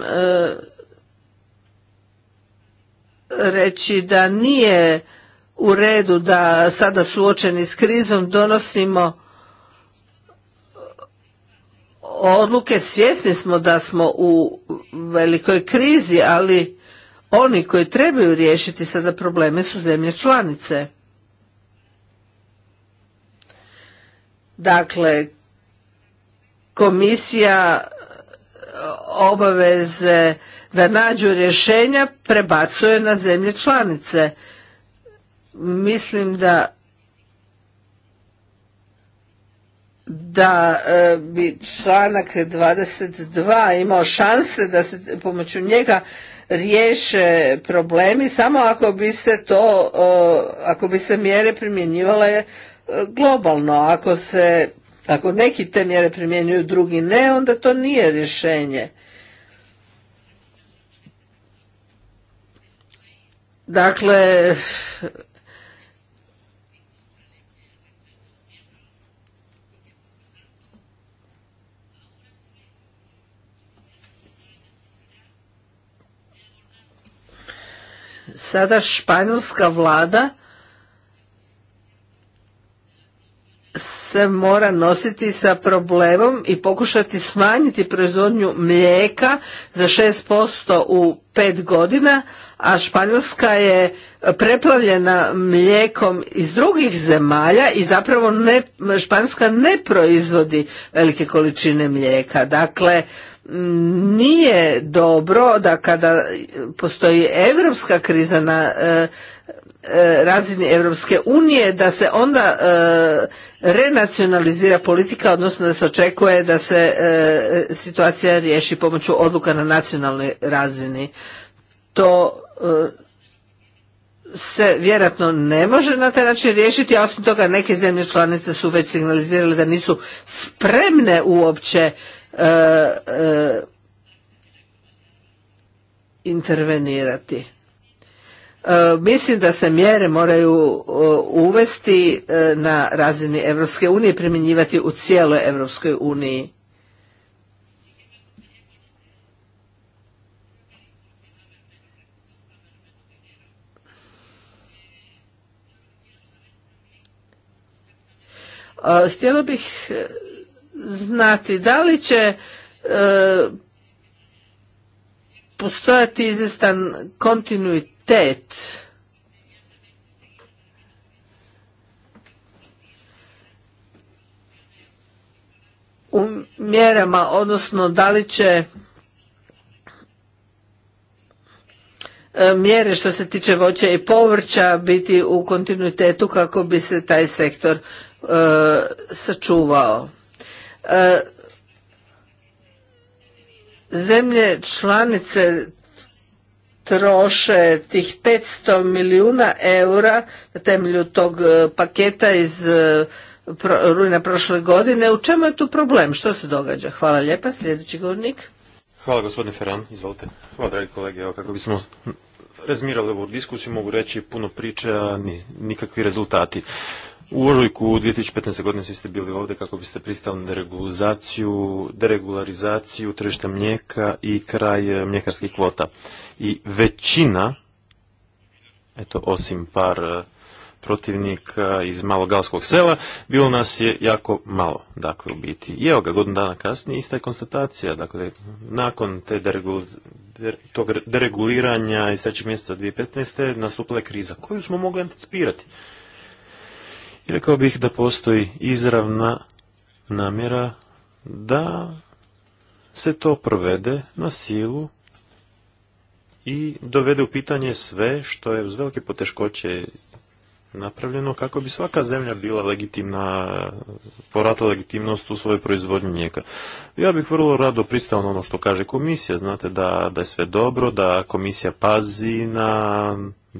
reći da nije u redu da sada suočeni s krizom donosimo odluke. Svjesni smo da smo u velikoj krizi, ali oni koji trebaju riješiti sada probleme su zemlje članice. Dakle, komisija e, obaveze da nađu rješenja prebacuje na zemlje članice. Mislim da da e, bi članak 22 imao šanse da se pomoću njega riješe problemi samo ako bi se to e, ako bi se mjere primjenjivale globalno. Ako se, ako neki te mjere primjenjuju, drugi ne, onda to nije rješenje. Dakle, sada španjolska vlada se mora nositi sa problemom i pokušati smanjiti proizvodnju mlijeka za 6% u 5 godina, a Španjolska je preplavljena mlijekom iz drugih zemalja i zapravo ne, Španjolska ne proizvodi velike količine mlijeka. Dakle, nije dobro da kada postoji europska kriza na e, e, razini Evropske unije da se onda e, renacionalizira politika odnosno da se očekuje da se situacija riješi pomoću odluka na nacionalnoj razini to se vjerojatno ne može na taj način riješiti, a osim toga neke zemlje članice su već signalizirale da nisu spremne uopće E, e, intervenirati. E, mislim da se mjere moraju uvesti na razini Europske unije i primjenjivati u cijeloj Europskoj uniji. Htjela bih znati da li će e, postojati izvjestan kontinuitet u mjerama, odnosno da li će e, mjere što se tiče voća i povrća biti u kontinuitetu kako bi se taj sektor e, sačuvao. E, zemlje članice troše tih 500 milijuna eura na temelju tog e, paketa iz e, rujna prošle godine. U čemu je tu problem? Što se događa? Hvala lijepa. Sljedeći govornik. Hvala gospodine Ferran, izvolite. Hvala dragi kolege, evo kako bismo razmirali ovu diskusiju mogu reći puno priče ni, nikakvi rezultati. U ožujku 2015. godine svi ste bili ovdje kako biste pristali na deregulizaciju, deregularizaciju tržišta mlijeka i kraj eh, mljekarskih kvota. I većina, eto osim par eh, protivnika iz malogalskog sela, bilo nas je jako malo, dakle, u biti. I evo ga, godinu dana kasnije, ista je konstatacija, dakle, nakon te tog dereguliranja iz trećeg mjeseca 2015. nastupila je kriza, koju smo mogli anticipirati. I rekao bih da postoji izravna namjera da se to provede na silu i dovede u pitanje sve što je uz velike poteškoće napravljeno kako bi svaka zemlja bila legitimna, porata legitimnost u svojoj proizvodnji mlijeka. Ja bih vrlo rado pristao na ono što kaže komisija, znate da, da je sve dobro, da komisija pazi na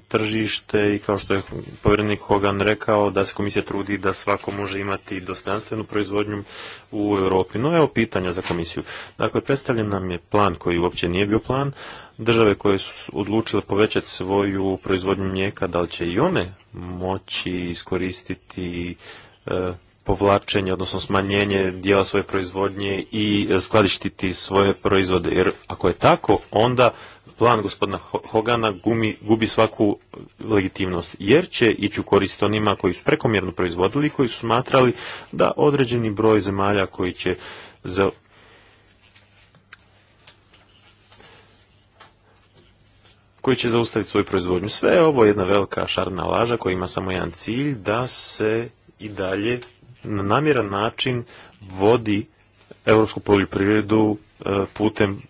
tržište i kao što je povjerenik Hogan rekao da se komisija trudi da svako može imati dostojanstvenu proizvodnju u Europi. No evo pitanja za komisiju. Dakle, predstavljen nam je plan koji uopće nije bio plan. Države koje su odlučile povećati svoju proizvodnju mlijeka, da li će i one moći iskoristiti e, povlačenje, odnosno smanjenje dijela svoje proizvodnje i e, skladištiti svoje proizvode. Jer ako je tako, onda plan gospodina Hogana gubi svaku legitimnost, jer će ići u korist onima koji su prekomjerno proizvodili i koji su smatrali da određeni broj zemalja koji će za koji će zaustaviti svoju proizvodnju. Sve je ovo jedna velika šarna laža koja ima samo jedan cilj da se i dalje na namjeran način vodi europsku poljoprivredu e, putem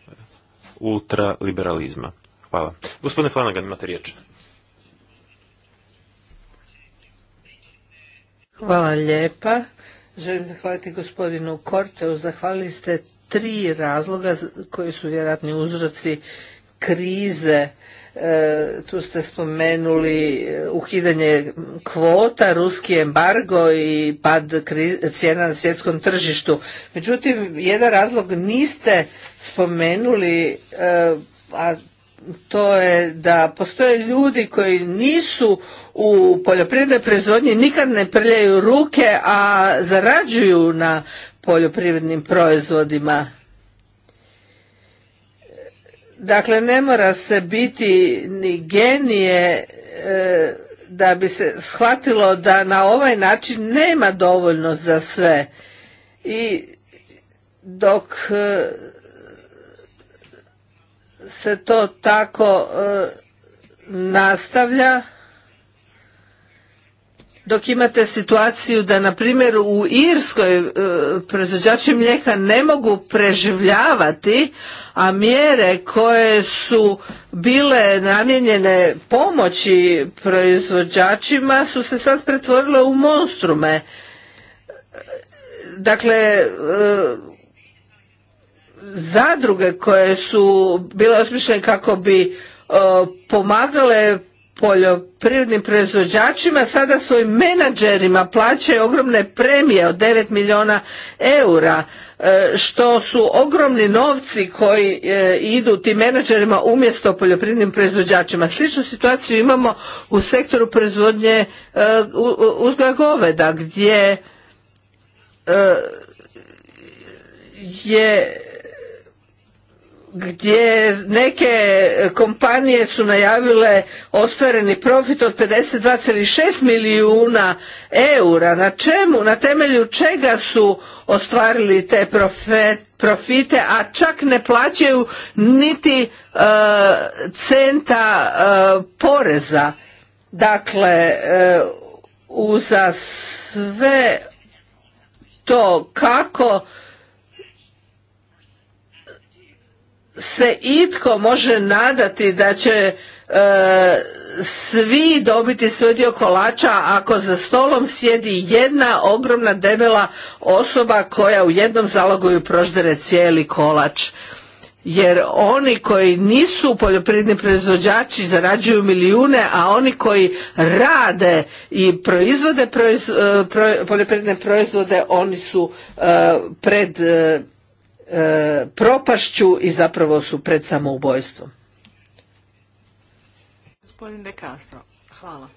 ultraliberalizma. Hvala. Gospodine Flanagan, imate riječ. Hvala lijepa. Želim zahvaliti gospodinu Korteu. Zahvalili ste tri razloga koji su vjerojatni uzroci krize E, tu ste spomenuli e, ukidanje kvota, ruski embargo i pad cijena na svjetskom tržištu. Međutim, jedan razlog niste spomenuli, e, a to je da postoje ljudi koji nisu u poljoprivrednoj proizvodnji, nikad ne prljaju ruke, a zarađuju na poljoprivrednim proizvodima. Dakle, ne mora se biti ni genije e, da bi se shvatilo da na ovaj način nema dovoljno za sve. I dok e, se to tako e, nastavlja, dok imate situaciju da na primjer u Irskoj e, proizvođači mlijeka ne mogu preživljavati, a mjere koje su bile namijenjene pomoći proizvođačima su se sad pretvorile u monstrume. Dakle, e, zadruge koje su bile osmišljene kako bi e, pomagale poljoprivrednim proizvođačima sada svojim menadžerima plaćaju ogromne premije od 9 milijuna eura e, što su ogromni novci koji e, idu tim menadžerima umjesto poljoprivrednim proizvođačima. Sličnu situaciju imamo u sektoru proizvodnje e, uzgoja goveda gdje je gdje neke kompanije su najavile ostvareni profit od 52,6 milijuna eura. Na čemu, na temelju čega su ostvarili te profite, a čak ne plaćaju niti e, centa e, poreza. Dakle, e, uza sve to kako se itko može nadati da će e, svi dobiti svoj dio kolača ako za stolom sjedi jedna ogromna debela osoba koja u jednom zaloguju proždere cijeli kolač jer oni koji nisu poljoprivredni proizvođači zarađuju milijune, a oni koji rade i proizvode e, poljoprivredne proizvode, oni su e, pred e, propašću i zapravo su pred samoubojstvom. Gospodin De Castro, hvala.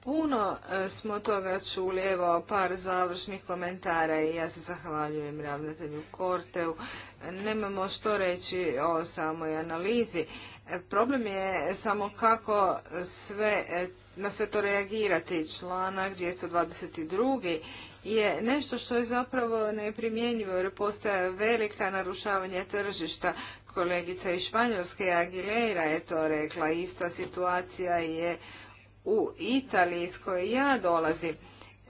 Puno e, smo toga čuli, evo par završnih komentara i ja se zahvaljujem ravnatelju Korteu. Nemamo što reći o samoj analizi. E, problem je samo kako sve, e, na sve to reagirati. Članak 222 je nešto što je zapravo neprimjenjivo jer postoje velika narušavanja tržišta. Kolegica iz Španjolske Aguilera je to rekla. Ista situacija je u Italiji iz koje ja dolazim.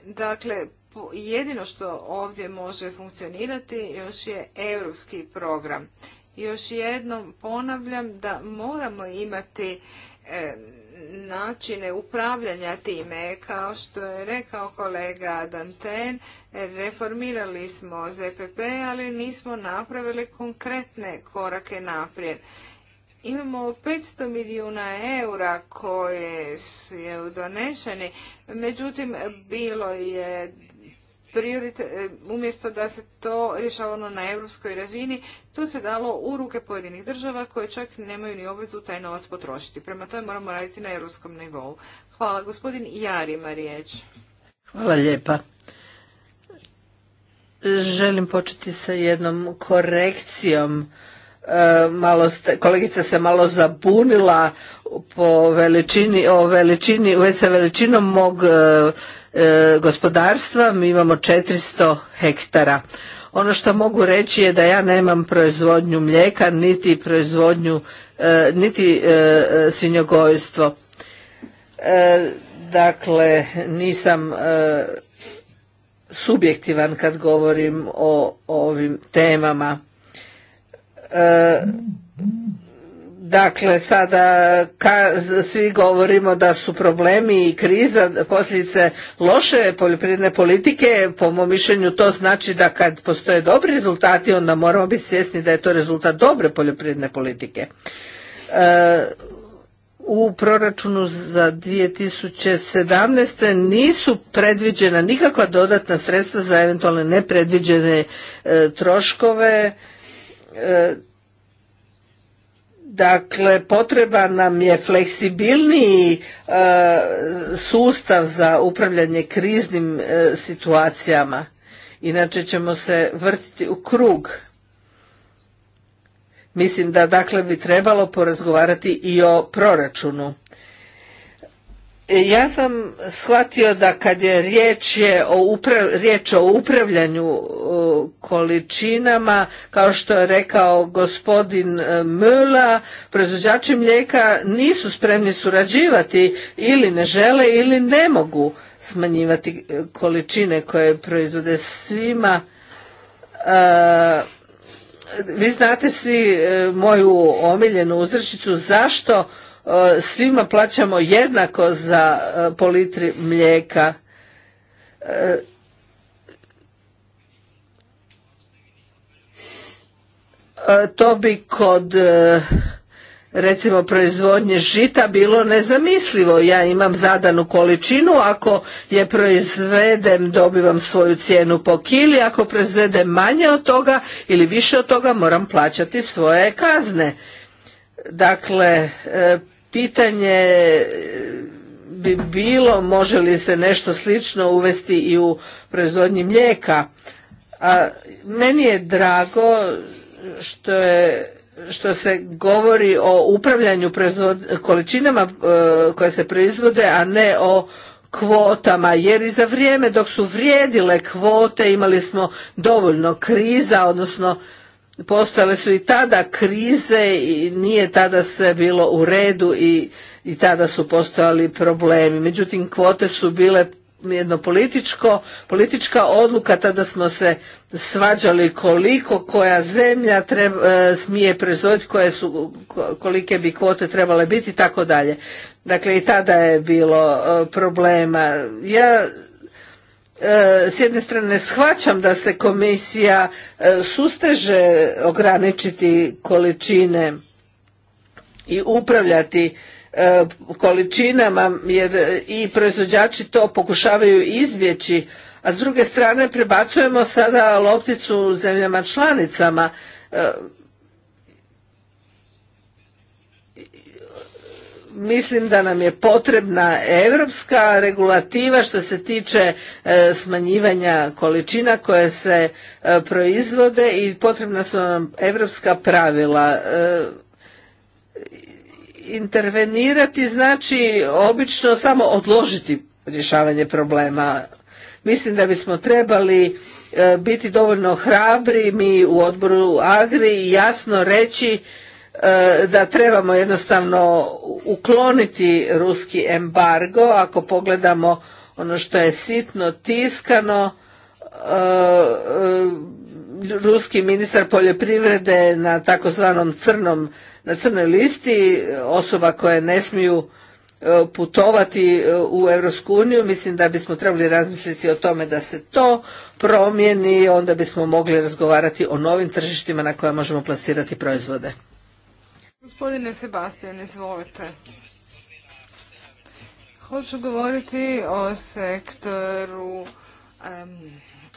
Dakle, jedino što ovdje može funkcionirati još je europski program. Još jednom ponavljam da moramo imati e, načine upravljanja time. Kao što je rekao kolega Danten, reformirali smo ZPP, ali nismo napravili konkretne korake naprijed. Imamo 500 milijuna eura koje su donešeni, međutim bilo je E, umjesto da se to rješavalo ono na europskoj razini, to se dalo u ruke pojedinih država koje čak nemaju ni obvezu taj novac potrošiti. Prema tome moramo raditi na europskom nivou. Hvala. Gospodin Jar ima riječ. Hvala lijepa. Želim početi sa jednom korekcijom. E, malo kolegica se malo zabunila po veličini, o veličini, sa veličinom mog e, E, gospodarstva, mi imamo 400 hektara. Ono što mogu reći je da ja nemam proizvodnju mlijeka, niti proizvodnju, e, niti e, svinjogojstvo. Dakle, nisam subjektivan kad govorim o, o ovim temama. Dakle, sada ka, svi govorimo da su problemi i kriza posljedice loše poljoprivredne politike. Po mom mišljenju to znači da kad postoje dobri rezultati, onda moramo biti svjesni da je to rezultat dobre poljoprivredne politike. E, u proračunu za 2017. nisu predviđena nikakva dodatna sredstva za eventualne nepredviđene e, troškove. E, Dakle, potreba nam je fleksibilniji e, sustav za upravljanje kriznim e, situacijama. Inače ćemo se vrtiti u krug. Mislim da dakle bi trebalo porazgovarati i o proračunu. E, ja sam shvatio da kad je riječ, o, upra riječ o upravljanju količinama, kao što je rekao gospodin e, Mula, proizvođači mlijeka nisu spremni surađivati ili ne žele ili ne mogu smanjivati e, količine koje proizvode svima. vi znate svi moju omiljenu uzrečicu zašto E, svima plaćamo jednako za e, po litri mlijeka. E, to bi kod recimo proizvodnje žita bilo nezamislivo. Ja imam zadanu količinu, ako je proizvedem dobivam svoju cijenu po kili, ako proizvedem manje od toga ili više od toga moram plaćati svoje kazne. Dakle, pitanje e, bi bilo može li se nešto slično uvesti i u proizvodnji mlijeka. A meni je drago što je što se govori o upravljanju proizvod, količinama e, koje se proizvode, a ne o kvotama, jer i za vrijeme dok su vrijedile kvote imali smo dovoljno kriza, odnosno postojale su i tada krize i nije tada sve bilo u redu i, i tada su postojali problemi. Međutim, kvote su bile jedno političko, politička odluka, tada smo se svađali koliko koja zemlja treba, e, smije proizvoditi, koje su, kolike bi kvote trebale biti i tako dalje. Dakle, i tada je bilo e, problema. Ja E, s jedne strane shvaćam da se komisija e, susteže ograničiti količine i upravljati e, količinama jer i proizvođači to pokušavaju izbjeći, a s druge strane prebacujemo sada lopticu zemljama članicama. mislim da nam je potrebna europska regulativa što se tiče e, smanjivanja količina koje se e, proizvode i potrebna su nam europska pravila e, intervenirati znači obično samo odložiti rješavanje problema mislim da bismo trebali biti dovoljno hrabri mi u odboru agri i jasno reći E, da trebamo jednostavno ukloniti ruski embargo. Ako pogledamo ono što je sitno tiskano, e, e, ruski ministar poljoprivrede na takozvanom crnom, na crnoj listi, osoba koje ne smiju putovati u Europsku uniju, mislim da bismo trebali razmisliti o tome da se to promijeni, onda bismo mogli razgovarati o novim tržištima na koje možemo plasirati proizvode. Gospodine Sebastian, izvolite. Hoću govoriti o sektoru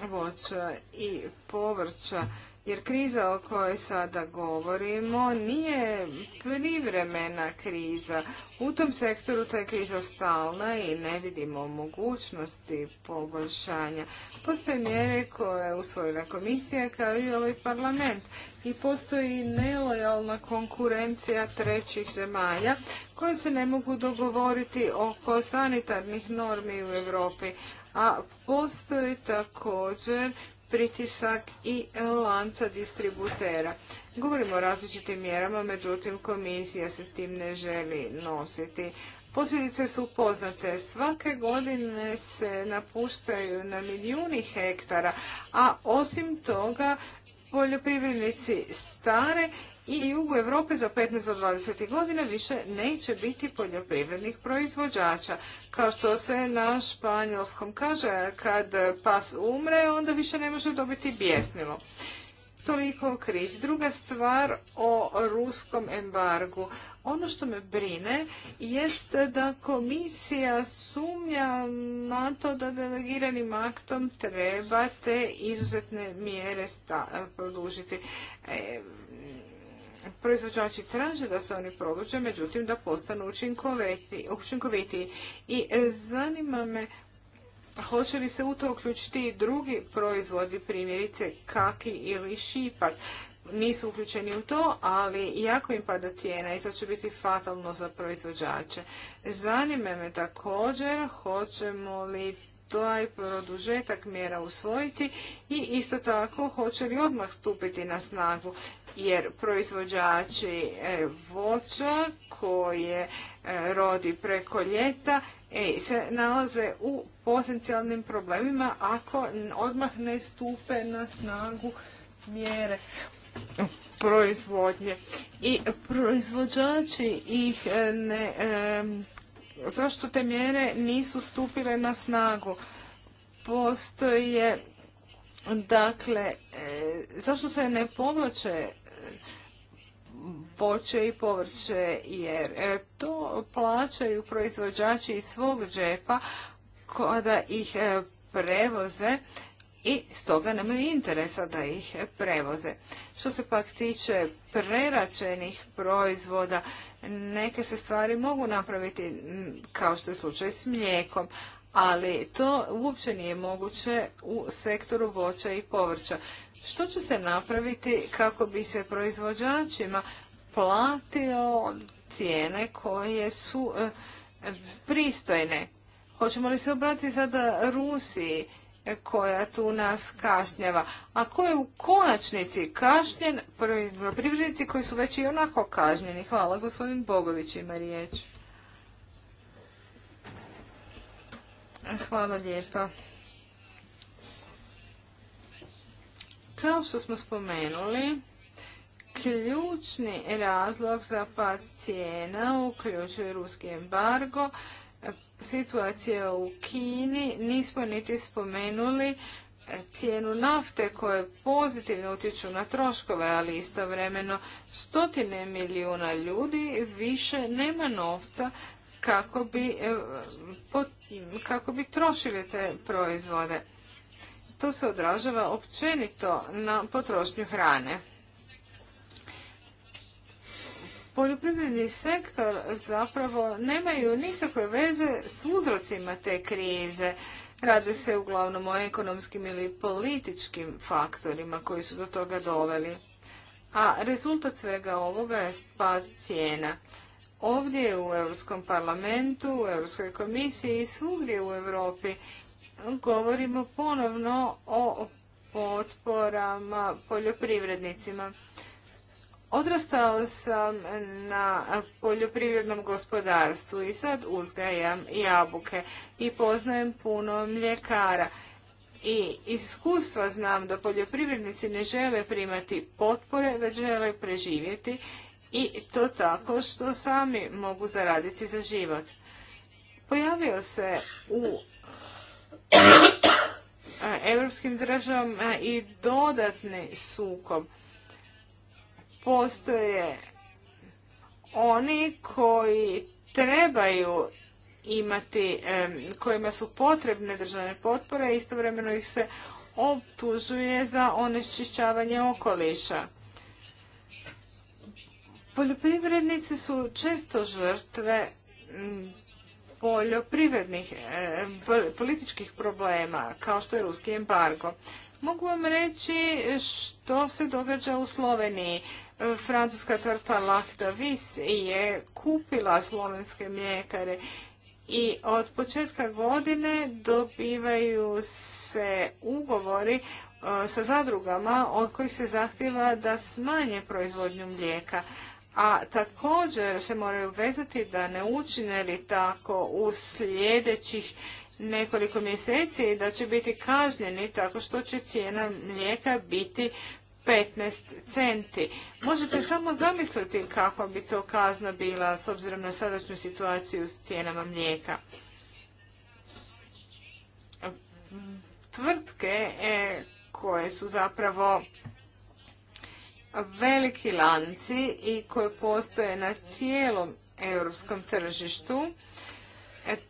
voća i povrća, jer kriza o kojoj sada govorimo nije privremena kriza. U tom sektoru ta je kriza stalna i ne vidimo mogućnosti poboljšanja. Postoje mjere koje je usvojila komisija kao i ovaj parlament i postoji nelojalna konkurencija trećih zemalja koje se ne mogu dogovoriti oko sanitarnih normi u Europi, a postoji također pritisak i lanca distributera. Govorimo o različitim mjerama, međutim komisija se tim ne želi nositi. Posljedice su poznate. Svake godine se napuštaju na milijuni hektara, a osim toga poljoprivrednici stare i jugu Europe za 15 do 20 godina više neće biti poljoprivrednih proizvođača. Kao što se na španjolskom kaže, kad pas umre, onda više ne može dobiti bjesnilo. Toliko o Druga stvar o ruskom embargu. Ono što me brine jest da komisija sumnja na to da delegiranim aktom treba te izuzetne mjere produžiti. E, proizvođači traže da se oni produže, međutim da postanu učinkovitiji. I e, zanima me Hoće li se u to uključiti i drugi proizvodi, primjerice kaki ili šipak? Nisu uključeni u to, ali jako im pada cijena i to će biti fatalno za proizvođače. Zanime me također hoćemo li taj produžetak mjera usvojiti i isto tako hoće li odmah stupiti na snagu jer proizvođači e, voća koje e, rodi preko ljeta E, se nalaze u potencijalnim problemima ako odmah ne stupe na snagu mjere proizvodnje. I proizvođači ih e, ne... E, zašto te mjere nisu stupile na snagu? Postoje Dakle, zašto se ne povlače voće i povrće jer e, to plaćaju proizvođači iz svog džepa kada ih e, prevoze i stoga nemaju interesa da ih prevoze. Što se pak tiče preračenih proizvoda, neke se stvari mogu napraviti kao što je slučaj s mlijekom, ali to uopće nije moguće u sektoru voća i povrća. Što će se napraviti kako bi se proizvođačima platio cijene koje su e, pristojne. Hoćemo li se obratiti sada Rusiji e, koja tu nas kašnjava? A ko je u konačnici kašnjen? Privrednici koji su već i onako kažnjeni. Hvala, gospodin Bogović ima riječ. Hvala lijepa. Kao što smo spomenuli, Ključni razlog za pad cijena uključuje ruski embargo, situacija u Kini, nismo niti spomenuli cijenu nafte koje pozitivno utječu na troškove, ali istovremeno stotine milijuna ljudi više nema novca kako bi, e, kako bi trošili te proizvode. To se odražava općenito na potrošnju hrane poljoprivredni sektor zapravo nemaju nikakve veze s uzrocima te krize. Rade se uglavnom o ekonomskim ili političkim faktorima koji su do toga doveli. A rezultat svega ovoga je pad cijena. Ovdje u Europskom parlamentu, u Europskoj komisiji i svugdje u Europi govorimo ponovno o potporama poljoprivrednicima. Odrastao sam na poljoprivrednom gospodarstvu i sad uzgajam jabuke i poznajem puno mljekara. I iskustva znam da poljoprivrednici ne žele primati potpore, već žele preživjeti i to tako što sami mogu zaraditi za život. Pojavio se u europskim državama i dodatni sukob postoje oni koji trebaju imati, kojima su potrebne državne potpore, istovremeno ih se optužuje za onečišćavanje okoliša. Poljoprivrednici su često žrtve poljoprivrednih, političkih problema, kao što je ruski embargo. Mogu vam reći što se događa u Sloveniji. Francuska tvrtka Lactavis je kupila slovenske mljekare i od početka godine dobivaju se ugovori e, sa zadrugama od kojih se zahtjeva da smanje proizvodnju mlijeka. A također se moraju vezati da ne učine li tako u sljedećih nekoliko mjeseci da će biti kažnjeni tako što će cijena mlijeka biti 15 centi. Možete samo zamisliti kakva bi to kazna bila s obzirom na sadašnju situaciju s cijenama mlijeka. Tvrtke e, koje su zapravo veliki lanci i koje postoje na cijelom europskom tržištu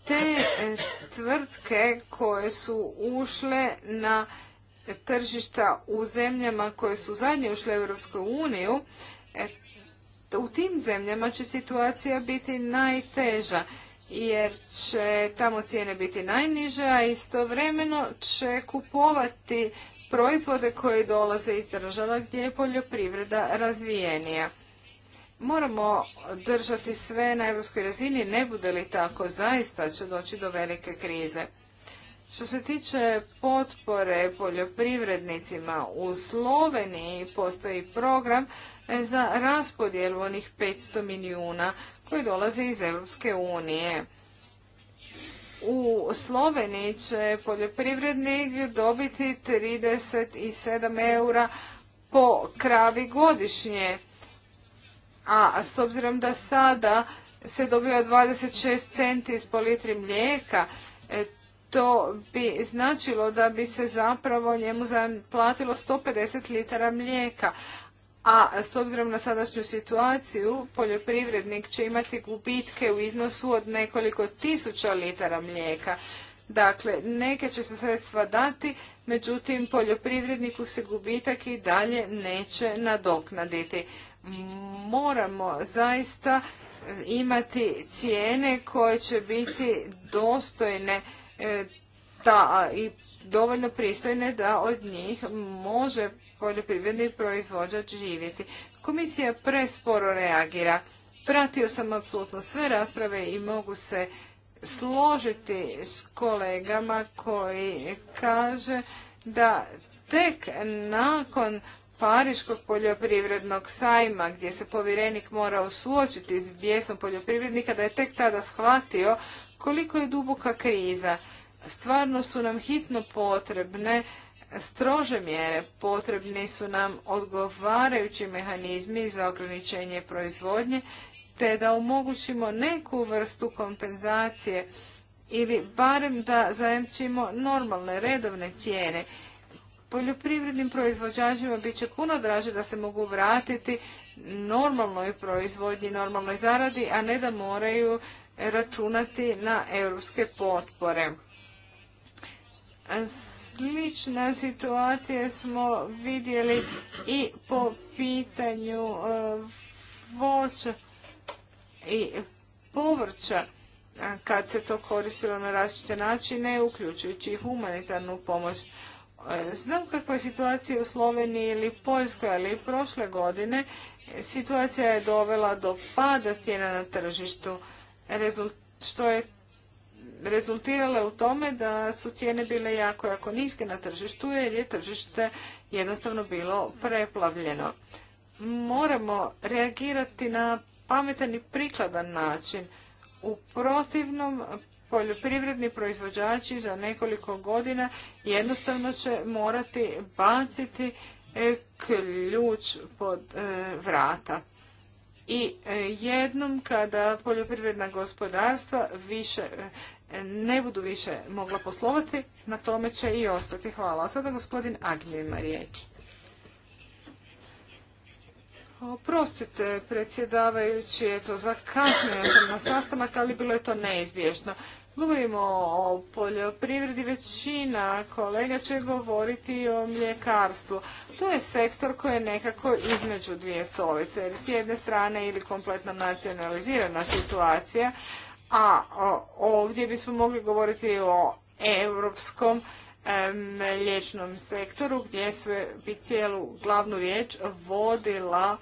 te e, tvrtke koje su ušle na tržišta u zemljama koje su zadnje ušle u Europsku uniju, e, u tim zemljama će situacija biti najteža jer će tamo cijene biti najniže, a istovremeno će kupovati proizvode koji dolaze iz država gdje je poljoprivreda razvijenija moramo držati sve na europskoj razini, ne bude li tako, zaista će doći do velike krize. Što se tiče potpore poljoprivrednicima u Sloveniji postoji program za raspodjelu onih 500 milijuna koji dolaze iz Europske unije. U Sloveniji će poljoprivrednik dobiti 37 eura po kravi godišnje a s obzirom da sada se dobiva 26 centi po litri mlijeka, e, to bi značilo da bi se zapravo njemu platilo 150 litara mlijeka. A s obzirom na sadašnju situaciju, poljoprivrednik će imati gubitke u iznosu od nekoliko tisuća litara mlijeka. Dakle, neke će se sredstva dati, međutim poljoprivredniku se gubitak i dalje neće nadoknaditi moramo zaista e, imati cijene koje će biti dostojne ta e, i dovoljno pristojne da od njih može poljoprivredni proizvođač živjeti. Komisija presporo reagira. Pratio sam apsolutno sve rasprave i mogu se složiti s kolegama koji kaže da tek nakon Pariškog poljoprivrednog sajma gdje se povjerenik morao suočiti s bijesom poljoprivrednika da je tek tada shvatio koliko je duboka kriza. Stvarno su nam hitno potrebne strože mjere, potrebni su nam odgovarajući mehanizmi za ograničenje proizvodnje te da omogućimo neku vrstu kompenzacije ili barem da zajemčimo normalne redovne cijene poljoprivrednim proizvođačima bit će puno draže da se mogu vratiti normalnoj proizvodnji, normalnoj zaradi, a ne da moraju računati na europske potpore. Slična situacija smo vidjeli i po pitanju e, voća i povrća kad se to koristilo na različite načine, uključujući i humanitarnu pomoć. Znam kakva je situacija u Sloveniji ili Poljskoj, ali prošle godine situacija je dovela do pada cijena na tržištu, što je rezultiralo u tome da su cijene bile jako, jako niske na tržištu jer je tržište jednostavno bilo preplavljeno. Moramo reagirati na pametan i prikladan način. U protivnom poljoprivredni proizvođači za nekoliko godina jednostavno će morati baciti e, ključ pod e, vrata. I e, jednom kada poljoprivredna gospodarstva više ne budu više mogla poslovati, na tome će i ostati. Hvala. A sada gospodin ima riječ. Oprostite, predsjedavajući, eto, zakasnio sam na sastanak, ali bilo je to neizbježno. Govorimo o poljoprivredi, većina kolega će govoriti o mljekarstvu. To je sektor koji je nekako između dvije stolice, jer s jedne strane ili kompletno nacionalizirana situacija, a ovdje bismo mogli govoriti o europskom mliječnom sektoru gdje bi cijelu glavnu riječ vodila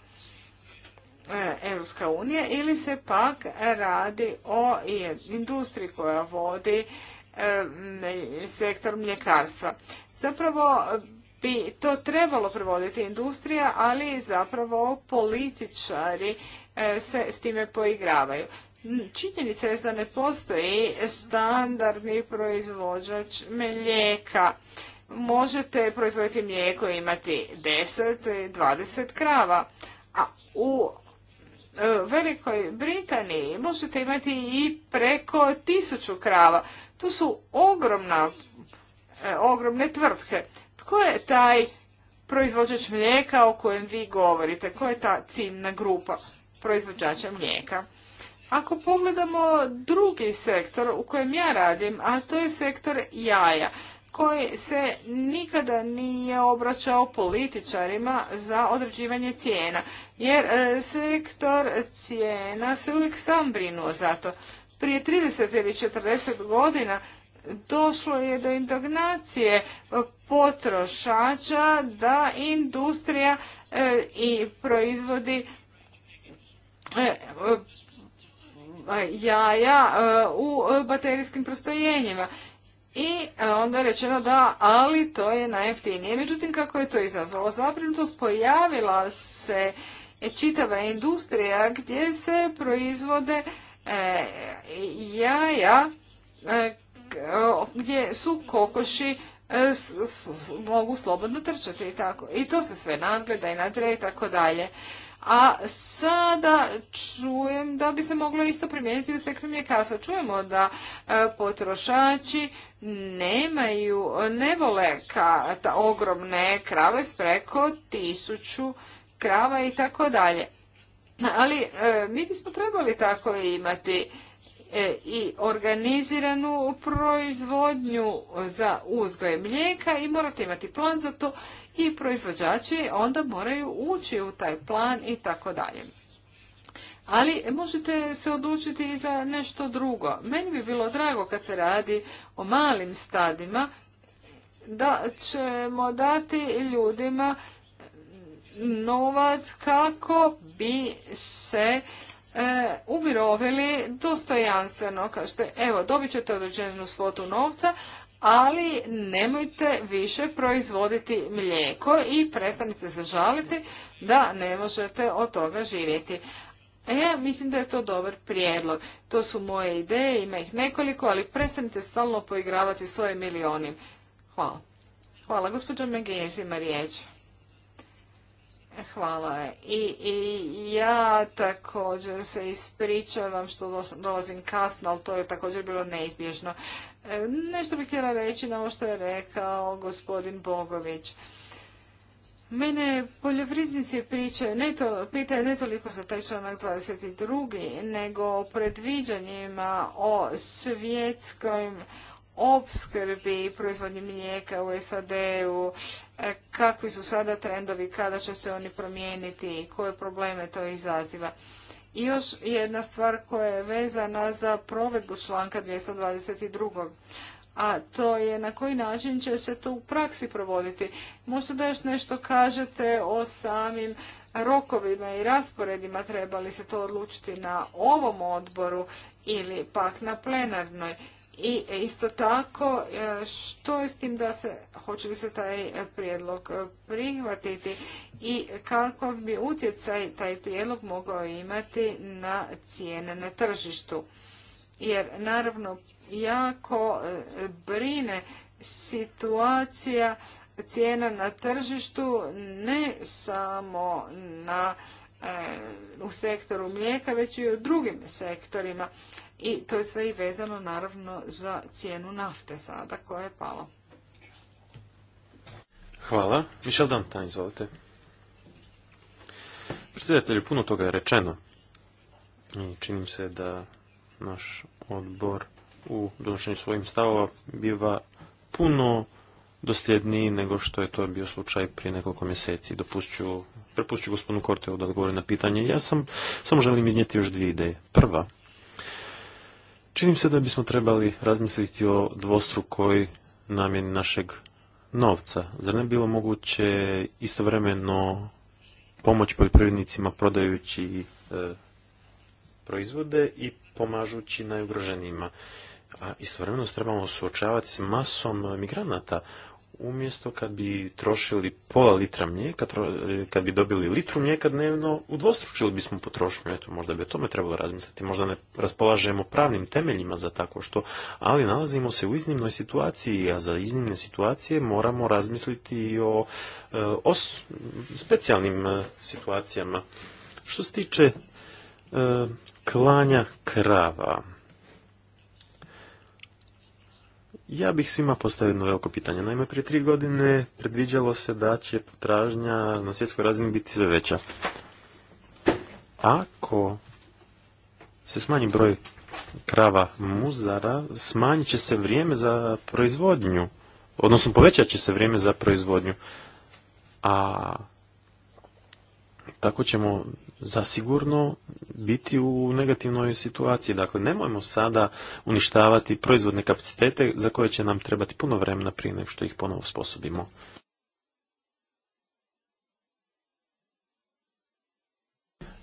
e, Europska unija ili se pak radi o industriji koja vodi sektor mljekarstva. Zapravo bi to trebalo provoditi industrija, ali zapravo političari e, se s time poigravaju. Činjenica je da ne postoji standardni proizvođač mlijeka. Možete proizvoditi mlijeko imati 10, 20 krava, a u e, Velikoj Britaniji možete imati i preko tisuću krava. To su ogromna, e, ogromne tvrtke. Tko je taj proizvođač mlijeka o kojem vi govorite? Koja je ta ciljna grupa proizvođača mlijeka? Ako pogledamo drugi sektor u kojem ja radim, a to je sektor jaja, koji se nikada nije obraćao političarima za određivanje cijena, jer e, sektor cijena se uvijek sam brinuo za to. Prije 30 ili 40 godina došlo je do indognacije potrošača da industrija e, i proizvodi e, E, jaja e, u e, baterijskim prostojenjima. I onda je rečeno da, ali to je najjeftinije. Međutim, kako je to izazvalo zabrinutost, pojavila se čitava industrija gdje se proizvode jaja gdje su kokoši mogu slobodno trčati i tako. I to se sve nadgleda i nadre i tako dalje a sada čujem da bi se moglo isto primijeniti u sektoru mljekarstva. Čujemo da e, potrošači nemaju, ne vole ta ogromne krave s preko tisuću krava i tako dalje. Ali e, mi bismo trebali tako imati E, i organiziranu proizvodnju za uzgoj mlijeka i morate imati plan za to i proizvođači onda moraju ući u taj plan i tako dalje. Ali možete se odlučiti i za nešto drugo. Meni bi bilo drago kad se radi o malim stadima da ćemo dati ljudima novac kako bi se e, umirovili dostojanstveno. Kažete, evo, dobit ćete određenu svotu novca, ali nemojte više proizvoditi mlijeko i prestanite se žaliti da ne možete od toga živjeti. E, ja mislim da je to dobar prijedlog. To su moje ideje, ima ih nekoliko, ali prestanite stalno poigravati svoje milioni. Hvala. Hvala, gospođo megezi ima riječ. Hvala. I, ja također se ispričavam što dolazim kasno, ali to je također bilo neizbježno. E, nešto bih htjela reći na ovo što je rekao gospodin Bogović. Mene poljoprivrednici pričaju, pitaju ne toliko za taj članak 22. nego o predviđanjima o svjetskom opskrbi i proizvodnji mlijeka u SAD-u, e, kakvi su sada trendovi, kada će se oni promijeniti i koje probleme to izaziva. I još jedna stvar koja je vezana za provedbu članka 222. A to je na koji način će se to u praksi provoditi. Možda da još nešto kažete o samim rokovima i rasporedima treba li se to odlučiti na ovom odboru ili pak na plenarnoj i isto tako, e, što je s tim da se, hoće li se taj prijedlog e, prihvatiti i kako bi utjecaj taj prijedlog mogao imati na cijene na tržištu. Jer naravno jako e, brine situacija cijena na tržištu ne samo na, u sektoru mlijeka, već i u drugim sektorima. I to je sve i vezano naravno za cijenu nafte sada koja je pala. Hvala. Mišel Dantan, izvolite. Predsjedatelju, puno toga je rečeno. I činim se da naš odbor u donošenju svojim stavova biva puno dosljedniji nego što je to bio slučaj prije nekoliko mjeseci. Dopustit ću, gospodinu Kortevu da odgovori na pitanje. Ja sam, samo želim iznijeti još dvije ideje. Prva, Činim se da bismo trebali razmisliti o dvostrukoj namjeni našeg novca. Zar ne bilo moguće istovremeno pomoć poljoprivrednicima prodajući e, proizvode i pomažući najugroženijima? A istovremeno trebamo suočavati s masom migranata umjesto kad bi trošili pola litra mlijeka, kad bi dobili litru mlijeka dnevno, udvostručili bismo potrošnju. Eto, možda bi o tome trebalo razmisliti. Možda ne raspolažemo pravnim temeljima za tako što, ali nalazimo se u iznimnoj situaciji, a za iznimne situacije moramo razmisliti i o, e, o specijalnim e, situacijama. Što se tiče e, klanja krava, Ja bih svima postavio jedno veliko pitanje. Naime, prije tri godine predviđalo se da će potražnja na svjetskoj razini biti sve veća. Ako se smanji broj krava muzara, smanjit će se vrijeme za proizvodnju, odnosno povećat će se vrijeme za proizvodnju. A tako ćemo zasigurno biti u negativnoj situaciji. Dakle, nemojmo sada uništavati proizvodne kapacitete za koje će nam trebati puno vremena prije nego što ih ponovo sposobimo.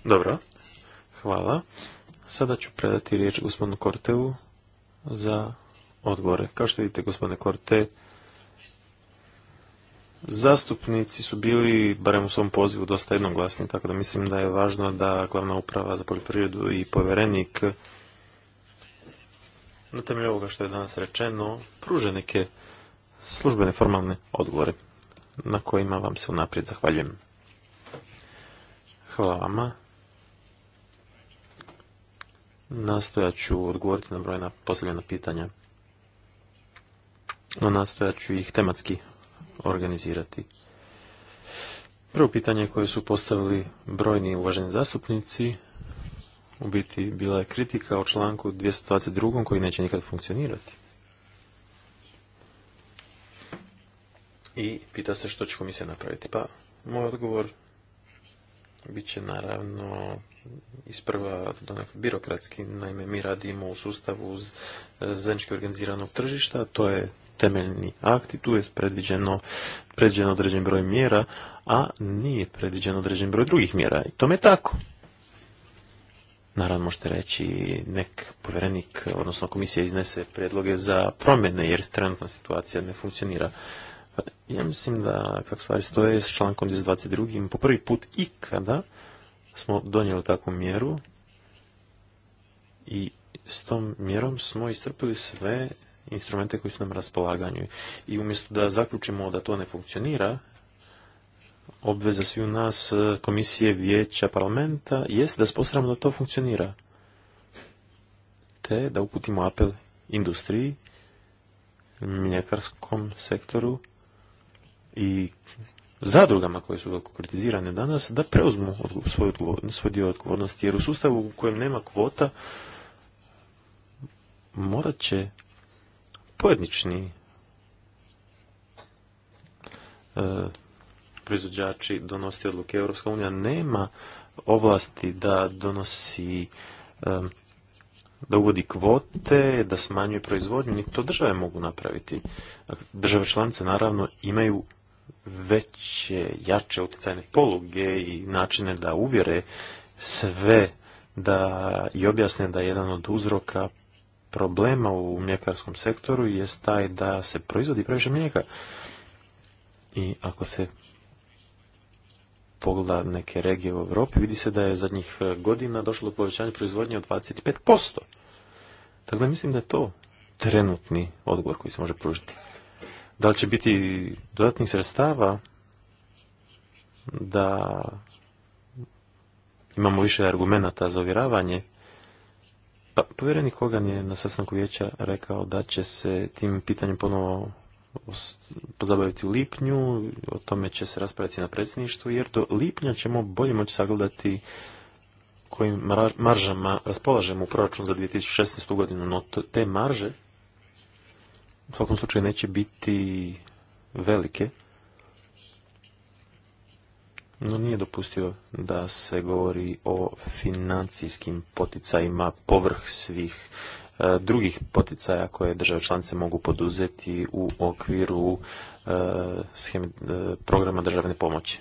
Dobro, hvala. Sada ću predati riječ gospodinu Korteu za odgovore. Kao što vidite, gospodine Korte, Zastupnici su bili, barem u svom pozivu, dosta jednoglasni, tako da mislim da je važno da glavna uprava za poljoprivredu i povjerenik na temelju ovoga što je danas rečeno, pruže neke službene formalne odgovore na kojima vam se unaprijed zahvaljujem. Hvala vama. Nastojat ću odgovoriti na brojna postavljena pitanja. No nastojat ću ih tematski organizirati. Prvo pitanje koje su postavili brojni uvaženi zastupnici u biti bila je kritika o članku 222. koji neće nikad funkcionirati. I pita se što će komisija napraviti. Pa, moj odgovor bit će naravno isprva birokratski. Naime, mi radimo u sustavu e, zajednički organiziranog tržišta, to je temeljni akt tu je predviđeno, predviđeno određen broj mjera, a nije predviđeno određen broj drugih mjera. I tome je tako. Naravno možete reći nek povjerenik, odnosno komisija iznese predloge za promjene jer trenutna situacija ne funkcionira. Ja mislim da, kako stvari stoje, s člankom 22. po prvi put ikada smo donijeli takvu mjeru i s tom mjerom smo iscrpili sve instrumente koji su nam raspolaganju. I umjesto da zaključimo da to ne funkcionira, obveza svi u nas, e, komisije, vijeća, parlamenta, jest da spostaramo da to funkcionira. Te da uputimo apel industriji, mljekarskom sektoru i zadrugama koje su veliko kritizirane danas, da preuzmu svoj dio odgovornosti. Jer u sustavu u kojem nema kvota, morat će pojednični e, proizvođači donosti odluke. Europska unija nema ovlasti da donosi e, da uvodi kvote, da smanjuje proizvodnju, niti to države mogu napraviti. Države članice naravno imaju veće, jače utjecajne poluge i načine da uvjere sve da i objasne da je jedan od uzroka problema u mljekarskom sektoru je taj da se proizvodi previše mlijeka. I ako se pogleda neke regije u Europi, vidi se da je zadnjih e, godina došlo do povećanja proizvodnje od 25%. da dakle, mislim da je to trenutni odgovor koji se može pružiti. Da li će biti dodatnih sredstava da imamo više argumenata za ovjeravanje pa, povjerenik Kogan je na sastanku vijeća rekao da će se tim pitanjem ponovo pozabaviti u lipnju, o tome će se raspraviti na predsjedništvu, jer do lipnja ćemo bolje moći sagledati kojim maržama raspolažemo u proračun za 2016. godinu, no te marže u svakom slučaju neće biti velike, no nije dopustio da se govori o financijskim poticajima povrh svih e, drugih poticaja koje države članice mogu poduzeti u okviru e, e, programa državne pomoći.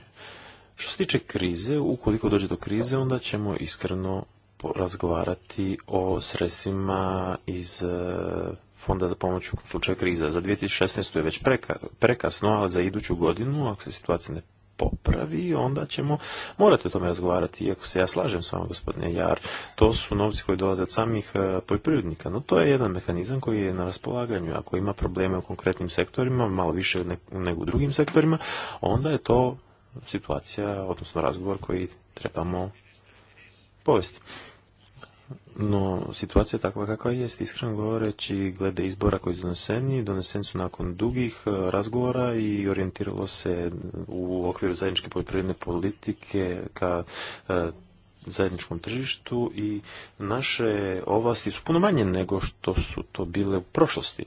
Što se tiče krize, ukoliko dođe do krize, onda ćemo iskreno razgovarati o sredstvima iz fonda za pomoć u slučaju kriza. Za 2016. je već prekasno, ali za iduću godinu, ako se situacija ne popravi, onda ćemo morati o tome razgovarati. Iako se ja slažem s vama, gospodine Jar, to su novci koji dolaze od samih e, poljoprivrednika. No, to je jedan mehanizam koji je na raspolaganju. Ako ima probleme u konkretnim sektorima, malo više nego u drugim sektorima, onda je to situacija, odnosno razgovor koji trebamo povesti. No, situacija takva kakva jest, iskreno govoreći, glede izbora koji su doneseni, doneseni su nakon dugih e, razgovora i orijentiralo se u okviru zajedničke poljoprivredne politike ka e, zajedničkom tržištu i naše ovlasti su puno manje nego što su to bile u prošlosti.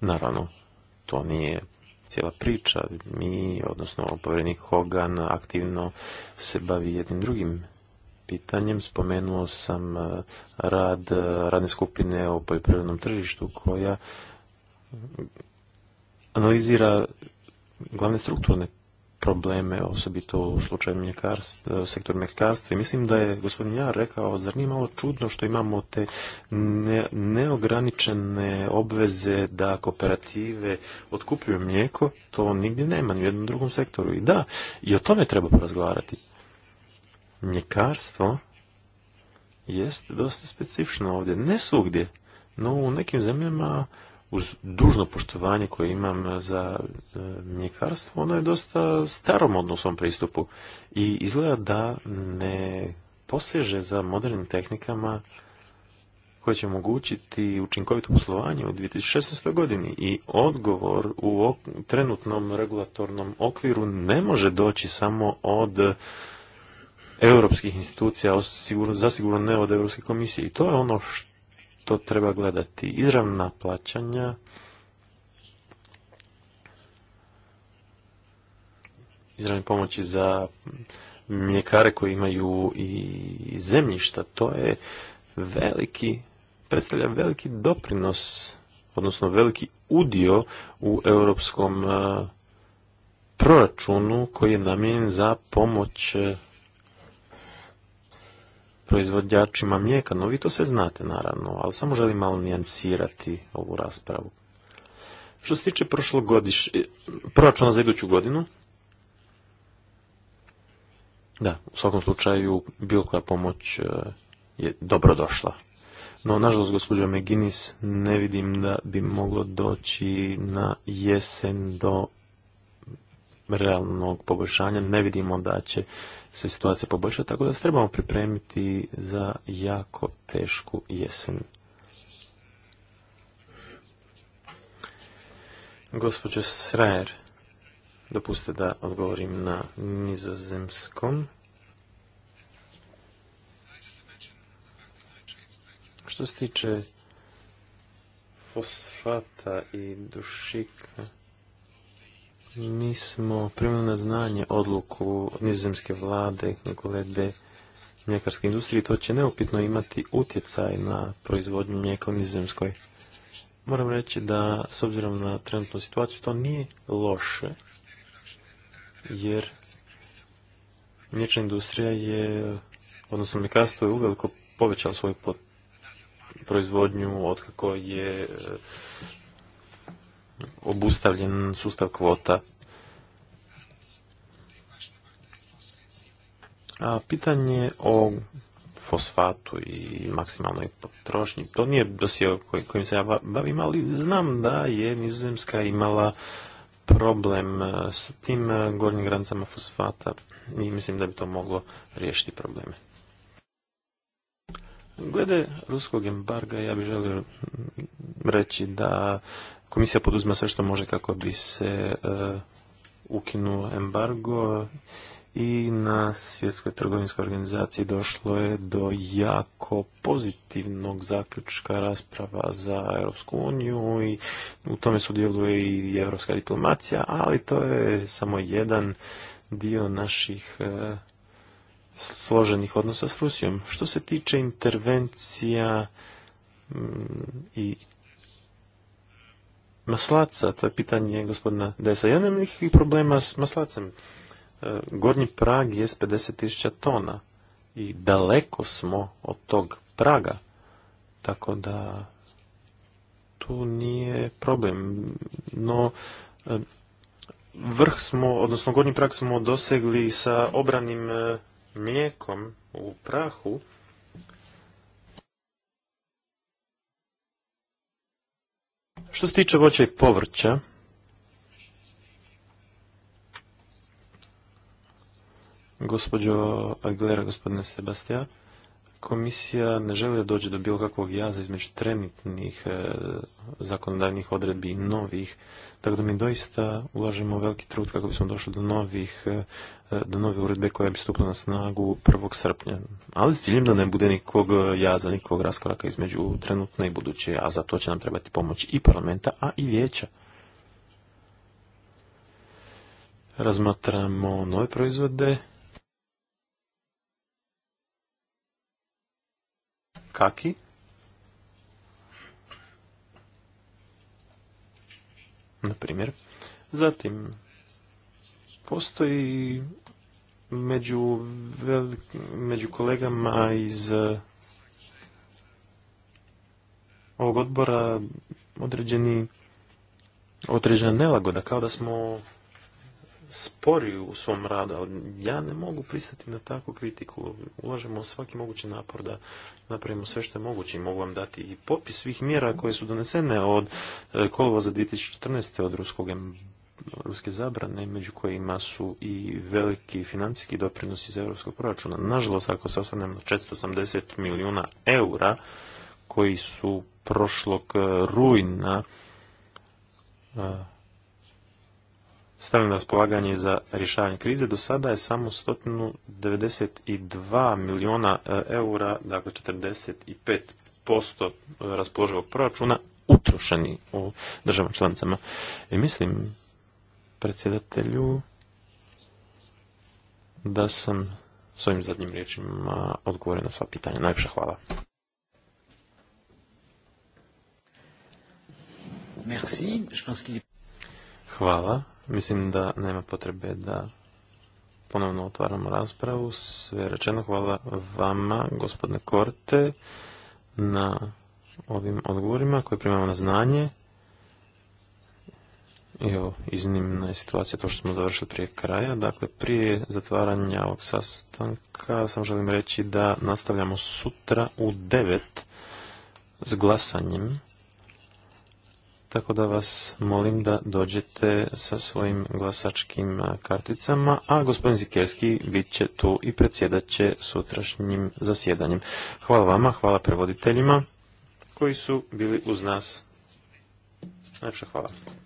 Naravno, to nije cijela priča. Mi, odnosno povjerenik Hogan, aktivno se bavi jednim drugim pitanjem. Spomenuo sam e, rad e, radne skupine o poljoprivrednom tržištu koja analizira glavne strukturne probleme, osobito u slučaju mljekarstva, e, sektor mljekarstva. I mislim da je gospodin Jar rekao, zar nije malo čudno što imamo te neograničene obveze da kooperative otkupljuju mlijeko, to nigdje nema ni u jednom drugom sektoru. I da, i o tome treba porazgovarati mljekarstvo jest dosta specifično ovdje. Ne svugdje, no u nekim zemljama uz dužno poštovanje koje imam za e, mljekarstvo, ono je dosta starom u pristupu i izgleda da ne poseže za modernim tehnikama koje će omogućiti učinkovito poslovanje u 2016. godini i odgovor u trenutnom regulatornom okviru ne može doći samo od europskih institucija, zasigurno ne od Europske komisije. I to je ono što treba gledati. Izravna plaćanja izravne pomoći za mljekare koji imaju i zemljišta. To je veliki, predstavlja veliki doprinos, odnosno veliki udio u europskom proračunu koji je namijenjen za pomoć proizvođačima mlijeka, no vi to sve znate naravno, ali samo želim malo nijansirati ovu raspravu. Što se tiče prošlogodiš, e, proračuna za iduću godinu, da, u svakom slučaju bilo koja pomoć e, je dobro došla. No, nažalost, gospođo Meginis, ne vidim da bi moglo doći na jesen do realnog poboljšanja ne vidimo da će se situacija poboljšati, tako da se trebamo pripremiti za jako tešku jesen. Gospođo Srajer, dopustite da odgovorim na nizozemskom. Što se tiče fosfata i dušika, mi smo primili na znanje odluku nizozemske vlade glede mljekarske industrije. To će neupitno imati utjecaj na proizvodnju mlijeka u nizozemskoj. Moram reći da, s obzirom na trenutnu situaciju, to nije loše, jer mliječna industrija je, odnosno mljekarstvo je uveliko povećalo svoju proizvodnju od kako je obustavljen sustav kvota. A pitanje o fosfatu i maksimalnoj potrošnji, to nije dosio kojim se ja bavim, ali znam da je Nizozemska imala problem e, s tim e, gornjim granicama fosfata i mislim da bi to moglo riješiti probleme. Glede ruskog embarga ja bih želio reći da Komisija poduzma sve što može kako bi se e, ukinuo embargo i na svjetskoj trgovinskoj organizaciji došlo je do jako pozitivnog zaključka rasprava za Europsku uniju i u tome sudjeluje i europska diplomacija, ali to je samo jedan dio naših e, složenih odnosa s Rusijom. Što se tiče intervencija mm, i maslaca, to je pitanje gospodina Desa. Ja nemam nikakvih problema s maslacem. E, gornji prag je 50.000 tona i daleko smo od tog praga, tako da tu nije problem. No, e, vrh smo, odnosno gornji prag smo dosegli sa obranim e, mlijekom u prahu, Što se tiče voća i povrća, gospođo Aguilera, gospodine Sebastija, komisija ne želi da dođe do bilo kakvog jaza između trenutnih e, zakonodavnih odredbi i novih, tako da mi doista ulažemo veliki trud kako bismo došli do novih, e, do nove uredbe koja bi stupila na snagu 1. srpnja. Ali s ciljem da ne bude nikog e, jaza, nikog raskoraka između trenutne i buduće, a za to će nam trebati pomoć i parlamenta, a i vijeća. Razmatramo nove proizvode, Kaki? Na primjer. Zatim, postoji među, među kolegama iz e, ovog odbora određeni određena nelagoda, kao da smo spori u svom radu, ali ja ne mogu pristati na takvu kritiku. Ulažemo svaki mogući napor da napravimo sve što je moguće i mogu vam dati i popis svih mjera koje su donesene od e, kolovoza 2014. od ruskog ruske zabrane, među kojima su i veliki financijski doprinos iz europskog proračuna. Nažalost, ako se osvrnemo na 480 milijuna eura koji su prošlog e, rujna e, Stavljeno na raspolaganje za rješavanje krize. Do sada je samo 192 milijuna e, eura, dakle 45% e, raspoloživog proračuna, utrošeni u državama članicama. I mislim, predsjedatelju, da sam s ovim zadnjim riječima odgovorio na sva pitanja. Najpša hvala. Hvala. Mislim da nema potrebe da ponovno otvaramo raspravu. Sve je rečeno. Hvala vama, gospodine Korte, na ovim odgovorima koje primamo na znanje. I evo, iznimna je situacija to što smo završili prije kraja. Dakle, prije zatvaranja ovog sastanka sam želim reći da nastavljamo sutra u devet s glasanjem tako da vas molim da dođete sa svojim glasačkim karticama, a gospodin Zikerski bit će tu i predsjedat će sutrašnjim zasjedanjem. Hvala vama, hvala prevoditeljima koji su bili uz nas. Najpša hvala.